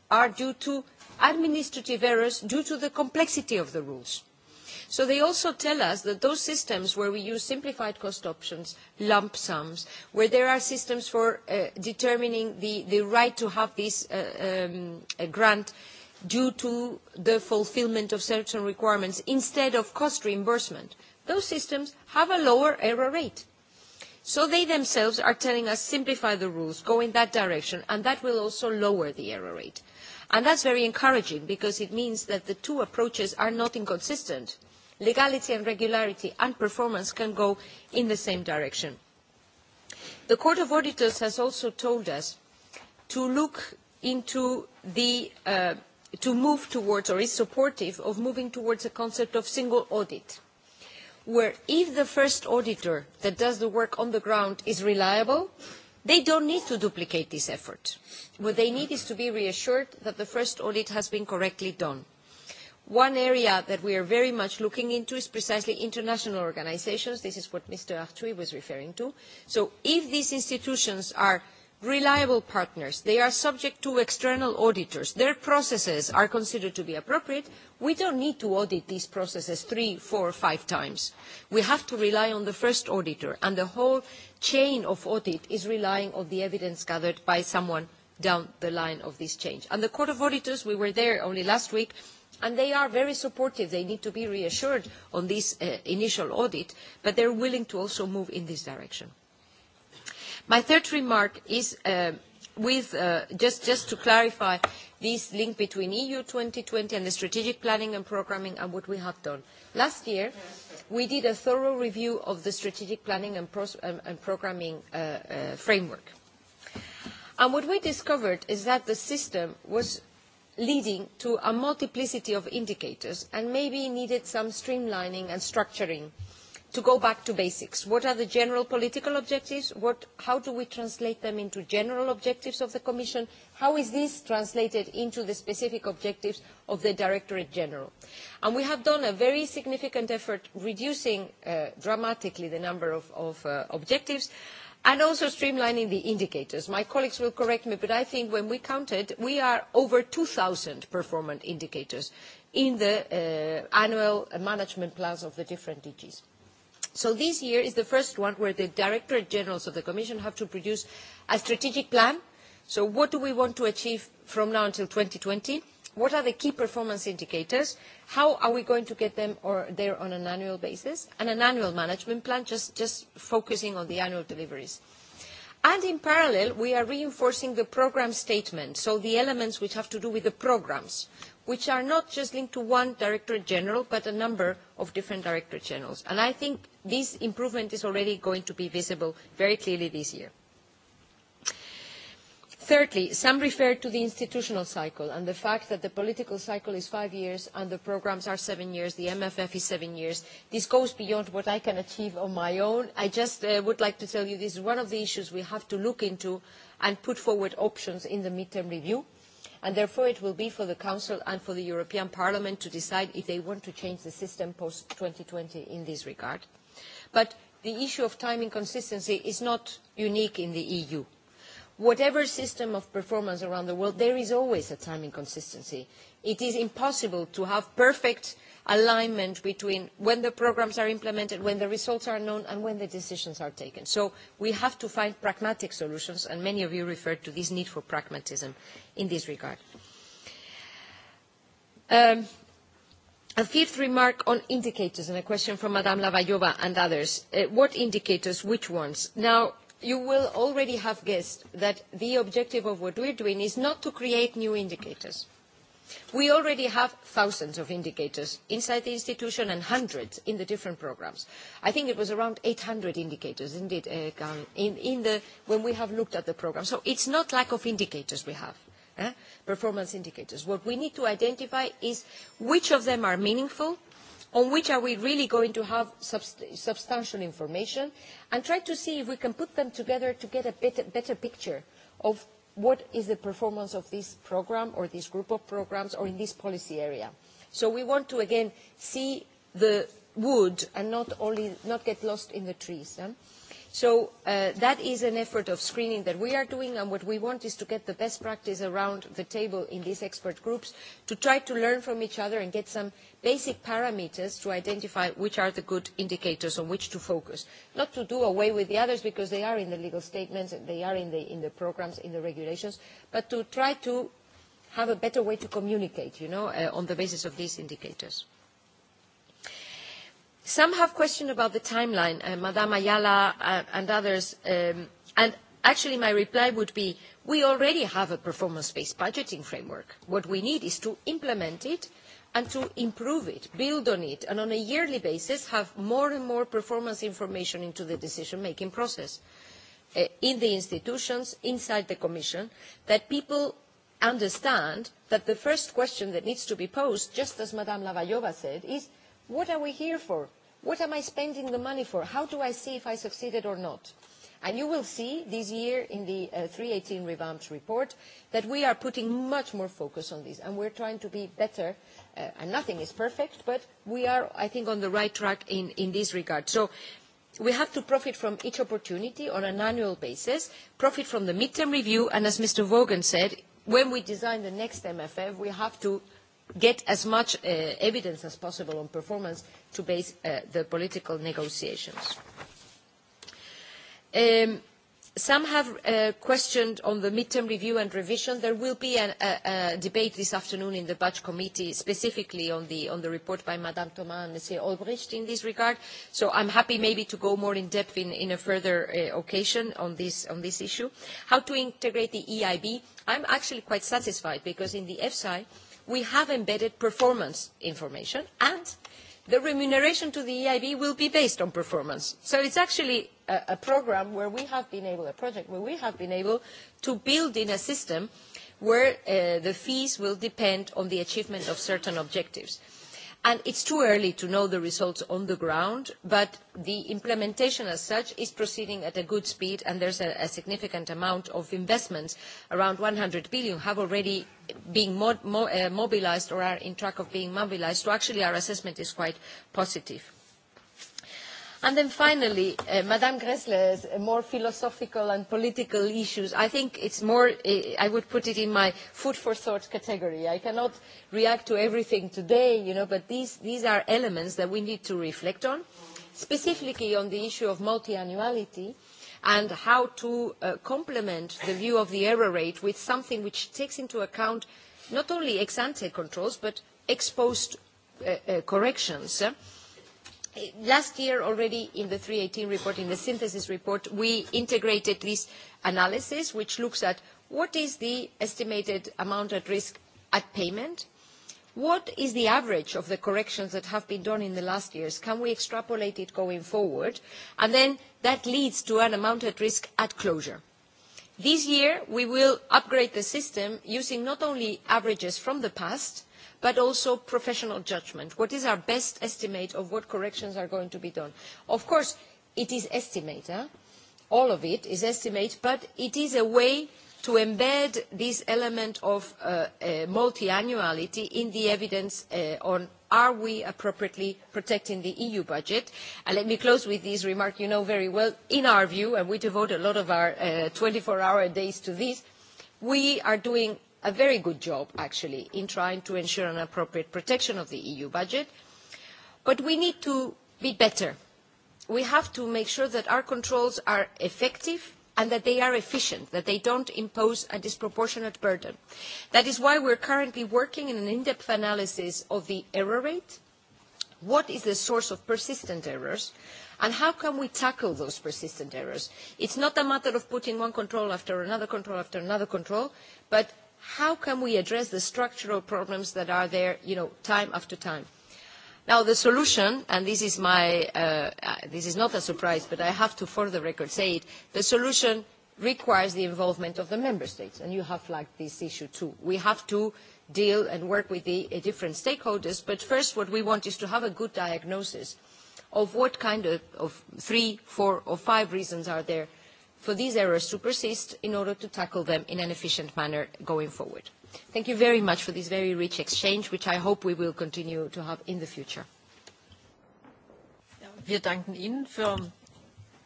are due to administrative errors due to the complexity of the rules. So they also tell us that those systems where we use simplified cost options, lump sums, where there are systems for uh, determining the, the right to have this uh, um, grant due to the fulfillment of certain requirements instead of cost reimbursement, those systems have a lower error rate. So they themselves are telling us simplify the rules, go in that direction, and that will also lower the error rate. And that's very encouraging because it means that the two approaches are not inconsistent legality and regularity and performance can go in the same direction. The Court of Auditors has also told us to look into the, uh, to move towards or is supportive of moving towards a concept of single audit, where if the first auditor that does the work on the ground is reliable, they don't need to duplicate this effort. What they need is to be reassured that the first audit has been correctly done One area that we are very much looking into is precisely international organizations. This is what Mr. Arthuis was referring to. So if these institutions are reliable partners, they are subject to external auditors, their processes are considered to be appropriate, we don't need to audit these processes three, four, five times. We have to rely on the first auditor, and the whole chain of audit is relying on the evidence gathered by someone down the line of this change. And the Court of Auditors, we were there only last week, and they are very supportive. They need to be reassured on this uh, initial audit, but they're willing to also move in this direction. My third remark is uh, with uh, just, just to clarify this link between EU 2020 and the strategic planning and programming and what we have done. Last year, we did a thorough review of the strategic planning and, pro um, and programming uh, uh, framework. And what we discovered is that the system was leading to a multiplicity of indicators and maybe needed some streamlining and structuring to go back to basics. What are the general political objectives? What, how do we translate them into general objectives of the Commission? How is this translated into the specific objectives of the Directorate General? And we have done a very significant effort reducing uh, dramatically the number of, of uh, objectives. Uh, and also streamlining the indicators. My colleagues will correct me, but I think when we counted, we are over 2,000 performance indicators in the uh, annual management plans of the different DGs. So this year is the first one where the Directorate Generals of the Commission have to produce a strategic plan. So what do we want to achieve from now until 2020? What are the key performance indicators? How are we going to get them or there on an annual basis? And an annual management plan, just, just focusing on the annual deliveries. And in parallel, we are reinforcing the program statement, so the elements which have to do with the programs, which are not just linked to one director general, but a number of different director generals. And I think this improvement is already going to be visible very clearly this year thirdly some referred to the institutional cycle and the fact that the political cycle is five years and the programmes are seven years the mff is seven years. this goes beyond what i can achieve on my own. i just uh, would like to tell you this is one of the issues we have to look into and put forward options in the mid term review and therefore it will be for the council and for the european parliament to decide if they want to change the system post two thousand and twenty in this regard. but the issue of timing consistency is not unique in the eu whatever system of performance around the world, there is always a time inconsistency. It is impossible to have perfect alignment between when the programs are implemented, when the results are known, and when the decisions are taken. So we have to find pragmatic solutions, and many of you referred to this need for pragmatism in this regard. Um, a fifth remark on indicators, and a question from Madame Lavallova and others. Uh, what indicators, which ones? Now, you will already have guessed that the objective of what we're doing is not to create new indicators. We already have thousands of indicators inside the institution and hundreds in the different programmes. I think it was around 800 indicators, indeed, uh, in, in the, when we have looked at the programme. So it's not lack of indicators we have, eh? performance indicators. What we need to identify is which of them are meaningful, on which are we really going to have substantial information and try to see if we can put them together to get a better, picture of what is the performance of this programme or this group of programmes or in this policy area. So we want to again see the wood and not only not get lost in the trees. Eh? So uh, that is an effort of screening that we are doing, and what we want is to get the best practice around the table in these expert groups to try to learn from each other and get some basic parameters to identify which are the good indicators on which to focus. Not to do away with the others because they are in the legal statements, they are in the, in the programs, in the regulations, but to try to have a better way to communicate, you know, uh, on the basis of these indicators. Some have questioned about the timeline, uh, Madame Ayala uh, and others, um, and actually my reply would be, we already have a performance-based budgeting framework. What we need is to implement it and to improve it, build on it, and on a yearly basis have more and more performance information into the decision-making process uh, in the institutions, inside the Commission, that people understand that the first question that needs to be posed, just as Madame Lavallova said, is What are we here for? What am I spending the money for? How do I see if I succeeded or not? And you will see this year in the uh, 318 revamped report that we are putting much more focus on this and we're trying to be better uh, and nothing is perfect, but we are, I think, on the right track in, in this regard. So we have to profit from each opportunity on an annual basis, profit from the midterm review, and as Mr. Vaughan said, when we design the next MFF, we have to get as much uh, evidence as possible on performance to base uh, the political negotiations. Um, some have uh, questioned on the midterm review and revision. There will be an, a, a debate this afternoon in the Budget Committee, specifically on the, on the report by Madame Thomas and Monsieur Olbricht in this regard. So I'm happy maybe to go more in depth in, in a further uh, occasion on this, on this issue. How to integrate the EIB? I'm actually quite satisfied because in the EFSI, we have embedded performance information and the remuneration to the EIB will be based on performance. So it's actually a, a program where we have been able, a project where we have been able to build in a system where uh, the fees will depend on the achievement of certain objectives and it's too early to know the results on the ground, but the implementation as such is proceeding at a good speed, and there's a, a significant amount of investments, around 100 billion, have already been uh, mobilised or are in track of being mobilised. So actually, our assessment is quite positive. And then finally, uh, Madame Gressler's more philosophical and political issues. I think it's more, eh, I would put it in my food for thought category. I cannot react to everything today, you know, but these, these are elements that we need to reflect on, specifically on the issue of multi-annuality and how to uh, complement the view of the error rate with something which takes into account not only ex-ante controls, but ex-post uh, uh, corrections Eh, last year already in the 318 report, in the synthesis report, we integrated this analysis, which looks at what is the estimated amount at risk at payment, what is the average of the corrections that have been done in the last years, can we extrapolate it going forward, and then that leads to an amount at risk at closure. This year, we will upgrade the system using not only averages from the past, but also professional judgment. What is our best estimate of what corrections are going to be done? Of course, it is estimate. Eh? All of it is estimate, but it is a way to embed this element of uh, uh, multiannuality in the evidence uh, on are we appropriately protecting the EU budget? And let me close with this remark. You know very well, in our view, and we devote a lot of our 24-hour uh, days to this, we are doing a very good job, actually, in trying to ensure an appropriate protection of the EU budget. But we need to be better. We have to make sure that our controls are effective and that they are efficient, that they don't impose a disproportionate burden. That is why we are currently working in an in-depth analysis of the error rate, what is the source of persistent errors, and how can we tackle those persistent errors. It's not a matter of putting one control after another control after another control, but how can we address the structural problems that are there, you know, time after time? Now, the solution, and this is my, uh, uh, this is not a surprise, but I have to, for the record, say it, the solution requires the involvement of the member states, and you have flagged this issue too. We have to deal and work with the uh, different stakeholders, but first what we want is to have a good diagnosis of what kind of, of three, four, or five reasons are there for these errors to persist in order to tackle them in an efficient manner going forward. Thank you very much for this very rich exchange, which I hope we will continue to have in the future. wir danken Ihnen für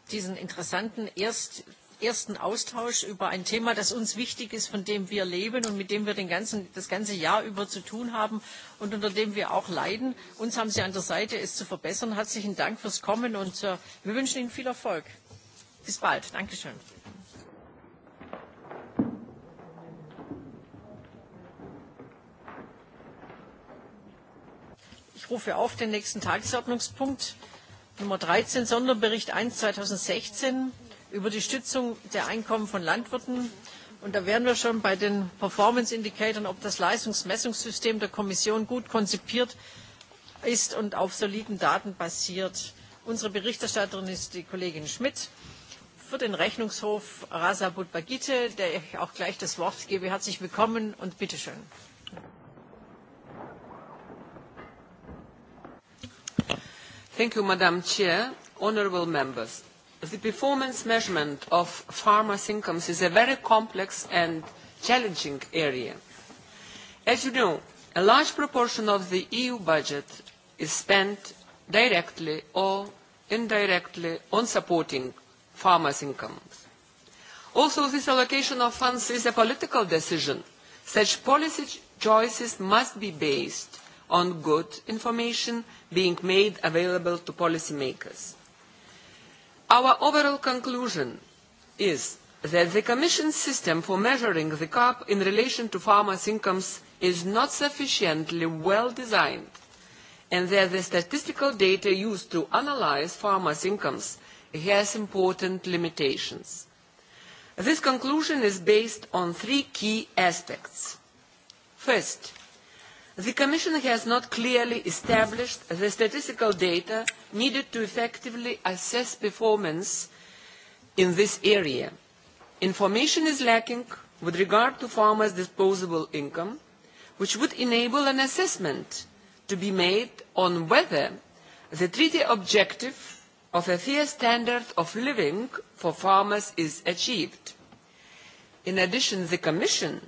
diesen interessanten erst, ersten Austausch über ein Thema, das uns wichtig ist, von dem wir leben und mit dem wir den ganzen, das ganze Jahr über zu tun haben und unter dem wir auch leiden. Uns haben Sie an der Seite, es zu verbessern. Herzlichen Dank fürs Kommen und äh, wir wünschen Ihnen viel Erfolg. Bis bald. Dankeschön. Ich rufe auf den nächsten Tagesordnungspunkt Nummer 13, Sonderbericht 1 2016 über die Stützung der Einkommen von Landwirten. Und da wären wir schon bei den Performance Indicators, ob das Leistungsmessungssystem der Kommission gut konzipiert ist und auf soliden Daten basiert. Unsere Berichterstatterin ist die Kollegin Schmidt für den Rechnungshof Rasa Budbagite, der ich auch gleich das Wort gebe. Herzlich willkommen und bitteschön. Thank you, Madam Chair. Honourable members, the performance measurement of farmers' incomes is a very complex and challenging area. As you know, a large proportion of the EU budget is spent directly or indirectly on supporting farmers' incomes. Also, this allocation of funds is a political decision. Such policy choices must be based on good information being made available to policymakers. Our overall conclusion is that the Commission's system for measuring the CAP in relation to farmers' incomes is not sufficiently well designed and that the statistical data used to analyse farmers' incomes has important limitations. This conclusion is based on three key aspects. First, the Commission has not clearly established the statistical data needed to effectively assess performance in this area. Information is lacking with regard to farmers' disposable income, which would enable an assessment to be made on whether the treaty objective of a fair standard of living for farmers is achieved. In addition, the Commission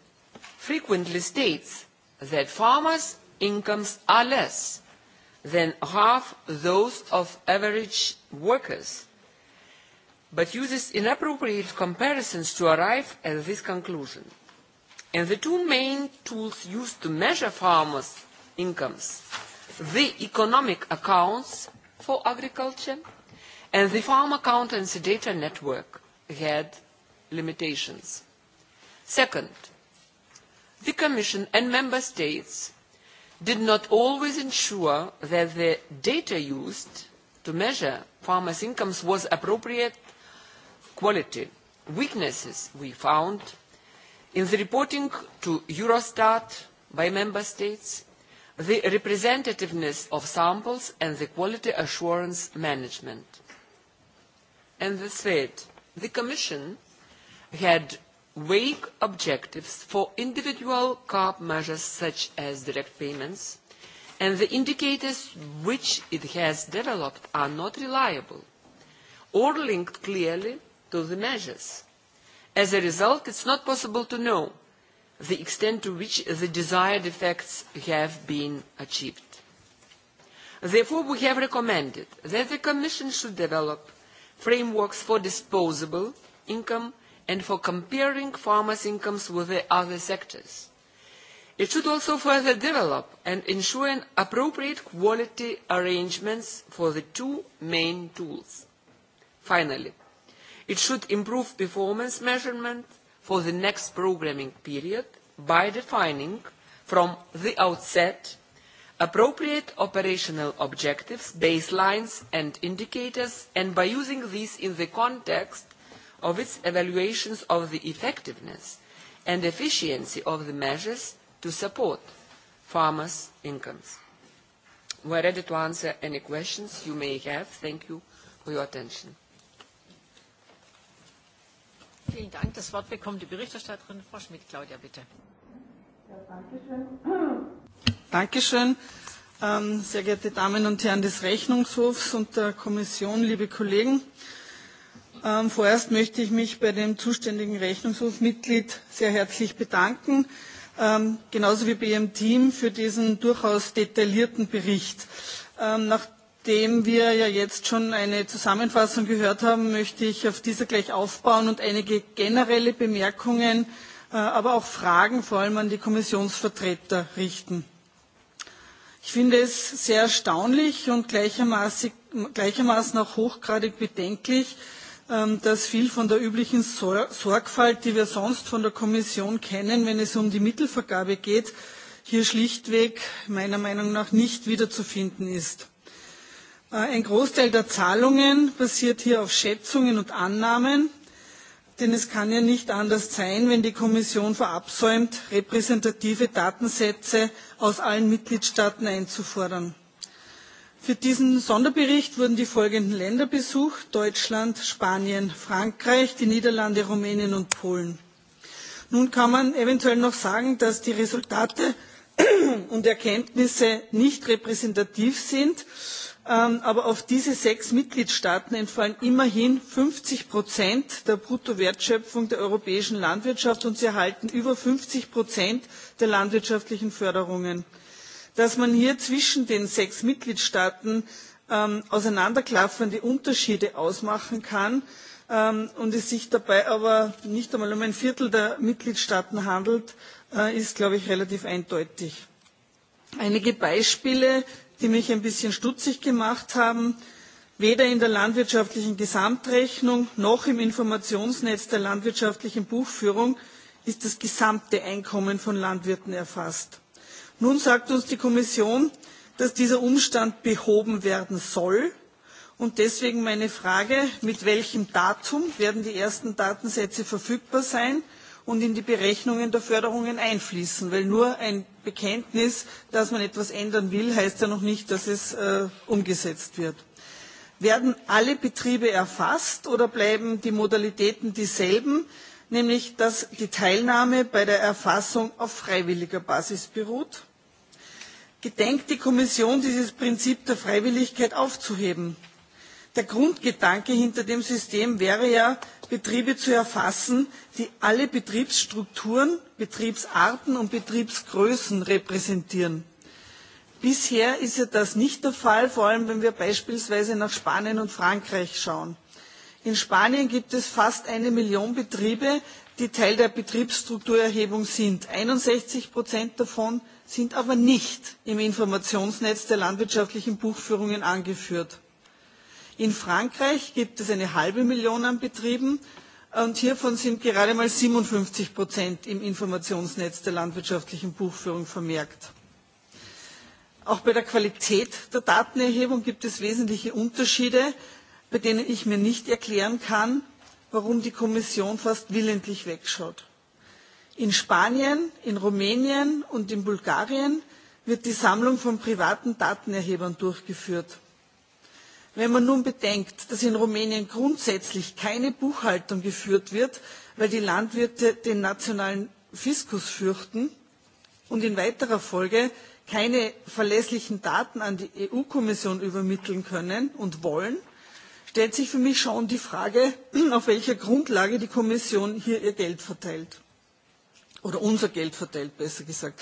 frequently states that farmers' incomes are less than half those of average workers, but uses inappropriate comparisons to arrive at this conclusion. And the two main tools used to measure farmers' incomes, the economic accounts for agriculture And the farm accountancy data network had limitations. Second, the Commission and Member States did not always ensure that the data used to measure farmers' incomes was appropriate quality. Weaknesses we found in the reporting to Eurostat by Member States, the representativeness of samples and the quality assurance management and the third, the Commission had vague objectives for individual CARP measures such as direct payments, and the indicators which it has developed are not reliable or linked clearly to the measures. As a result, it's not possible to know the extent to which the desired effects have been achieved. Therefore, we have recommended that the Commission should develop frameworks for disposable income and for comparing farmers' incomes with the other sectors. It should also further develop and ensure an appropriate quality arrangements for the two main tools. Finally, it should improve performance measurement for the next programming period by defining from the outset appropriate operational objectives, baselines and indicators, and by using these in the context of its evaluations of the effectiveness and efficiency of the measures to support farmers' incomes. We are ready to answer any questions you may have. Thank you for your attention. Vielen Dank. Das Wort bekommt die Berichterstatterin, Frau Schmidt-Claudia, bitte. Ja, danke schön. Dankeschön. Ähm, sehr geehrte Damen und Herren des Rechnungshofs und der Kommission, liebe Kollegen. Ähm, vorerst möchte ich mich bei dem zuständigen Rechnungshofmitglied sehr herzlich bedanken, ähm, genauso wie bei Ihrem Team für diesen durchaus detaillierten Bericht. nachdem wir ja jetzt schon eine Zusammenfassung gehört haben, möchte ich auf dieser gleich aufbauen und einige generelle Bemerkungen, äh, aber auch Fragen vor allem an die Kommissionsvertreter richten Ich finde es sehr erstaunlich und gleichermaßen, auch hochgradig bedenklich, ähm, dass viel von der üblichen Sorgfalt, die wir sonst von der Kommission kennen, wenn es um die Mittelvergabe geht, hier schlichtweg meiner Meinung nach nicht wiederzufinden ist. Äh, ein Großteil der Zahlungen basiert hier auf Schätzungen und Annahmen Denn es kann ja nicht anders sein, wenn die Kommission verabsäumt, repräsentative Datensätze aus allen Mitgliedstaaten einzufordern. Für diesen Sonderbericht wurden die folgenden Länder besucht Deutschland, Spanien, Frankreich, die Niederlande, Rumänien und Polen. Nun kann man eventuell noch sagen, dass die Resultate und Erkenntnisse nicht repräsentativ sind Ähm, aber auf diese sechs mitgliedstaaten entfallen immerhin fünfzig der bruttowertschöpfung der europäischen landwirtschaft und sie erhalten über fünfzig der landwirtschaftlichen förderungen. dass man hier zwischen den sechs mitgliedstaaten ähm, auseinanderklaffende unterschiede ausmachen kann ähm, und es sich dabei aber nicht einmal um ein viertel der mitgliedstaaten handelt äh, ist glaube ich relativ eindeutig. einige beispiele die mich ein bisschen stutzig gemacht haben weder in der landwirtschaftlichen gesamtrechnung noch im informationsnetz der landwirtschaftlichen buchführung ist das gesamte einkommen von landwirten erfasst. nun sagt uns die kommission dass dieser umstand behoben werden soll und deswegen meine frage mit welchem datum werden die ersten datensätze verfügbar sein? und in die Berechnungen der Förderungen einfließen. Weil nur ein Bekenntnis, dass man etwas ändern will, heißt ja noch nicht, dass es äh, umgesetzt wird. Werden alle Betriebe erfasst oder bleiben die Modalitäten dieselben, nämlich dass die Teilnahme bei der Erfassung auf freiwilliger Basis beruht? Gedenkt die Kommission, dieses Prinzip der Freiwilligkeit aufzuheben? Der Grundgedanke hinter dem System wäre ja, betriebe zu erfassen die alle betriebsstrukturen betriebsarten und betriebsgrößen repräsentieren. bisher ist ja das nicht der fall vor allem wenn wir beispielsweise nach spanien und frankreich schauen. in spanien gibt es fast eine million betriebe die teil der betriebsstrukturerhebung sind. einundsechzig davon sind aber nicht im informationsnetz der landwirtschaftlichen buchführungen angeführt. In Frankreich gibt es eine halbe Million an Betrieben und hiervon sind gerade mal 57 Prozent im Informationsnetz der landwirtschaftlichen Buchführung vermerkt. Auch bei der Qualität der Datenerhebung gibt es wesentliche Unterschiede, bei denen ich mir nicht erklären kann, warum die Kommission fast willentlich wegschaut. In Spanien, in Rumänien und in Bulgarien wird die Sammlung von privaten Datenerhebern durchgeführt. Wenn man nun bedenkt, dass in Rumänien grundsätzlich keine Buchhaltung geführt wird, weil die Landwirte den nationalen Fiskus fürchten und in weiterer Folge keine verlässlichen Daten an die EU-Kommission übermitteln können und wollen, stellt sich für mich schon die Frage, auf welcher Grundlage die Kommission hier ihr Geld verteilt. Oder unser Geld verteilt, besser gesagt.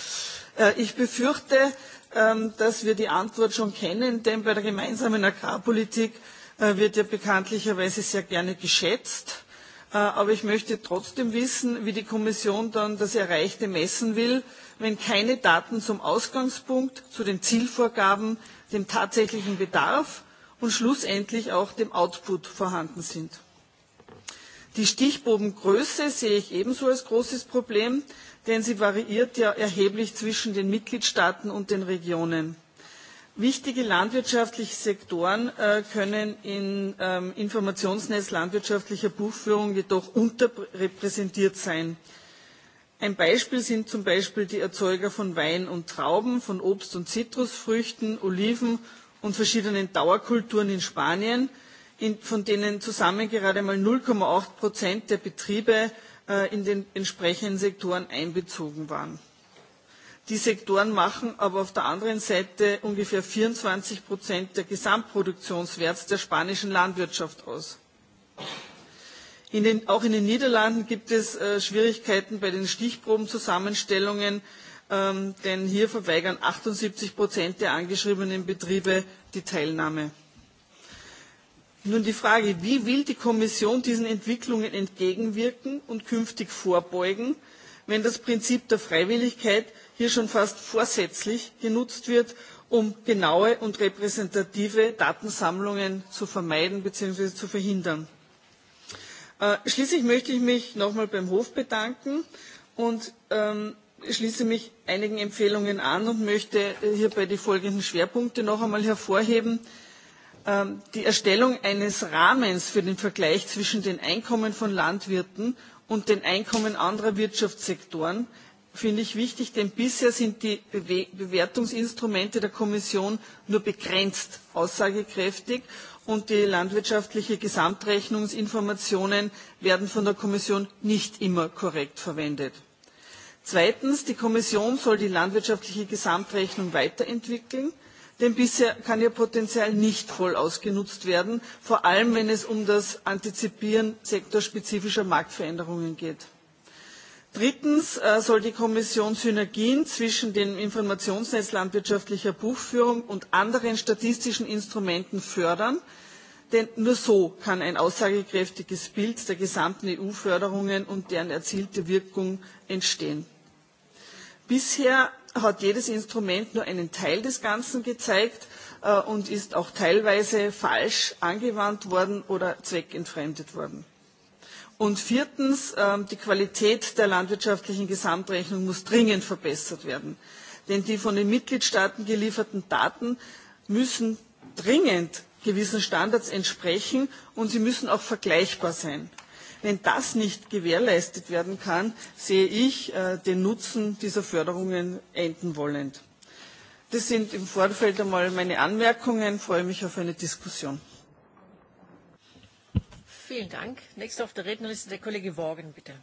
Äh, ich befürchte, Ähm, dass wir die Antwort schon kennen, denn bei der gemeinsamen Agrarpolitik äh, wird ja bekanntlicherweise sehr gerne geschätzt. Äh, aber ich möchte trotzdem wissen, wie die Kommission dann das Erreichte messen will, wenn keine Daten zum Ausgangspunkt, zu den Zielvorgaben, dem tatsächlichen Bedarf und schlussendlich auch dem Output vorhanden sind. Die Stichprobengröße sehe ich ebenso als großes Problem denn sie variiert ja erheblich zwischen den Mitgliedstaaten und den Regionen. Wichtige landwirtschaftliche Sektoren äh, können im in ähm, Informationsnetz landwirtschaftlicher Buchführung jedoch unterrepräsentiert sein. Ein Beispiel sind zum Beispiel die Erzeuger von Wein und Trauben, von Obst- und Zitrusfrüchten, Oliven und verschiedenen Dauerkulturen in Spanien, von denen zusammen gerade mal 0,8 Prozent der Betriebe Äh, in den entsprechenden Sektoren einbezogen waren. Die Sektoren machen aber auf der anderen Seite ungefähr 24 Prozent der Gesamtproduktionswerts der spanischen Landwirtschaft aus. In den, auch in den Niederlanden gibt es äh, Schwierigkeiten bei den Stichprobenzusammenstellungen, ähm, denn hier verweigern 78 Prozent der angeschriebenen Betriebe die Teilnahme. Nun die Frage, wie will die Kommission diesen Entwicklungen entgegenwirken und künftig vorbeugen, wenn das Prinzip der Freiwilligkeit hier schon fast vorsätzlich genutzt wird, um genaue und repräsentative Datensammlungen zu vermeiden bzw. zu verhindern? Äh, schließlich möchte ich mich nochmal beim Hof bedanken und ähm, schließe mich einigen Empfehlungen an und möchte äh, hierbei die folgenden Schwerpunkte noch einmal hervorheben. Ähm, die Erstellung eines Rahmens für den Vergleich zwischen den Einkommen von Landwirten und den Einkommen anderer Wirtschaftssektoren finde ich wichtig, denn bisher sind die Bewertungsinstrumente der Kommission nur begrenzt aussagekräftig und die landwirtschaftliche Gesamtrechnungsinformationen werden von der Kommission nicht immer korrekt verwendet. Zweitens, die Kommission soll die landwirtschaftliche Gesamtrechnung weiterentwickeln denn bisher kann ihr potenzial nicht voll ausgenutzt werden vor allem wenn es um das antizipieren sektorspezifischer marktveränderungen geht. drittens äh, soll die kommission synergien zwischen dem informationsnetz landwirtschaftlicher buchführung und anderen statistischen instrumenten fördern denn nur so kann ein aussagekräftiges bild der gesamten eu förderungen und deren erzielte wirkung entstehen. bisher hat jedes Instrument nur einen Teil des Ganzen gezeigt äh, und ist auch teilweise falsch angewandt worden oder zweckentfremdet worden. Und viertens, ähm, die Qualität der landwirtschaftlichen Gesamtrechnung muss dringend verbessert werden. Denn die von den Mitgliedstaaten gelieferten Daten müssen dringend gewissen Standards entsprechen und sie müssen auch vergleichbar sein. Wenn das nicht gewährleistet werden kann, sehe ich äh, den Nutzen dieser Förderungen enden wollend. Das sind im Vorfeld einmal meine Anmerkungen. Ich freue mich auf eine Diskussion. Vielen Dank. Nächster auf der Rednerliste der Kollege Worgen, bitte.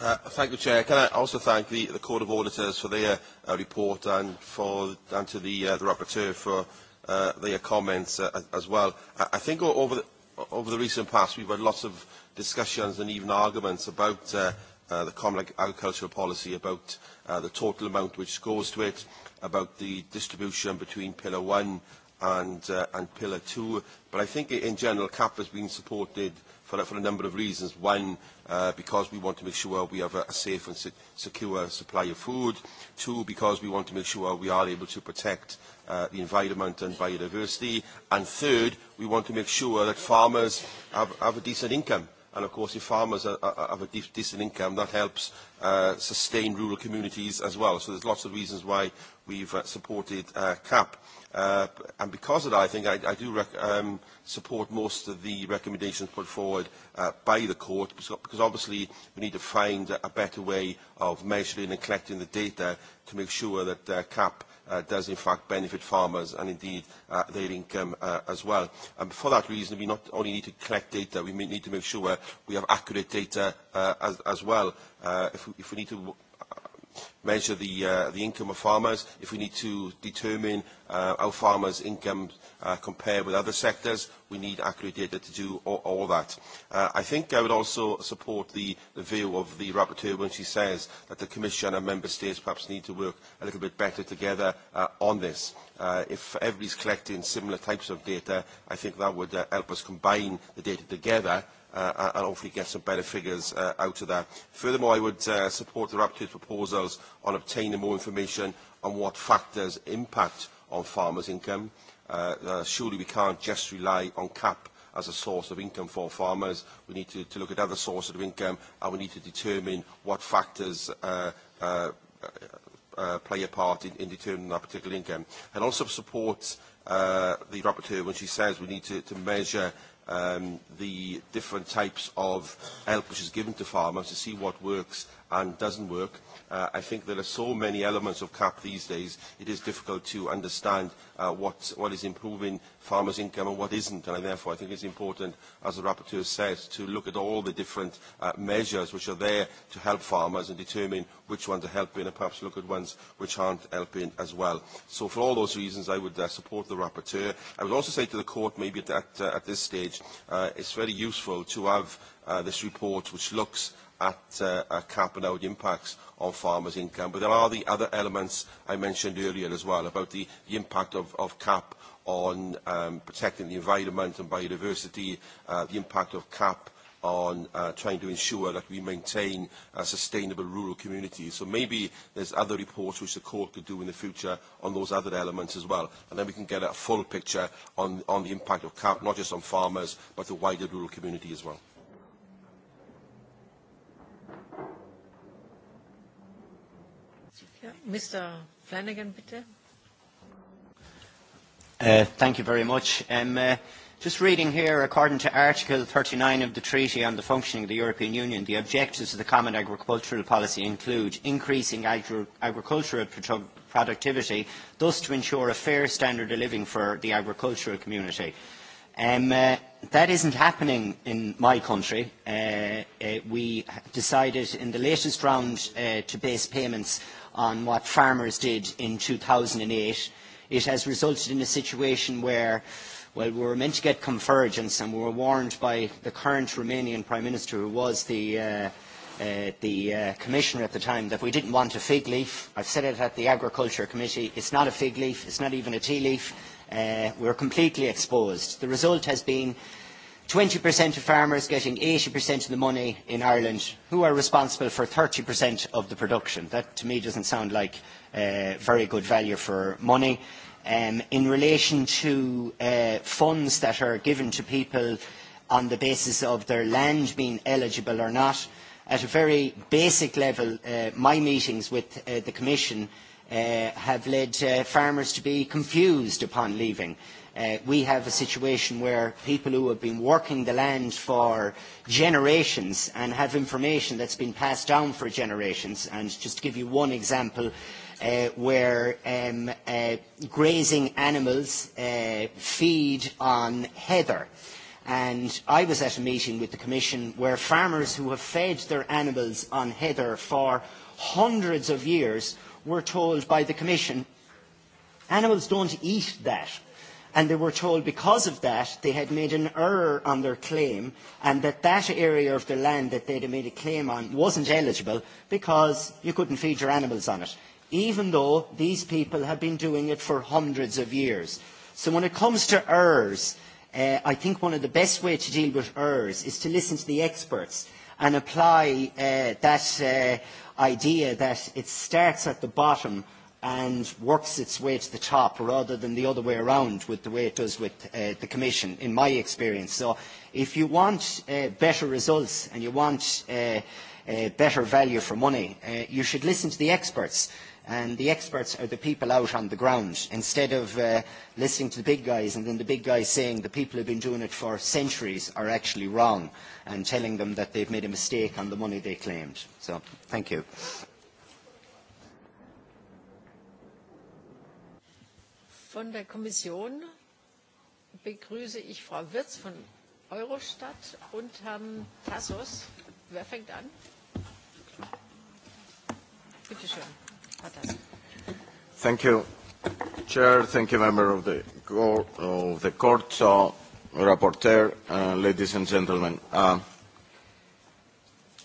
Uh, thank you, Chair. Can I also thank the, the Court of Auditors for their uh, report and, for, and to the, uh, the Rapporteur for uh, their comments uh, as well. I, I think over over the recent past, we've had lots of discussions and even arguments about uh, uh, the common agricultural policy, about uh, the total amount which goes to it, about the distribution between Pillar 1 and, uh, and Pillar 2. But I think in general CAP has been supported for, for a number of reasons. One, uh, because we want to make sure we have a, a safe and se secure supply of food. Two, because we want to make sure we are able to protect uh, the environment and biodiversity. And third, we want to make sure that farmers have, have a decent income. And of course, if farmers are, are, have a de decent income, that helps uh, sustain rural communities as well. So there's lots of reasons why we've uh, supported uh, CAP. Uh, and because of that, I think I, I do rec um, support most of the recommendations put forward uh, by the court, because, because obviously we need to find a better way of measuring and collecting the data to make sure that uh, CAP uh, does in fact benefit farmers and indeed uh, their income uh, as well. And for that reason, we not only need to collect data, we need to make sure we have accurate data uh, as, as well. Uh, if, we, if we need to measure the, uh, the income of farmers, if we need to determine uh, how farmers' income uh, compare with other sectors, we need accurate data to do all, all that. Uh, I think I would also support the, the view of the rapporteur when she says that the Commission and Member States perhaps need to work a little bit better together uh, on this. Uh, if everybody's collecting similar types of data, I think that would uh, help us combine the data together uh, and hopefully get some better figures uh, out of that. Furthermore, I would uh, support the rapporteur's proposals on obtaining more information on what factors impact on farmers' income. Uh, uh, surely we can't just rely on CAP as a source of income for farmers. We need to, to look at other sources of income and we need to determine what factors uh, uh, uh, uh play a part in, in determining that particular income. And also support uh, the rapporteur when she says we need to, to measure um, the different types of help which is given to farmers to see what works and doesn't work. Uh, I think there are so many elements of CAP these days, it is difficult to understand uh, what, what is improving farmers' income and what isn't. And therefore, I think it's important, as the rapporteur says, to look at all the different uh, measures which are there to help farmers and determine which ones are helping and perhaps look at ones which aren't helping as well. So for all those reasons, I would uh, support the rapporteur. I would also say to the court, maybe at, at, uh, at this stage, uh, it's very useful to have uh, this report which looks at uh, uh, capping out impacts on farmers' income. But there are the other elements I mentioned earlier as well about the, the impact of, of CAP on um, protecting the environment and biodiversity, uh, the impact of CAP on uh, trying to ensure that we maintain a uh, sustainable rural communities. So maybe there's other reports which the court could do in the future on those other elements as well. And then we can get a full picture on, on the impact of CAP, not just on farmers, but the wider rural community as well. Mr. Flanagan, bitte. Uh, thank you very much. Um, uh, Just reading here, according to Article 39 of the Treaty on the Functioning of the European Union, the objectives of the Common Agricultural Policy include increasing agri agricultural productivity, thus to ensure a fair standard of living for the agricultural community. Um, uh, that isn't happening in my country. Uh, uh, we decided in the latest round uh, to base payments on what farmers did in 2008. It has resulted in a situation where well, we were meant to get convergence and we were warned by the current Romanian Prime Minister who was the, uh, uh, the uh, Commissioner at the time that we didn't want a fig leaf. I've said it at the Agriculture Committee. It's not a fig leaf. It's not even a tea leaf. Uh, we're completely exposed. The result has been 20% of farmers getting 80% of the money in Ireland, who are responsible for 30% of the production. That to me doesn't sound like uh, very good value for money. Um, in relation to uh, funds that are given to people on the basis of their land being eligible or not, at a very basic level, uh, my meetings with uh, the Commission uh, have led uh, farmers to be confused upon leaving. Uh, we have a situation where people who have been working the land for generations and have information that's been passed down for generations. And just to give you one example, uh, where um, uh, grazing animals uh, feed on heather. And I was at a meeting with the Commission where farmers who have fed their animals on heather for hundreds of years were told by the Commission, animals don't eat that and they were told because of that they had made an error on their claim and that that area of the land that they'd made a claim on wasn't eligible because you couldn't feed your animals on it, even though these people have been doing it for hundreds of years. So when it comes to errors, uh, I think one of the best ways to deal with errors is to listen to the experts and apply uh, that uh, idea that it starts at the bottom and works its way to the top rather than the other way around with the way it does with uh, the Commission, in my experience. So if you want uh, better results and you want uh, uh, better value for money, uh, you should listen to the experts. And the experts are the people out on the ground instead of uh, listening to the big guys and then the big guys saying the people who have been doing it for centuries are actually wrong and telling them that they've made a mistake on the money they claimed. So thank you. Von der Kommission begrüße ich Frau Wirz von Eurostat und Herrn Tassos. Wer fängt an? Bitte schön, Herr Tassos. Thank you, Chair. Thank you, Member of the Court, of the court so, Rapporteur, uh, ladies and gentlemen. Uh,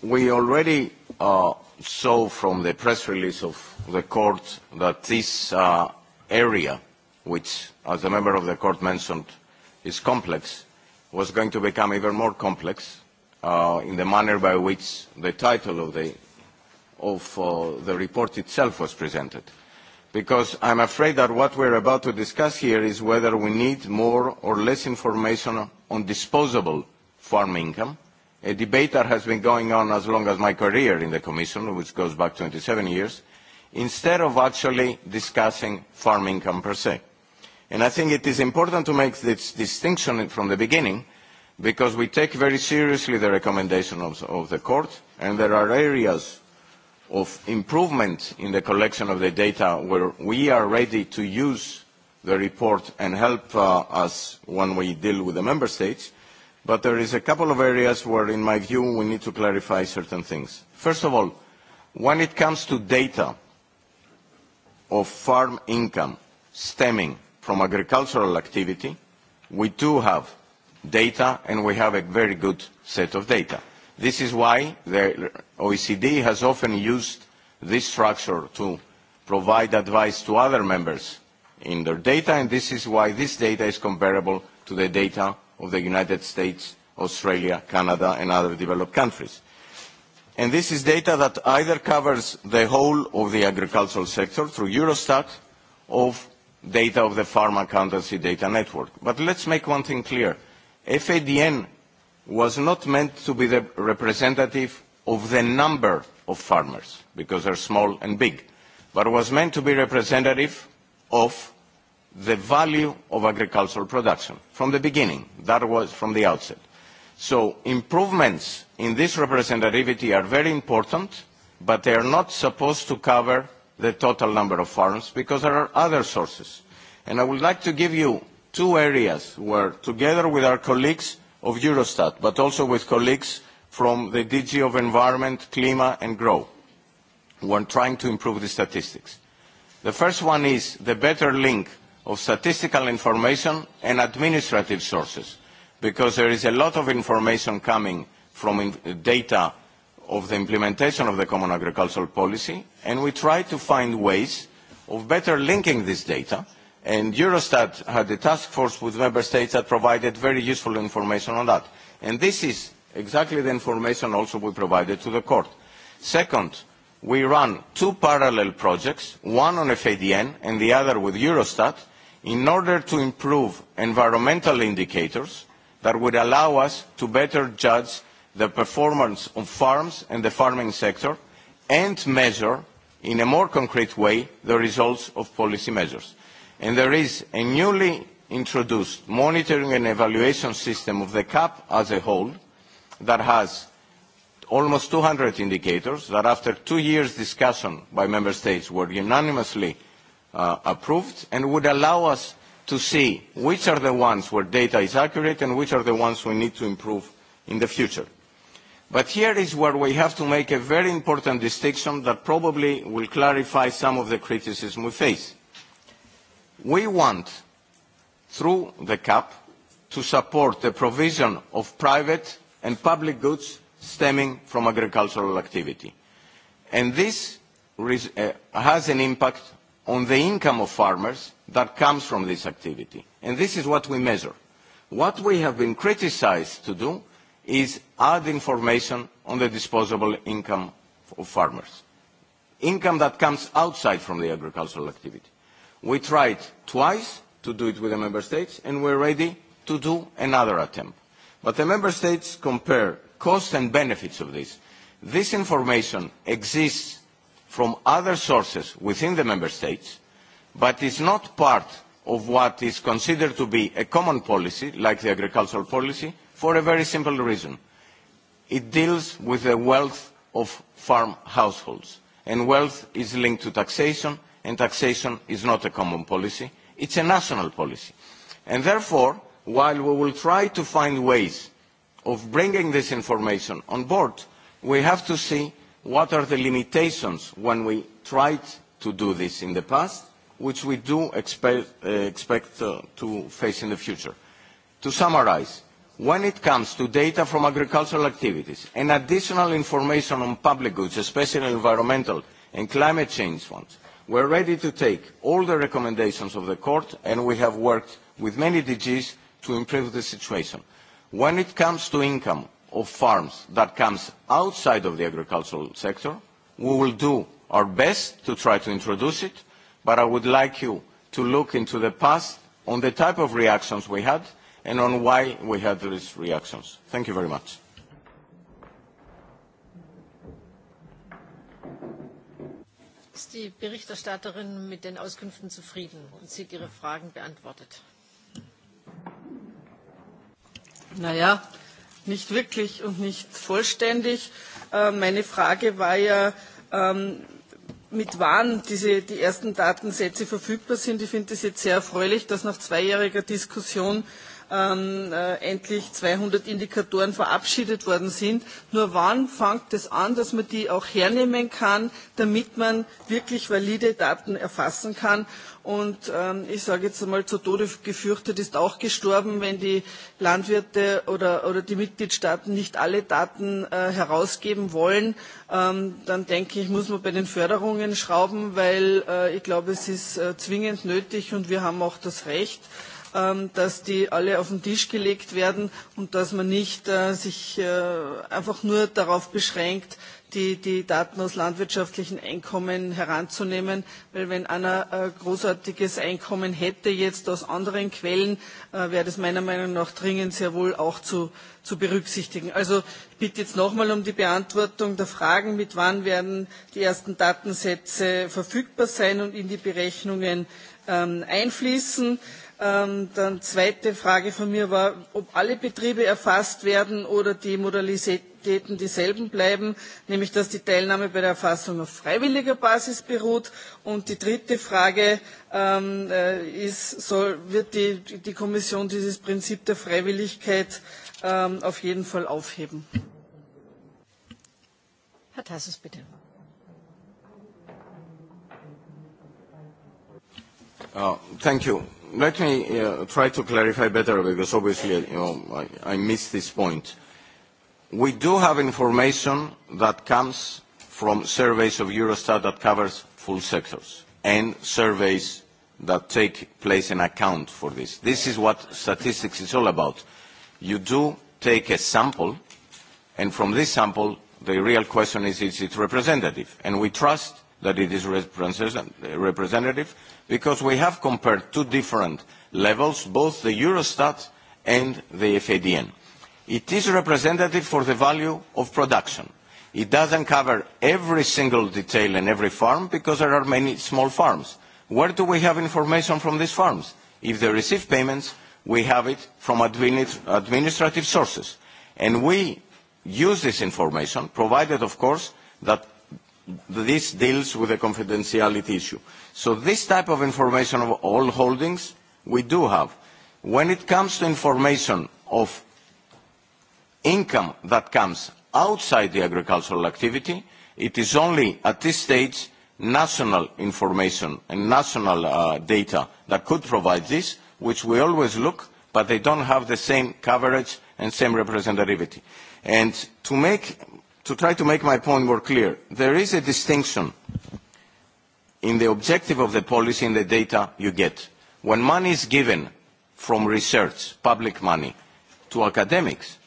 we already uh, saw from the press release of the Court that this uh, area which, as the member of the court mentioned, is complex, was going to become even more complex uh, in the manner by which the title of the, of, uh, the report itself was presented. Because I'm afraid that what we're about to discuss here is whether we need more or less information on disposable farm income, a debate that has been going on as long as my career in the Commission, which goes back 27 years, instead of actually discussing farm income per se. And I think it is important to make this distinction from the beginning because we take very seriously the recommendation of, of the court and there are areas of improvement in the collection of the data where we are ready to use the report and help uh, us when we deal with the member states. But there is a couple of areas where, in my view, we need to clarify certain things. First of all, when it comes to data of farm income, stemming, from agricultural activity, we do have data, and we have a very good set of data. This is why the OECD has often used this structure to provide advice to other members in their data, and this is why this data is comparable to the data of the United States, Australia, Canada, and other developed countries. And this is data that either covers the whole of the agricultural sector through Eurostat of data of the Pharma Accountancy Data Network. But let's make one thing clear. FADN was not meant to be the representative of the number of farmers, because they're small and big, but was meant to be representative of the value of agricultural production from the beginning. That was from the outset. So improvements in this representativity are very important, but they are not supposed to cover the total number of farms because there are other sources. And I would like to give you two areas where, together with our colleagues of Eurostat, but also with colleagues from the DG of Environment, Clima and Grow, we're trying to improve the statistics. The first one is the better link of statistical information and administrative sources, because there is a lot of information coming from data of the implementation of the common agricultural policy, and we try to find ways of better linking this data. And Eurostat had a task force with member states that provided very useful information on that. And this is exactly the information also we provided to the court. Second, we run two parallel projects, one on FADN and the other with Eurostat, in order to improve environmental indicators that would allow us to better judge the performance of farms and the farming sector, and measure in a more concrete way the results of policy measures. And there is a newly introduced monitoring and evaluation system of the CAP as a whole that has almost 200 indicators that after two years discussion by member states were unanimously uh, approved and would allow us to see which are the ones where data is accurate and which are the ones we need to improve in the future. But here is where we have to make a very important distinction that probably will clarify some of the criticism we face. We want, through the CAP, to support the provision of private and public goods stemming from agricultural activity. And this uh, has an impact on the income of farmers that comes from this activity. And this is what we measure. What we have been criticized to do is add information on the disposable income of farmers, income that comes outside from the agricultural activity. We tried twice to do it with the member states, and we're ready to do another attempt. But the member states compare costs and benefits of this. This information exists from other sources within the member states, but is not part of what is considered to be a common policy, like the agricultural policy, for a very simple reason. It deals with the wealth of farm households, and wealth is linked to taxation, and taxation is not a common policy. It's a national policy. And therefore, while we will try to find ways of bringing this information on board, we have to see what are the limitations when we tried to do this in the past, which we do expect, uh, expect uh, to face in the future. To summarize, When it comes to data from agricultural activities and additional information on public goods, especially environmental and climate change funds, we're ready to take all the recommendations of the court, and we have worked with many DGs to improve the situation. When it comes to income of farms that comes outside of the agricultural sector, we will do our best to try to introduce it, but I would like you to look into the past on the type of reactions we had and on why we had these reactions. Thank you very much. Ist die Berichterstatterin mit den Auskünften zufrieden und sieht ihre Fragen beantwortet? Naja, nicht wirklich und nicht vollständig. Äh, meine Frage war ja, ähm, mit wann diese, die ersten Datensätze verfügbar sind. Ich finde es jetzt sehr erfreulich, dass nach zweijähriger Diskussion ähm, äh, endlich 200 Indikatoren verabschiedet worden sind. Nur wann fängt es an, dass man die auch hernehmen kann, damit man wirklich valide Daten erfassen kann? Und ähm, ich sage jetzt einmal, zu Tode gefürchtet ist auch gestorben, wenn die Landwirte oder, oder die Mitgliedstaaten nicht alle Daten äh, herausgeben wollen. Ähm, dann denke ich, muss man bei den Förderungen schrauben, weil äh, ich glaube, es ist äh, zwingend nötig und wir haben auch das Recht, Ähm, dass die alle auf den Tisch gelegt werden und dass man nicht äh, sich äh, einfach nur darauf beschränkt, die, die Daten aus landwirtschaftlichen Einkommen heranzunehmen, weil wenn einer äh, großartiges Einkommen hätte jetzt aus anderen Quellen, äh, wäre das meiner Meinung nach dringend sehr wohl auch zu, zu berücksichtigen. Also ich bitte jetzt nochmal um die Beantwortung der Fragen, mit wann werden die ersten Datensätze verfügbar sein und in die Berechnungen ähm, einfließen. Ähm, dann zweite Frage von mir war, ob alle Betriebe erfasst werden oder die Modalitäten dieselben bleiben, nämlich dass die Teilnahme bei der Erfassung auf freiwilliger Basis beruht. Und die dritte Frage ähm, äh, ist, soll, wird die, die Kommission dieses Prinzip der Freiwilligkeit ähm, auf jeden Fall aufheben? Herr Tassis, bitte. Uh, thank you let me uh, try to clarify better because obviously you know, I missed this point. We do have information that comes from surveys of Eurostat that covers full sectors and surveys that take place and account for this. This is what statistics is all about. You do take a sample, and from this sample, the real question is, is it representative? And we trust that it is representative because we have compared two different levels, both the Eurostat and the FADN. It is representative for the value of production. It doesn't cover every single detail in every farm because there are many small farms. Where do we have information from these farms? If they receive payments, we have it from administ administrative sources. And we use this information, provided, of course, that This deals with the confidentiality issue. So this type of information of all holdings we do have. When it comes to information of income that comes outside the agricultural activity, it is only at this stage national information and national uh, data that could provide this, which we always look, but they don't have the same coverage and same representativity. And to make to try to make my point more clear, there is a distinction in the objective of the policy and the data you get. When money is given from research, public money, to academics,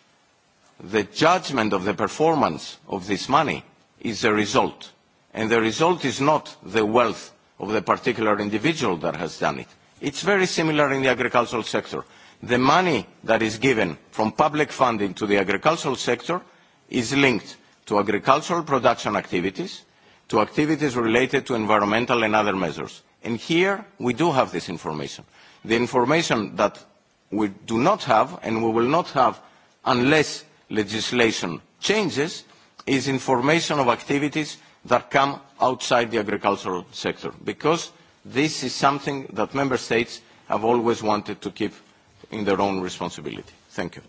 the judgment of the performance of this money is the result. And the result is not the wealth of the particular individual that has done it. It's very similar in the agricultural sector. The money that is given from public funding to the agricultural sector is linked to agricultural production activities, to activities related to environmental and other measures. And here we do have this information. The information that we do not have and we will not have unless legislation changes is information of activities that come outside the agricultural sector because this is something that member states have always wanted to keep in their own responsibility. Thank you.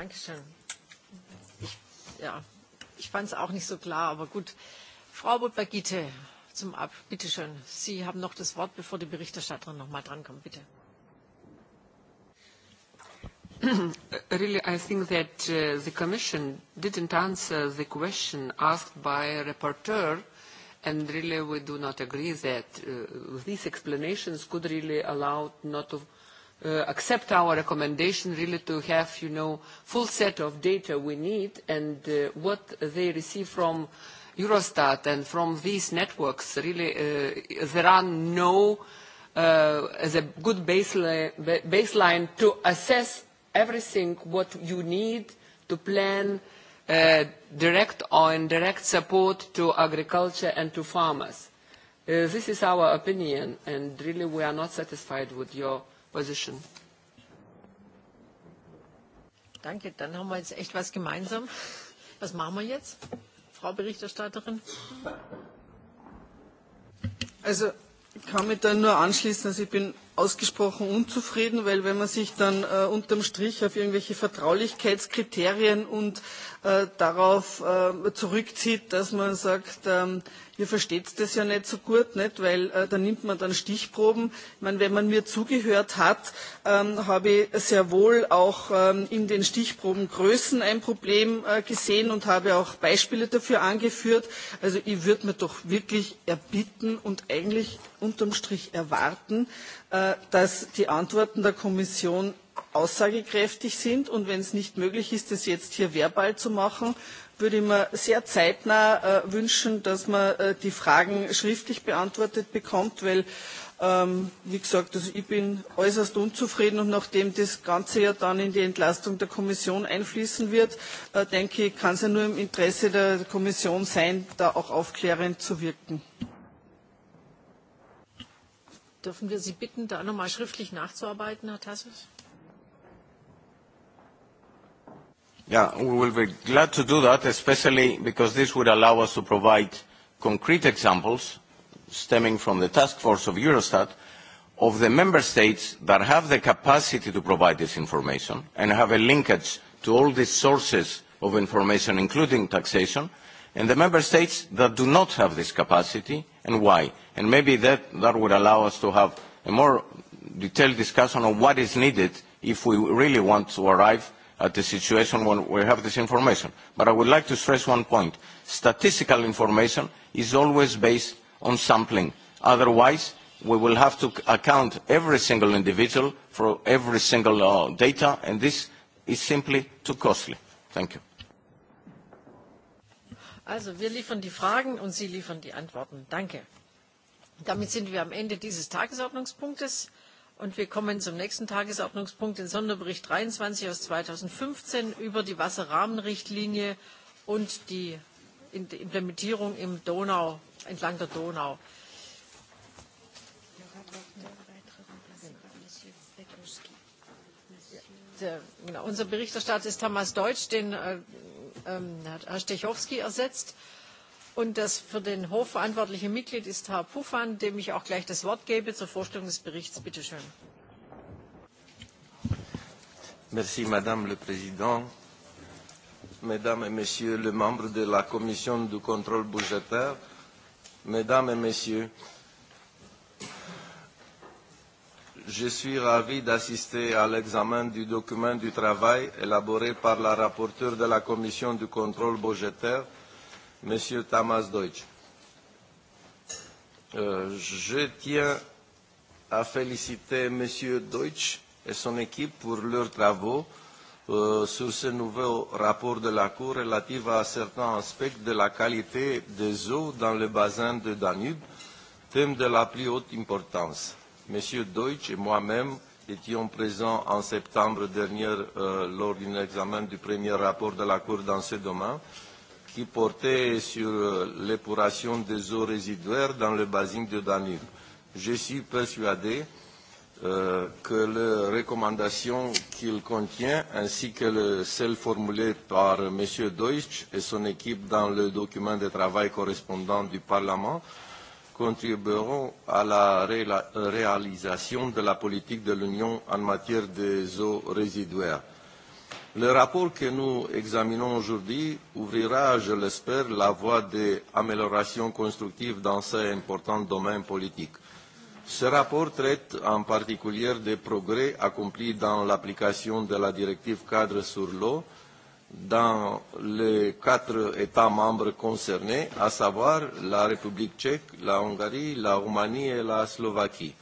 Dankeschön. Ich, ja, ich fand es auch nicht so klar, aber gut. Frau Budbergite zum Ab. Bitte schön. Sie haben noch das Wort, bevor die Berichterstatterin noch mal drankommt. Bitte. really, I think that uh, the Commission didn't answer the question asked by rapporteur, and really we do not agree that uh, these explanations could really allow not to Uh, accept our recommendation really to have, you know, full set of data we need and uh, what they receive from Eurostat and from these networks, really, uh, there are no, uh, as a good baseline, baseline to assess everything what you need to plan uh, direct or indirect support to agriculture and to farmers. This is our opinion, and really we are not satisfied with your position. Danke, dann haben wir jetzt echt was gemeinsam. Was machen wir jetzt, Frau Berichterstatterin? Also ich kann mich dann nur anschließen. Also ich bin ausgesprochen unzufrieden, weil wenn man sich dann äh, unterm Strich auf irgendwelche Vertraulichkeitskriterien und äh, Äh, darauf äh, zurückzieht, dass man sagt, ähm, ihr versteht das ja nicht so gut, nicht? weil äh, da nimmt man dann Stichproben. Ich meine, wenn man mir zugehört hat, ähm, habe ich sehr wohl auch ähm, in den Stichprobengrößen ein Problem äh, gesehen und habe auch Beispiele dafür angeführt. Also ich würde mir doch wirklich erbitten und eigentlich unterm Strich erwarten, äh, dass die Antworten der Kommission aussagekräftig sind. Und wenn es nicht möglich ist, das jetzt hier verbal zu machen, würde ich mir sehr zeitnah äh, wünschen, dass man äh, die Fragen schriftlich beantwortet bekommt, weil ähm, wie gesagt, also ich bin äußerst unzufrieden und nachdem das Ganze ja dann in die Entlastung der Kommission einfließen wird, äh, denke ich, kann es ja nur im Interesse der Kommission sein, da auch aufklärend zu wirken. Dürfen wir Sie bitten, da nochmal schriftlich nachzuarbeiten, Herr Tassos? Yeah, we will be glad to do that, especially because this would allow us to provide concrete examples stemming from the task force of Eurostat of the member states that have the capacity to provide this information and have a linkage to all these sources of information, including taxation, and the member states that do not have this capacity and why. And maybe that, that would allow us to have a more detailed discussion on what is needed if we really want to arrive at the situation when we have this information. But I would like to stress one point. Statistical information is always based on sampling. Otherwise, we will have to account every single individual for every single uh, data, and this is simply too costly. Thank you. Also wir liefern die Fragen und Sie liefern die Antworten. Danke. Damit sind wir am Ende dieses Tagesordnungspunktes. Und wir kommen zum nächsten Tagesordnungspunkt, den Sonderbericht 23 aus 2015 über die Wasserrahmenrichtlinie und die Implementierung im Donau, entlang der Donau. Der, genau, unser Berichterstatter ist Thomas Deutsch, den äh, äh, Herr Stechowski ersetzt. Und das für den Hof verantwortliche Mitglied ist Herr Puffan, dem ich auch gleich das Wort gebe zur Vorstellung des Berichts. Bitte schön. Madame la Président. Mesdames et Messieurs les membres de la Commission du contrôle budgétaire, Mesdames et Messieurs, je suis ravi d'assister à l'examen du document du travail élaboré par la rapporteure de la Commission du contrôle budgétaire, Monsieur Thomas Deutsch. Euh, je tiens à féliciter Monsieur Deutsch et son équipe pour leurs travaux euh, sur ce nouveau rapport de la Cour relatif à certains aspects de la qualité des eaux dans le bassin de Danube, thème de la plus haute importance. Monsieur Deutsch et moi-même étions présents en septembre dernier euh, lors d'un examen du premier rapport de la Cour dans ce domaine qui portait sur euh, l'épuration des eaux résiduaires dans le bassin de Danube. Je suis persuadé euh, que les recommandations qu'il contient, ainsi que le, celles formulées par M. Deutsch et son équipe dans le document de travail correspondant du Parlement, contribueront à la ré réalisation de la politique de l'Union en matière des eaux résiduaires. Le rapport que nous examinons aujourd'hui ouvrira, je l'espère, la voie d'améliorations constructives dans ces importants domaines politiques. Ce rapport traite en particulier des progrès accomplis dans l'application de la directive cadre sur l'eau dans les quatre États membres concernés, à savoir la République tchèque, la Hongrie, la Roumanie et la Slovaquie.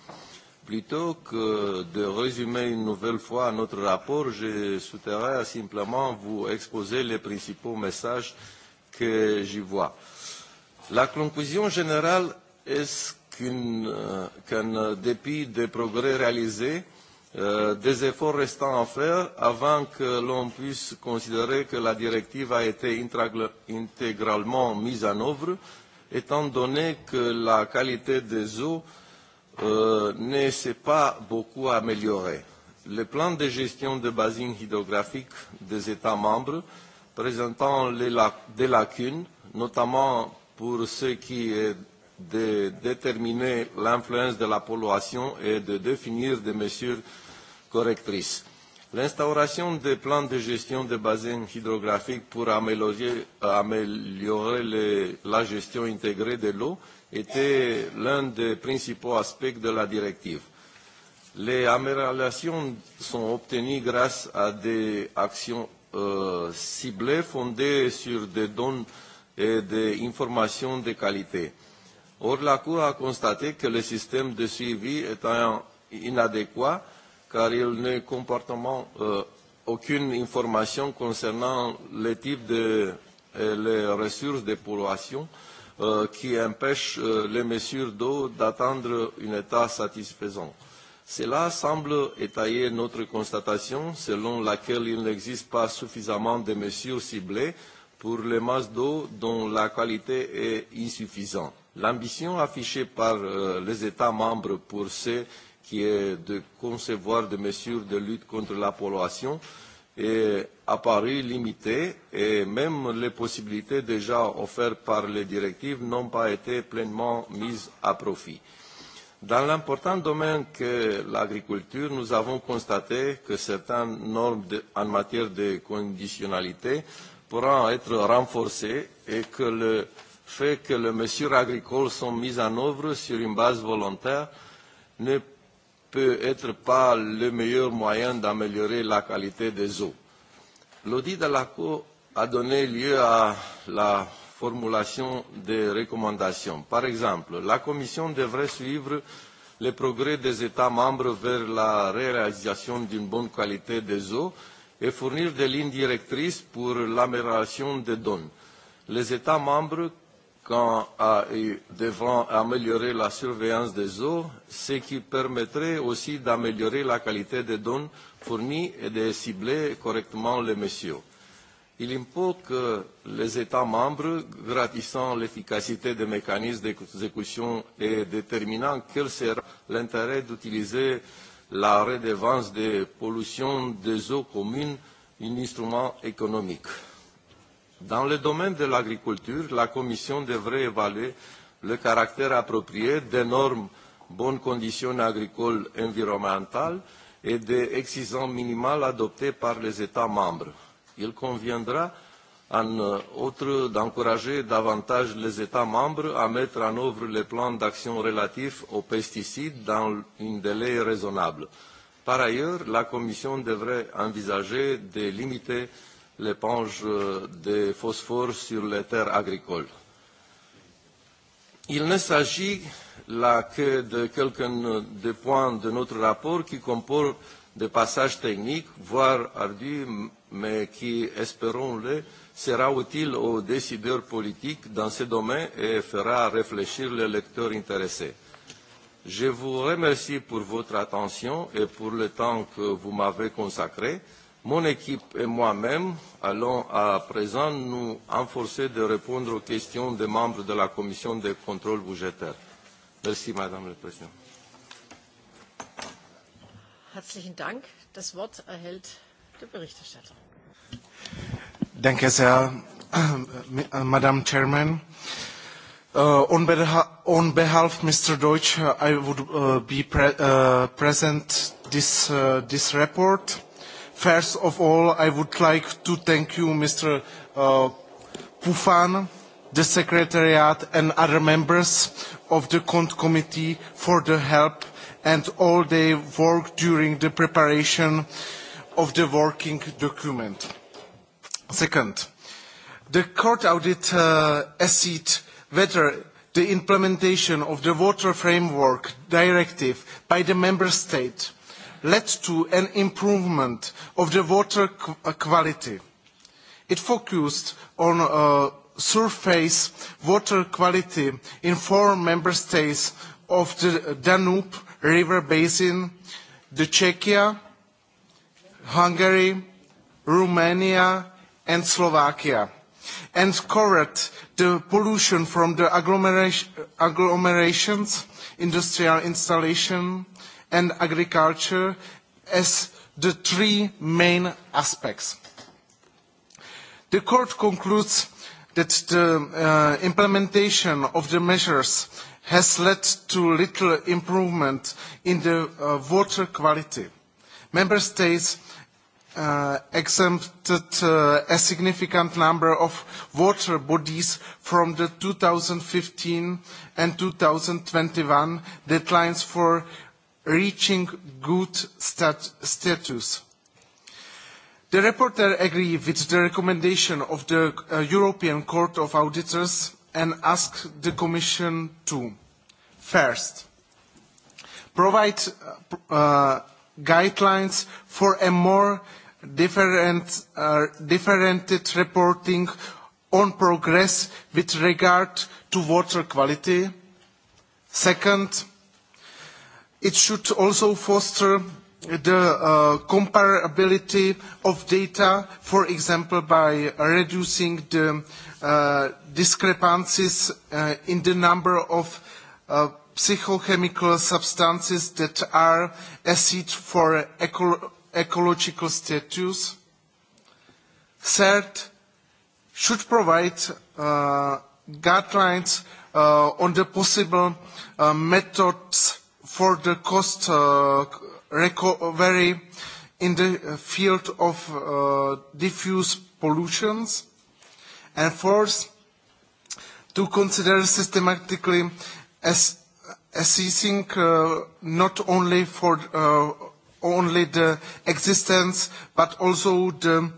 Plutôt que de résumer une nouvelle fois notre rapport, je souhaiterais simplement vous exposer les principaux messages que j'y vois. La conclusion générale est qu'en qu dépit des progrès réalisés, euh, des efforts restants à faire avant que l'on puisse considérer que la directive a été intégralement mise en œuvre, étant donné que la qualité des eaux euh, euh, ne s'est pas beaucoup amélioré. Le plan de gestion des basines hydrographiques des États membres présentant les lac des lacunes, notamment pour ce qui est de déterminer l'influence de la pollution et de définir des mesures correctrices. L'instauration des plans de gestion des bassins hydrographiques pour améliorer, améliorer les, la gestion intégrée de l'eau était l'un des principaux aspects de la directive. Les améliorations sont obtenues grâce à des actions euh, ciblées fondées sur des données et des informations de qualité. Or, la Cour a constaté que le système de suivi est inadéquat car il ne comporte euh, aucune information concernant les types de et les ressources de population. euh, Euh, qui empêche euh, les mesures d'eau d'atteindre un état satisfaisant. Cela semble étayer notre constatation selon laquelle il n'existe pas suffisamment de mesures ciblées pour les masses d'eau dont la qualité est insuffisante. L'ambition affichée par euh, les États membres pour ce qui est de concevoir des mesures de lutte contre la pollution euh, et à Paris limitées et même les possibilités déjà offertes par les directives n'ont pas été pleinement mises à profit. Dans l'important domaine que l'agriculture, nous avons constaté que certaines normes de, en matière de conditionnalité pourront être renforcées et que le fait que les mesures agricoles sont mises en œuvre sur une base volontaire ne peut être pas le meilleur moyen d'améliorer la qualité des eaux. L'audit de la Cour a donné lieu à la formulation des recommandations. Par exemple, la Commission devrait suivre les progrès des États membres vers la réalisation d'une bonne qualité des eaux et fournir des lignes directrices pour l'amélioration des données. Les États membres quand à, devant améliorer la surveillance des eaux, ce qui permettrait aussi d'améliorer la qualité des données fournies et de cibler correctement les messieurs. Il importe que les États membres, gratissant l'efficacité des mécanismes d'exécution et déterminant quel sera l'intérêt d'utiliser la redevance des pollutions des eaux communes, un instrument économique Dans le domaine de l'agriculture, la Commission devrait évaluer le caractère approprié des normes bonnes conditions agricoles environnementales et des exigences minimales adoptées par les États membres. Il conviendra en outre d'encourager davantage les États membres à mettre en œuvre les plans d'action relatifs aux pesticides dans un délai raisonnable. Par ailleurs, la Commission devrait envisager de limiter l'épanche euh, de phosphore sur les terres agricoles. Il ne s'agit là que de quelques no, des points de notre rapport qui comportent des passages techniques, voire ardus, mais qui, espérons-le, sera utile aux décideurs politiques dans ce domaine et fera réfléchir les lecteurs intéressés. Je vous remercie pour votre attention et pour le temps que vous m'avez consacré. Mon équipe et moi-même allons à présent nous enforcer de répondre aux questions des membres de la Commission de contrôle budgétaire. Merci, Madame la Présidente. Herzlichen Dank. Das Wort erhält der Berichterstatter. Danke sehr, äh, Madame Chairman. Uh, äh, on, behalf, on behalf of Mr. Deutsch, I would uh, be pre uh, present this, uh, this report. First of all, I would like to thank you, Mr. Uh, Pufan, the Secretariat and other members of the Cont Committee for the help and all their work during the preparation of the working document. Second, the court audit uh, assessed whether the implementation of the Water Framework Directive by the Member State led to an improvement of the water uh, quality. It focused on uh, surface water quality in four member states of the Danube River Basin, the Czechia, Hungary, Romania and Slovakia, and covered the pollution from the agglomerations, industrial installations and agriculture as the three main aspects. The court concludes that the uh, implementation of the measures has led to little improvement in the uh, water quality. Member states uh, exempted uh, a significant number of water bodies from the 2015 and 2021 deadlines for reaching good stat status. The reporter agreed with the recommendation of the uh, European Court of Auditors and asked the Commission to first provide uh, uh, guidelines for a more different, uh, differentiated reporting on progress with regard to water quality. Second, It should also foster the uh, comparability of data, for example, by reducing the uh, discrepancies uh, in the number of uh, psychochemical substances that are acid for eco ecological status. Third, should provide uh, guidelines uh, on the possible uh, methods for the cost uh, recovery in the field of uh, diffuse pollutions. And fourth, to consider systematically assessing uh, not only for uh, only the existence but also the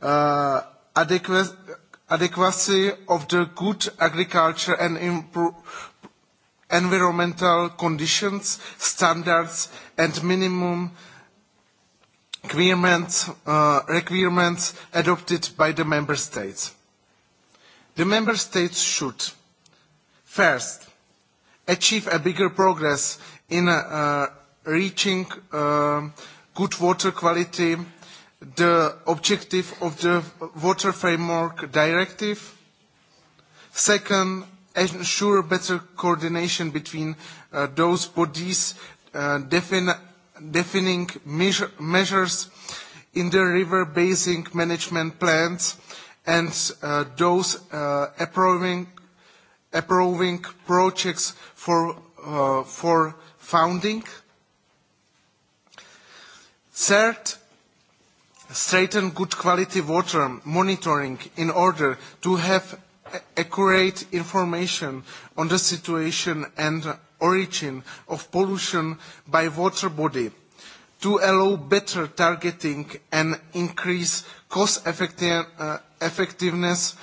uh, adequacy of the good agriculture and environmental conditions, standards, and minimum requirements, uh, requirements adopted by the member states. The member states should first achieve a bigger progress in uh, reaching uh, good water quality, the objective of the Water Framework Directive. Second, ensure better coordination between uh, those bodies uh, defining measure measures in the river basin management plans and uh, those uh, approving, approving projects for, uh, for funding. Third, straighten good quality water monitoring in order to have accurate information on the situation and origin of pollution by water body to allow better targeting and increase cost uh, effectiveness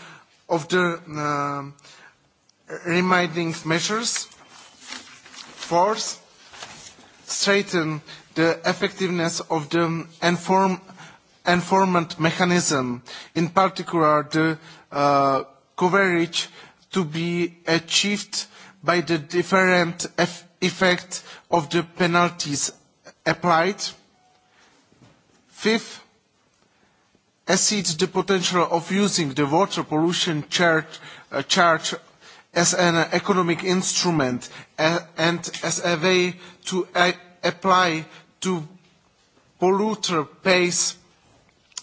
of the uh, remaining measures. Fourth, strengthen the effectiveness of the enforcement mechanism, in particular the uh, coverage to be achieved by the different effect of the penalties applied. Fifth, assess the potential of using the water pollution charge, uh, charge as an economic instrument uh, and as a way to uh, apply to polluter pays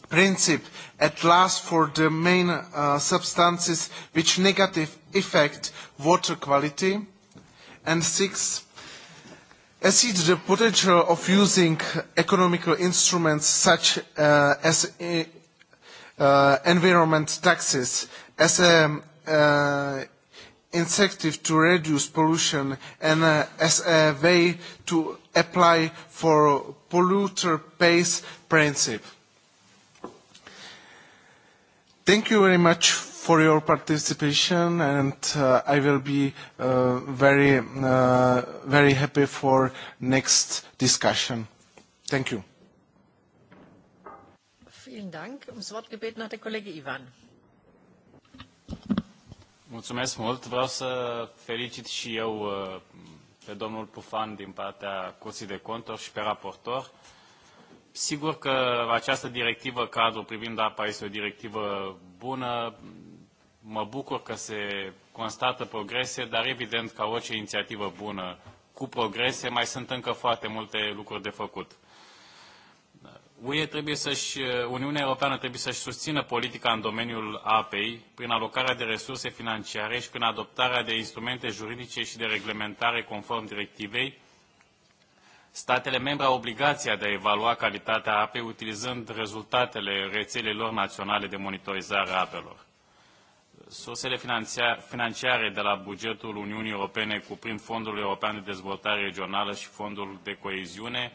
principle at last for the main uh, substances which negative affect water quality. And six, assess the potential of using economical instruments such uh, as uh, uh environment taxes as an uh, incentive to reduce pollution and uh, as a way to apply for polluter pays principle. Thank you very much for your participation, and uh, I will be uh, very, uh, very happy for next discussion. Thank you. Vielen Dank. Ums Wort gebeten hat der Kollege Ivan. Mulțumesc mult. Vreau să felicit și eu uh, pe domnul Pufan din partea Curții de Conturi și pe raportor. Sigur că această directivă cadru privind apa este o directivă bună. Mă bucur că se constată progrese, dar evident ca orice inițiativă bună cu progrese, mai sunt încă foarte multe lucruri de făcut. UE trebuie să-și, Uniunea Europeană trebuie să-și susțină politica în domeniul apei prin alocarea de resurse financiare și prin adoptarea de instrumente juridice și de reglementare conform directivei, Statele membre au obligația de a evalua calitatea apei utilizând rezultatele rețelelor naționale de monitorizare a apelor. Sursele financiare de la bugetul Uniunii Europene cuprind Fondul European de Dezvoltare Regională și Fondul de Coeziune,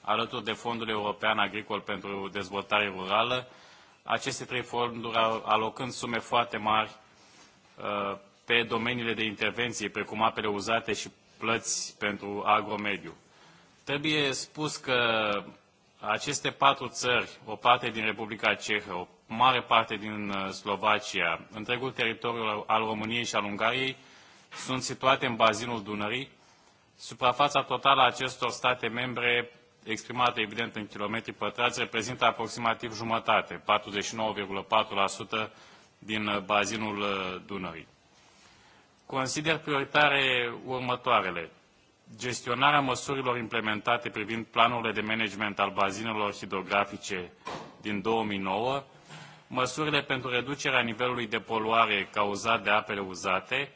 alături de Fondul European Agricol pentru Dezvoltare Rurală, aceste trei fonduri alocând sume foarte mari uh, pe domeniile de intervenție, precum apele uzate și plăți pentru agromediu. Trebuie spus că aceste patru țări, o parte din Republica Cehă, o mare parte din uh, Slovacia, întregul teritoriu al României și al Ungariei, sunt situate în bazinul Dunării. Suprafața totală a acestor state membre, exprimată evident în kilometri pătrați, reprezintă aproximativ jumătate, 49,4% din uh, bazinul uh, Dunării. Consider prioritare următoarele gestionarea măsurilor implementate privind planurile de management al bazinelor hidrografice din 2009, măsurile pentru reducerea nivelului de poluare cauzat de apele uzate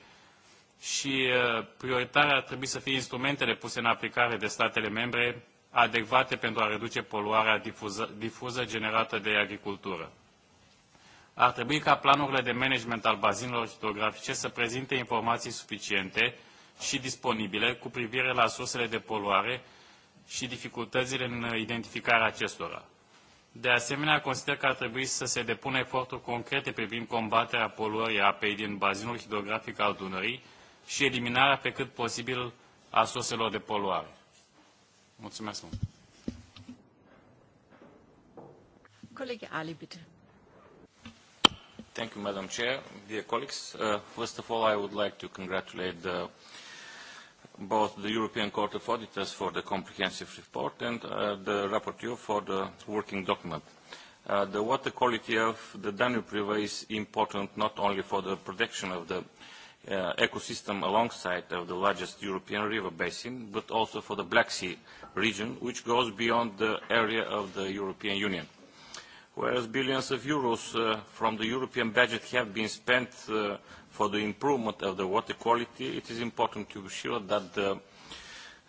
și uh, prioritarea ar trebui să fie instrumentele puse în aplicare de statele membre adecvate pentru a reduce poluarea difuză, difuză generată de agricultură. Ar trebui ca planurile de management al bazinelor hidrografice să prezinte informații suficiente și disponibile cu privire la sursele de poluare și dificultățile în identificarea acestora. De asemenea, consider că ar trebui să se depună eforturi concrete privind combaterea poluării apei din bazinul hidrografic al Dunării și eliminarea pe cât posibil a surselor de poluare. Mulțumesc mult! Colegi Ali, bitte. Thank you, Madam Chair. Dear colleagues, uh, first of all, I would like to congratulate the both the European Court of Auditors for the comprehensive report and uh, the rapporteur for the working document. Uh, the water quality of the Danube River is important not only for the protection of the uh, ecosystem alongside of the largest European river basin, but also for the Black Sea region, which goes beyond the area of the European Union. Whereas billions of euros uh, from the European budget have been spent uh, for the improvement of the water quality, it is important to ensure that the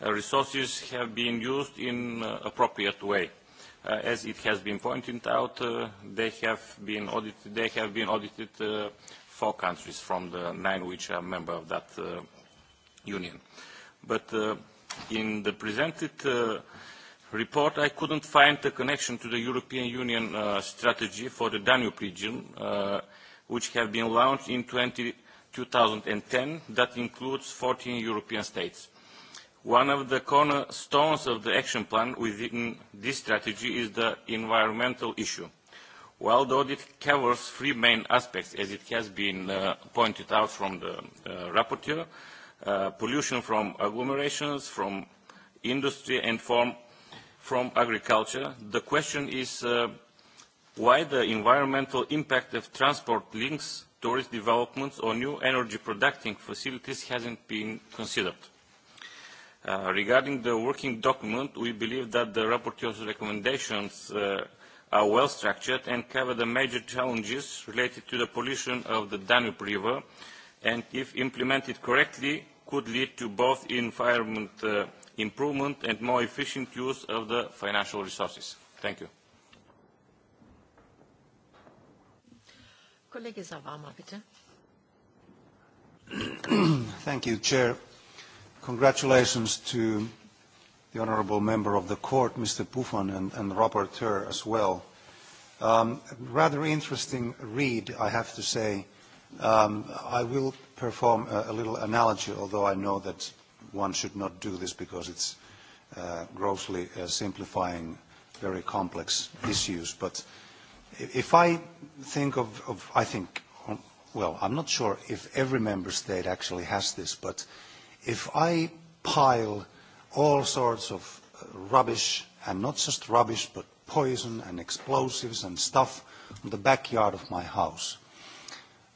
uh, resources have been used in uh, appropriate way. Uh, as it has been pointed out, uh, they have been audited, they have been audited uh, four countries from the nine which are member of that uh, union. But uh, in the presented uh, report, I couldn't find a connection to the European Union uh, strategy for the Danube region, uh, which have been launched in 20, 2010 that includes 14 European states. One of the cornerstones of the action plan within this strategy is the environmental issue. While the audit covers three main aspects, as it has been uh, pointed out from the uh, rapporteur, uh, pollution from agglomerations, from industry and from, from agriculture, the question is uh, why the environmental impact of transport links, tourist developments or new energy producing facilities hasn't been considered. Uh, regarding the working document, we believe that the rapporteur's recommendations uh, are well structured and cover the major challenges related to the pollution of the Danube River and if implemented correctly could lead to both environment uh, improvement and more efficient use of the financial resources. Thank you. Kollege Savama, bitte. Thank you, Chair. Congratulations to the Honourable Member of the Court, Mr. Buffon, and, and the Rapporteur as well. Um, rather interesting read, I have to say. Um, I will perform a, a little analogy, although I know that one should not do this because it's uh, grossly uh, simplifying very complex issues. But If I think of, of I think, well, I'm not sure if every member state actually has this, but if I pile all sorts of uh, rubbish, and not just rubbish, but poison and explosives and stuff on the backyard of my house,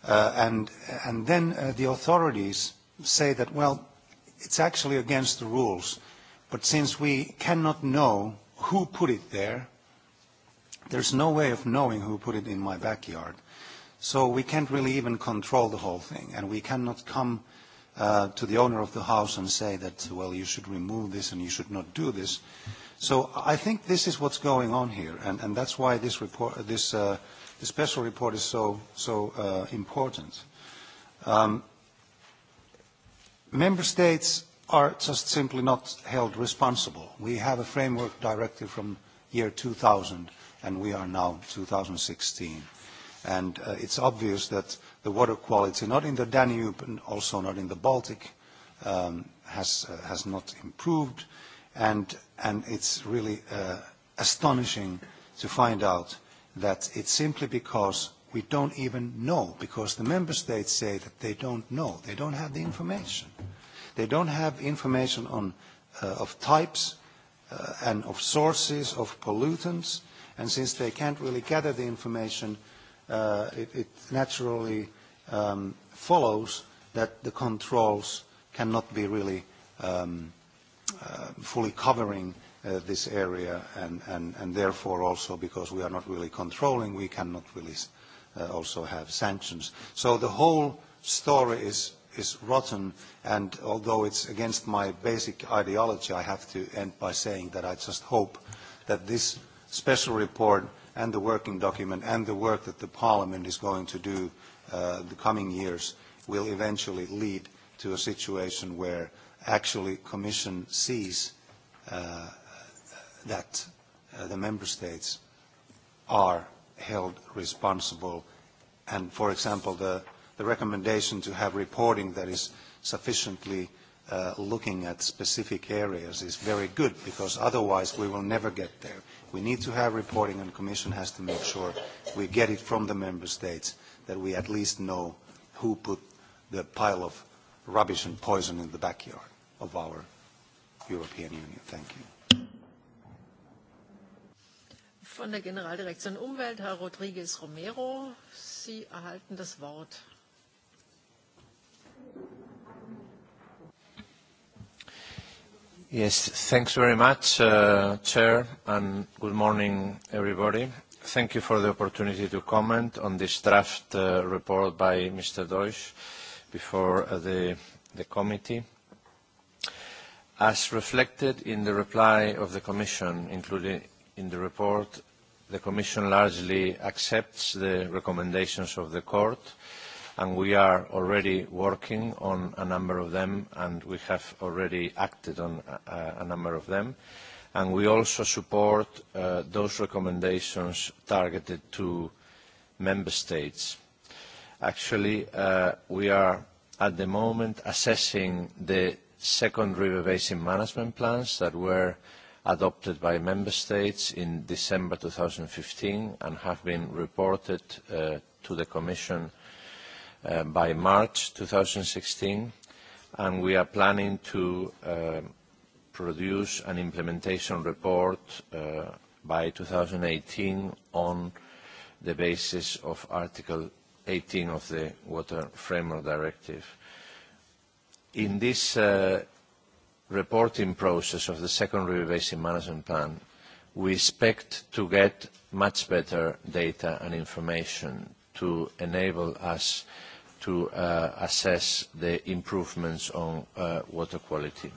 uh, and, and then uh, the authorities say that, well, it's actually against the rules, but since we cannot know who put it there, there's no way of knowing who put it in my backyard. So we can't really even control the whole thing, and we cannot come uh, to the owner of the house and say that, well, you should remove this and you should not do this. So I think this is what's going on here, and, and that's why this, report, this, uh, this special report is so, so uh, important. Um, member states are just simply not held responsible. We have a framework directive from year 2000 and we are now 2016. And uh, it's obvious that the water quality, not in the Danube and also not in the Baltic, um, has, uh, has not improved. And, and it's really uh, astonishing to find out that it's simply because we don't even know, because the member states say that they don't know. They don't have the information. They don't have information on, uh, of types uh, and of sources of pollutants. Uh, And since they can't really gather the information, uh, it, it naturally um, follows that the controls cannot be really um, uh, fully covering uh, this area, and, and, and therefore also because we are not really controlling, we cannot really uh, also have sanctions. So the whole story is, is rotten, and although it's against my basic ideology, I have to end by saying that I just hope that this special report and the working document and the work that the Parliament is going to do uh, the coming years will eventually lead to a situation where actually Commission sees uh, that uh, the Member States are held responsible and, for example, the, the recommendation to have reporting that is sufficiently uh, looking at specific areas is very good because otherwise we will never get there We need to have reporting and the Commission has to make sure we get it from the Member States that we at least know who put the pile of rubbish and poison in the backyard of our European Union. Thank you. Von der Generaldirektion Umwelt, Herr Rodriguez Romero, Sie erhalten das Wort. Yes, thanks very much, uh, Chair, and good morning, everybody. Thank you for the opportunity to comment on this draft uh, report by Mr. Deutsch before uh, the, committee. As reflected in the reply of the Commission, included in the report, the Commission largely accepts the recommendations of the Court, and we are already working on a number of them, and we have already acted on uh, uh, a, number of them. we also support uh, those recommendations targeted to member states. Actually, we are at the moment assessing the second river basin management plans that were adopted by member states in December 2015 and have been reported to the Commission Uh, by March 2016, and we are planning to uh, produce an implementation report uh, by 2018 on the basis of Article 18 of the Water Framework Directive. In this uh, reporting process of the second river basin management plan, we expect to get much better data and information to enable us to uh, assess the improvements on uh, water quality.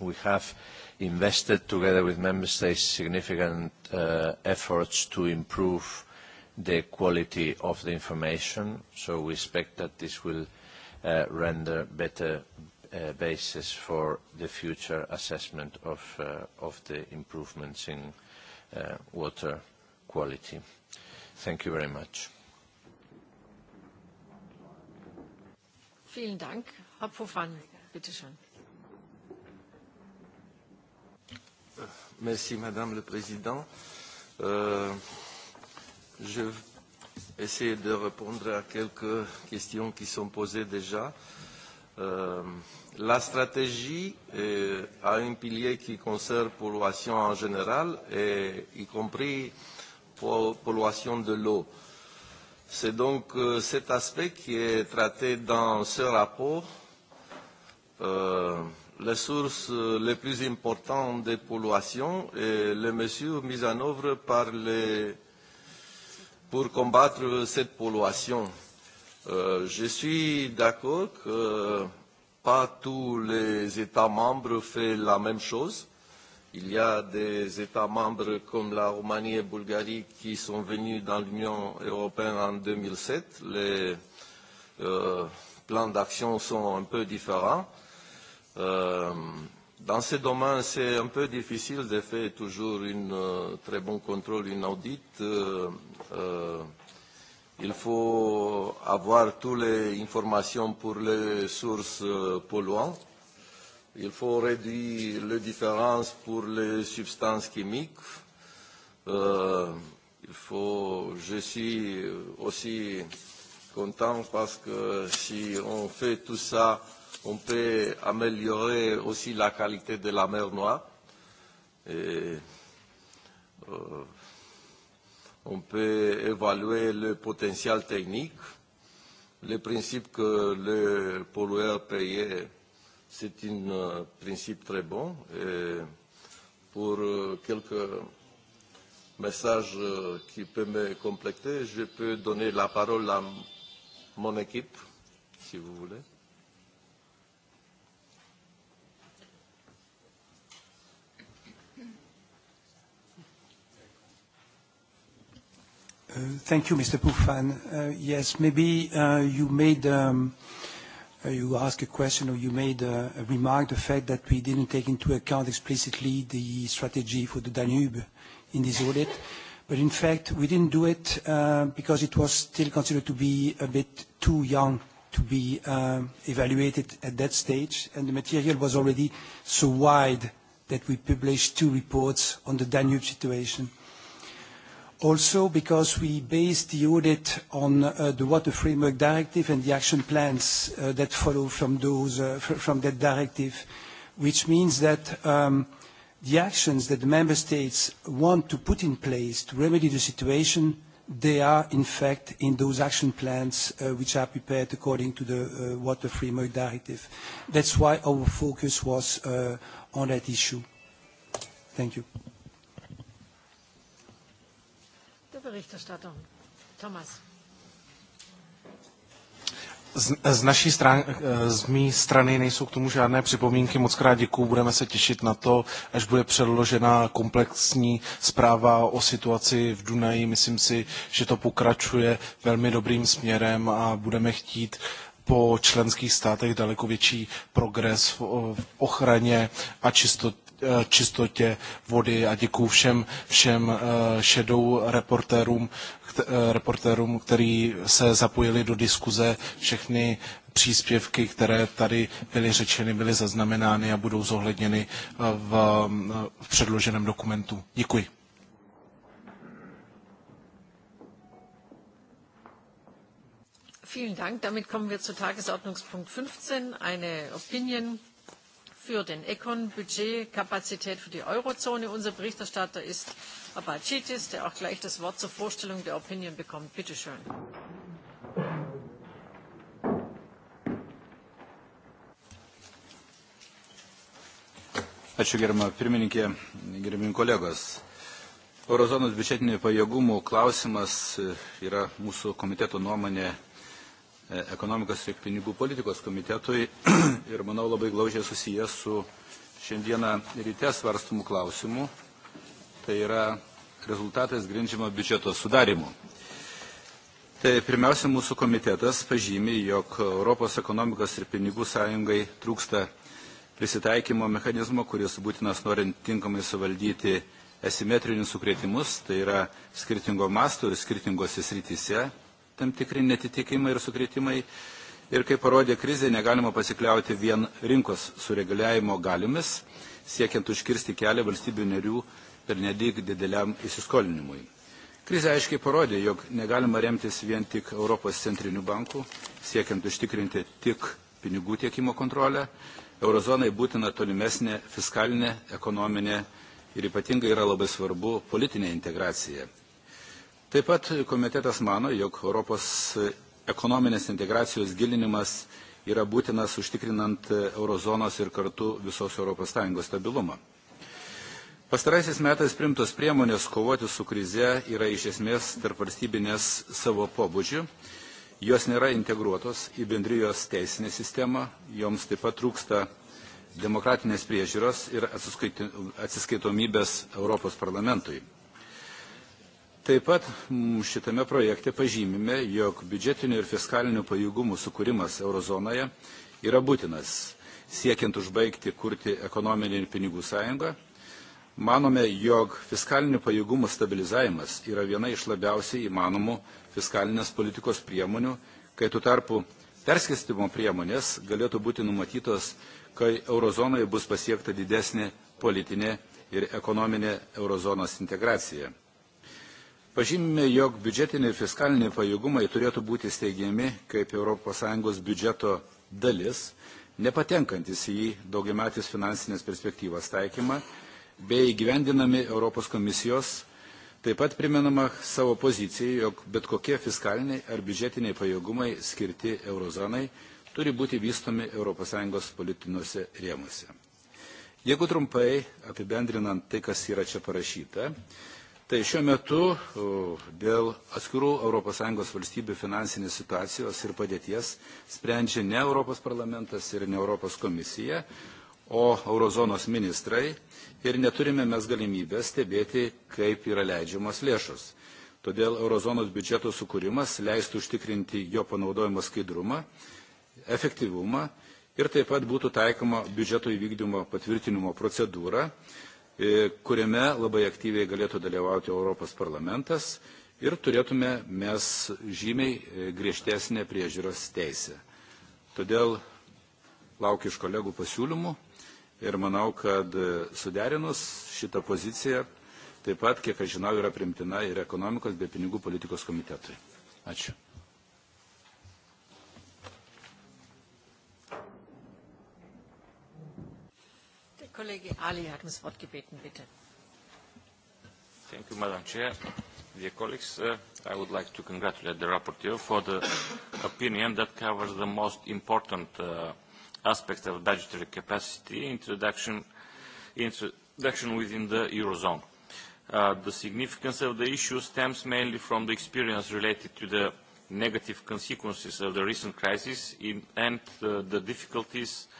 We have invested, together with member states, significant uh, efforts to improve the quality of the information, so we expect that this will render better basis for the future assessment of the improvements in water quality. Thank you very much. Vielen Dank. Herr Pofan, bitte schön. Merci, Madame le Président. Euh, je vais essayer de répondre à quelques questions qui sont posées déjà. Euh, la stratégie euh, a un pilier qui concerne pollution en général, et y compris pollution de l'eau. Euh, C'est donc euh, cet aspect qui est traité dans ce rapport. Euh, les sources euh, les plus importantes des polluations et les mesures mises en œuvre par les, pour combattre cette pollution. Euh, je suis d'accord que pas tous les États membres font la même chose Il y a des États membres comme la Roumanie et la Bulgarie qui sont venus dans l'Union européenne en 2007. Les euh, plans d'action sont un peu différents. Euh, dans ce domaine, c'est un peu difficile de faire toujours un euh, très bon contrôle, une audit. Euh, euh, il faut avoir toutes les informations pour les sources euh, polluantes Il faut réduire les différences pour les substances chimiques. Euh, il faut, je suis aussi content parce que si on fait tout ça, on peut améliorer aussi la qualité de la mer Noire. Et, euh, on peut évaluer le potentiel technique, le principe que le pollueur payait C'est un euh, principe très bon. Et pour euh, quelques messages euh, qui peuvent me compléter, je peux donner la parole à mon équipe, si vous voulez. Uh, thank you, Mr. Poufan. Uh, yes, maybe uh, you made um, Uh, you asked a question or you made a, remark, the fact that we didn't take into account explicitly the strategy for the Danube in this audit. But in fact, we didn't do it uh, because it was still considered to be a bit too young to be uh, evaluated at that stage, and the material was already so wide that we published two reports on the Danube situation. Also because we based the audit on uh, the Water Framework Directive and the action plans uh, that follow from those uh, from that directive, which means that um, the actions that the member states want to put in place to remedy the situation, they are in fact in those action plans which are prepared according to the Water Framework Directive. That's why our focus was on that issue. Thank you. Thomas. Z, z naší strany, eh, z mý strany nejsou k tomu žádné připomínky. Moc krát děkuju, budeme se těšit na to, až bude předložena komplexní zpráva o situaci v Dunaji. Myslím si, že to pokračuje velmi dobrým směrem a budeme chtít po členských státech daleko větší progres v eh, ochraně a čistot Eh, čistotě vody a děkuji všem, všem šedou eh, reportérům, eh, reportérům, který se zapojili do diskuze. Všechny příspěvky, které tady byly řečeny, byly zaznamenány a budou zohledněny v, v předloženém dokumentu. Děkuji. Vielen Dank. Damit kommen wir zu Tagesordnungspunkt 15, eine Opinion für den ECON budgetkapazität für die Eurozone. Unser Berichterstatter ist Abacitis, der auch gleich das Wort zur Vorstellung der Opinion bekommt. Bitte schön. Ačiū gerama pirmininkė, gerbiami kolegos. Eurozonos biudžetinių pajėgumų klausimas yra mūsų komiteto nuomonė E, ekonomikos ir pinigų politikos komitetui ir, manau, labai glaužiai susijęs su šiandieną ryte svarstumų klausimų, tai yra rezultatais grindžiamo biudžeto sudarimu. Tai pirmiausia, mūsų komitetas pažymė, jog Europos ekonomikos ir pinigų sąjungai trūksta prisitaikymo mechanizmo, kuris būtinas norint tinkamai suvaldyti asimetrinius sukretimus, tai yra skirtingo masto ir skirtingose srityse tam tikri netitikimai ir sukretimai. Ir kaip parodė krizė, negalima pasikliauti vien rinkos sureguliavimo galimis, siekiant užkirsti kelią valstybių narių per nedik dideliam įsiskolinimui. Krizė aiškiai parodė, jog negalima remtis vien tik Europos centrinių bankų, siekiant užtikrinti tik pinigų tiekimo kontrolę. Eurozonai būtina tolimesnė fiskalinė, ekonominė ir ypatingai yra labai svarbu politinė integracija Taip pat komitetas mano, jog Europos ekonominės integracijos gilinimas yra būtinas užtikrinant eurozonos ir kartu visos ES stabilumą. Pastaraisiais metais primtos priemonės kovoti su krize yra iš esmės tarp valstybinės savo pobūdžių. Jos nėra integruotos į bendrijos teisinę sistemą, joms taip pat trūksta demokratinės priežiūros ir atsiskaitomybės Europos parlamentui. Taip pat šitame projekte pažymime, jog biudžetinių ir fiskalinių pajėgumų sukūrimas eurozonoje yra būtinas, siekiant užbaigti kurti ekonominį ir pinigų sąjungą. Manome, jog fiskalinių pajėgumų stabilizavimas yra viena iš labiausiai įmanomų fiskalinės politikos priemonių, kai tu tarpu perskistimo priemonės galėtų būti numatytos, kai eurozonoje bus pasiekta didesnė politinė ir ekonominė eurozonos integracija. Pažymime, jog biudžetiniai ir fiskaliniai pajėgumai turėtų būti steigiami kaip ES biudžeto dalis, nepatenkantis į daugiametės finansinės perspektyvas taikymą, bei gyvendinami Europos komisijos. Taip pat primenama savo pozicijai, jog bet kokie fiskaliniai ar biudžetiniai pajėgumai skirti eurozonai turi būti vystomi ES politiniuose rėmuose. Jeigu trumpai apibendrinant tai, kas yra čia parašyta, tai šiuo metu dėl atskirų ES valstybių finansinės situacijos ir padėties sprendžia ne Europos parlamentas ir ne Europos komisija, o eurozonos ministrai ir neturime mes galimybės stebėti, kaip yra leidžiamos lėšos. Todėl eurozonos biudžeto sukūrimas leistų užtikrinti jo panaudojimo skaidrumą, efektyvumą ir taip pat būtų taikoma biudžeto įvykdymo patvirtinimo procedūra, E, kuriame labai aktyviai galėtų dalyvauti Europos parlamentas ir turėtume mes žymiai e, griežtesnę priežiūros teisę. Todėl laukiu iš kolegų pasiūlymų ir manau, kad e, suderinus šitą poziciją taip pat, kiek aš žinau, yra primtina ir ekonomikos bei pinigų politikos komitetui. Ačiū. Kollege Ali hat ums Wort gebeten, bitte. Thank you, Madam Chair. Dear colleagues, uh, I would like to congratulate the rapporteur for the opinion that covers the most important uh, aspects of budgetary capacity introduction, introduction within the Eurozone. Uh, the significance of the issue stems mainly from the experience related to the negative consequences of the recent crisis in, and uh, the difficulties uh,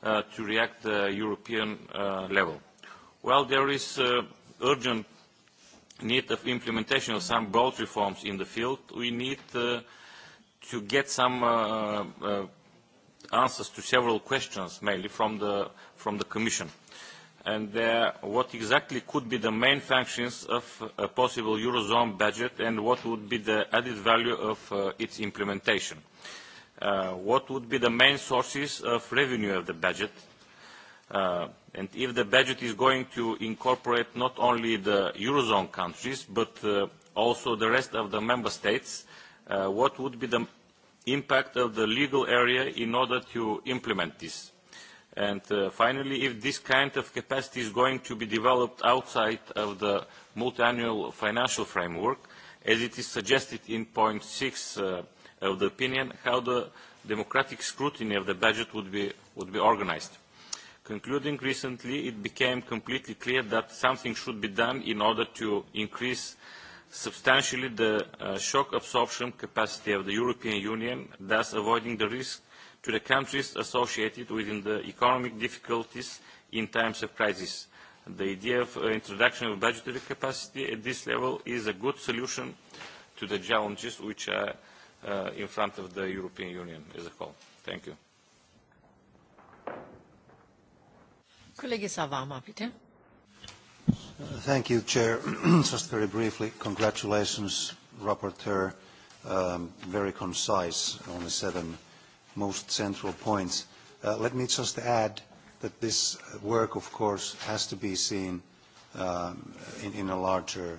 Uh, to react at the European uh, level? Well, there is uh, urgent need of implementation of some broad reforms in the field. We need uh, to get some uh, uh, answers to several questions, mainly from the, from the Commission. And uh, what exactly could be the main functions of a possible Eurozone budget and what would be the added value of uh, its implementation. Uh, Uh, what would be the main sources of revenue of the budget, uh, and if the budget is going to incorporate not only the Eurozone countries, but uh, also the rest of the member states, uh, what would be the impact of the legal area in order to implement this? And uh, finally, if this kind of capacity is going to be developed outside of the multi-annual financial framework, as it is suggested in point six uh, of the opinion how the democratic scrutiny of the budget would be, would be organized. Concluding recently, it became completely clear that something should be done in order to increase substantially the uh, shock absorption capacity of the European Union, thus avoiding the risk to the countries associated with the economic difficulties in times of crisis. The idea of uh, introduction of budgetary capacity at this level is a good solution to the challenges which are uh, uh, in front of the European Union as a whole. Thank you. Thank you, Chair. Just very briefly, congratulations, Rapporteur. Um, very concise, only seven most central points. Uh, let me just add that this work, of course, has to be seen um, in, in a larger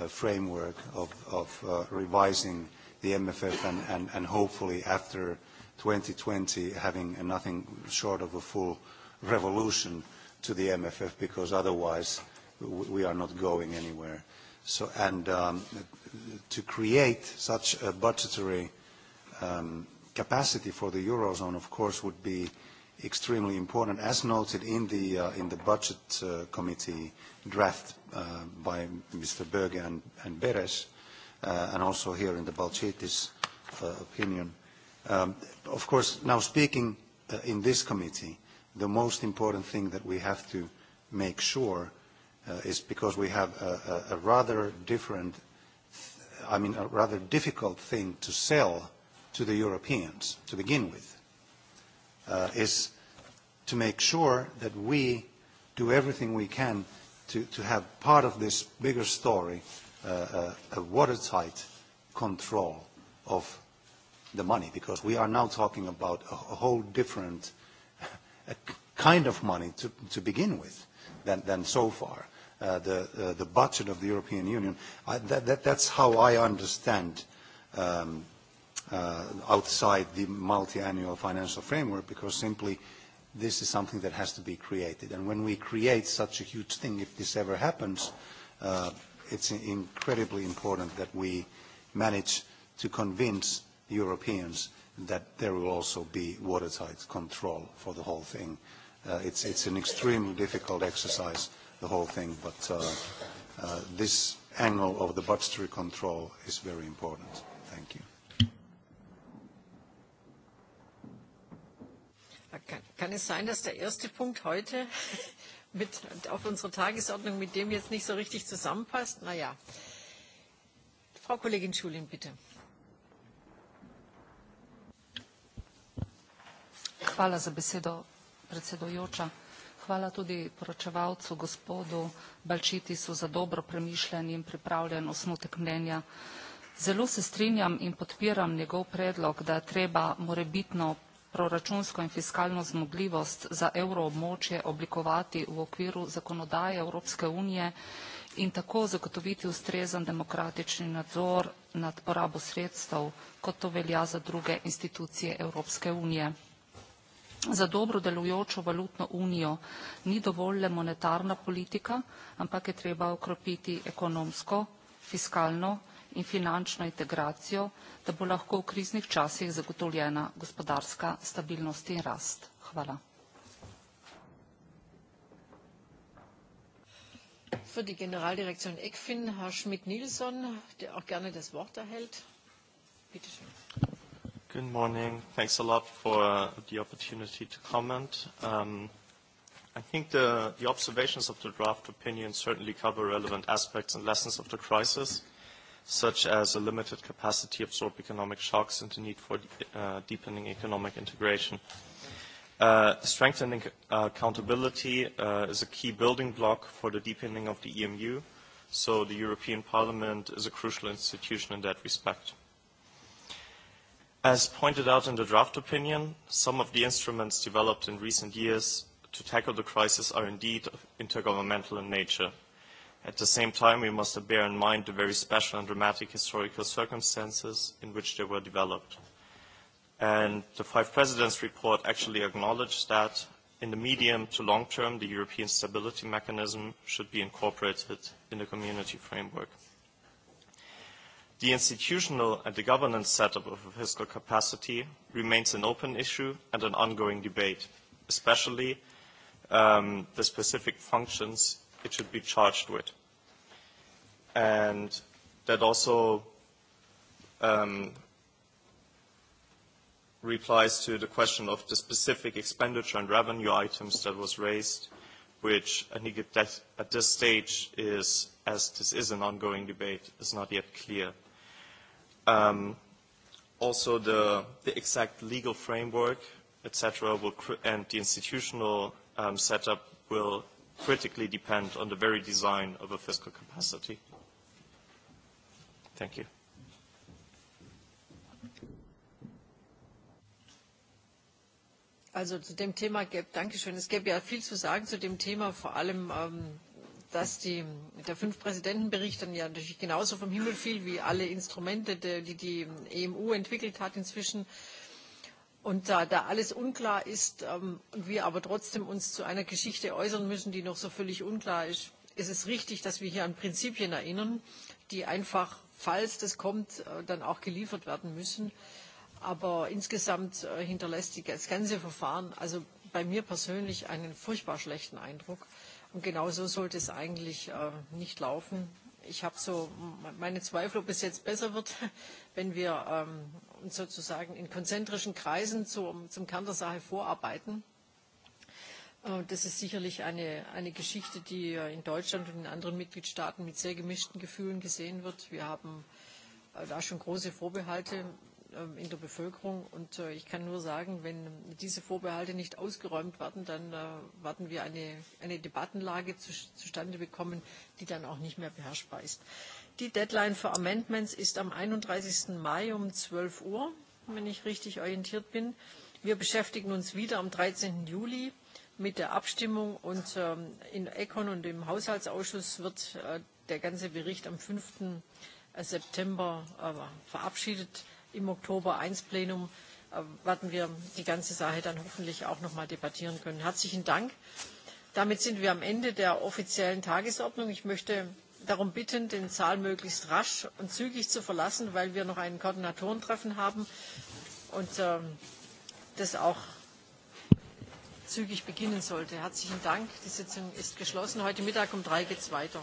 uh, framework of, of uh, revising uh, the MFF and, hopefully after 2020 having nothing short of a full revolution to the MFF because otherwise we are not going anywhere. Um, to create such a budgetary um, capacity for the Eurozone, of course, would be extremely important, as noted in the, uh, Budget uh, Committee draft uh, by Mr. Berge and, and Beres uh, and also here in the Balchitis uh, opinion. Um, of course, now speaking uh, in this committee, the most important thing that we have to make sure uh, is because we have a, a, a rather different, I mean, a rather difficult thing to sell to the Europeans to begin with, uh, is to make sure that we do everything we can to, to have part of this bigger story a, a watertight control of the money, because we are now talking about a, a whole different a kind of money to, to begin with than, than so far. Uh, the, uh, the budget of the European Union, I, that, that, that's how I understand um, uh, outside the multi-annual financial framework, because simply this is something that has to be created. And when we create such a huge thing, if this ever happens, uh, it's incredibly important that we manage to convince the Europeans that there will also be watertight control for the whole thing. Uh, it's, it's an extremely difficult exercise, the whole thing, but uh, uh, this angle of the budgetary control is very important. Thank you. kann es sein, dass der erste Punkt heute mit, auf unsere Tagesordnung mit dem jetzt nicht so richtig zusammenpasst. Na ja. Frau Kollegin Schulin, bitte. Hvala za besedo, predsedujoča. Hvala tudi poročevalcu, gospodu Balčitisu, za dobro premišljen in pripravljen osnutek mnenja. Zelo se strinjam in podpiram njegov predlog, da treba morebitno proračunsko in fiskalno zmogljivost za evroobmočje oblikovati v okviru zakonodaje Evropske unije in tako zagotoviti ustrezen demokratični nadzor nad porabo sredstev, kot to velja za druge institucije Evropske unije. Za dobro delujočo valutno unijo ni dovolj le monetarna politika, ampak je treba okrepiti ekonomsko, fiskalno in finančno integracijo, da bo lahko v kriznih časih zagotovljena gospodarska stabilnost in rast. Hvala. Für die Generaldirektion ECFIN, Herr Schmidt-Nielsen, der auch gerne das Wort erhält. Bitte schön. Good morning. Thanks a lot for the opportunity to comment. Um, I think the, the observations of the draft opinion certainly cover relevant aspects and lessons of the crisis such as a limited capacity to absorb economic shocks and the need for uh, deepening economic integration. Uh, strengthening uh, accountability uh, is a key building block for the deepening of the EMU, so the European Parliament is a crucial institution in that respect. As pointed out in the draft opinion, some of the instruments developed in recent years to tackle the crisis are indeed intergovernmental in nature – At the same time, we must bear in mind the very special and dramatic historical circumstances in which they were developed. And the Five Presidents report actually acknowledged that in the medium to long term, the European Stability Mechanism should be incorporated in the community framework. The institutional and the governance setup of a fiscal capacity remains an open issue and an ongoing debate, especially um, the specific functions it should be charged with. And that also um, replies to the question of the specific expenditure and revenue items that was raised, which I think that at this stage is, as this is an ongoing debate, is not yet clear. Um, also, the, the exact legal framework, et cetera, will and the institutional um, setup will critically depend on the very design of a fiscal capacity. Thank you. Also zu dem Thema gäbe, Dankeschön. Es gäbe ja viel zu sagen zu dem Thema, vor allem, ähm, dass die, der Fünf-Präsidenten-Bericht dann ja natürlich genauso vom Himmel fiel wie alle Instrumente, die die EMU entwickelt hat inzwischen. Und da, da alles unklar ist ähm, und wir aber trotzdem uns zu einer Geschichte äußern müssen, die noch so völlig unklar ist, ist es richtig, dass wir hier an Prinzipien erinnern, die einfach, falls das kommt, äh, dann auch geliefert werden müssen. Aber insgesamt äh, hinterlässt die, das ganze Verfahren also bei mir persönlich einen furchtbar schlechten Eindruck. Und genau so sollte es eigentlich äh, nicht laufen ich habe so meine Zweifel, ob es jetzt besser wird, wenn wir ähm, uns ähm, sozusagen in konzentrischen Kreisen zum, zum Kern der Sache vorarbeiten. Äh, das ist sicherlich eine, eine Geschichte, die in Deutschland und in anderen Mitgliedstaaten mit sehr gemischten Gefühlen gesehen wird. Wir haben äh, da schon große Vorbehalte. Ähm, in der Bevölkerung. Und äh, ich kann nur sagen, wenn diese Vorbehalte nicht ausgeräumt werden, dann äh, werden wir eine, eine Debattenlage zustande bekommen, die dann auch nicht mehr beherrschbar ist. Die Deadline für Amendments ist am 31. Mai um 12 Uhr, wenn ich richtig orientiert bin. Wir beschäftigen uns wieder am 13. Juli mit der Abstimmung und ähm, in ECON und im Haushaltsausschuss wird äh, der ganze Bericht am 5. Äh, September äh, verabschiedet im Oktober 1 Plenum äh, werden wir die ganze Sache dann hoffentlich auch noch mal debattieren können. Herzlichen Dank. Damit sind wir am Ende der offiziellen Tagesordnung. Ich möchte darum bitten, den Saal möglichst rasch und zügig zu verlassen, weil wir noch ein Koordinatorentreffen haben und ähm, das auch zügig beginnen sollte. Herzlichen Dank. Die Sitzung ist geschlossen. Heute Mittag um drei geht es weiter.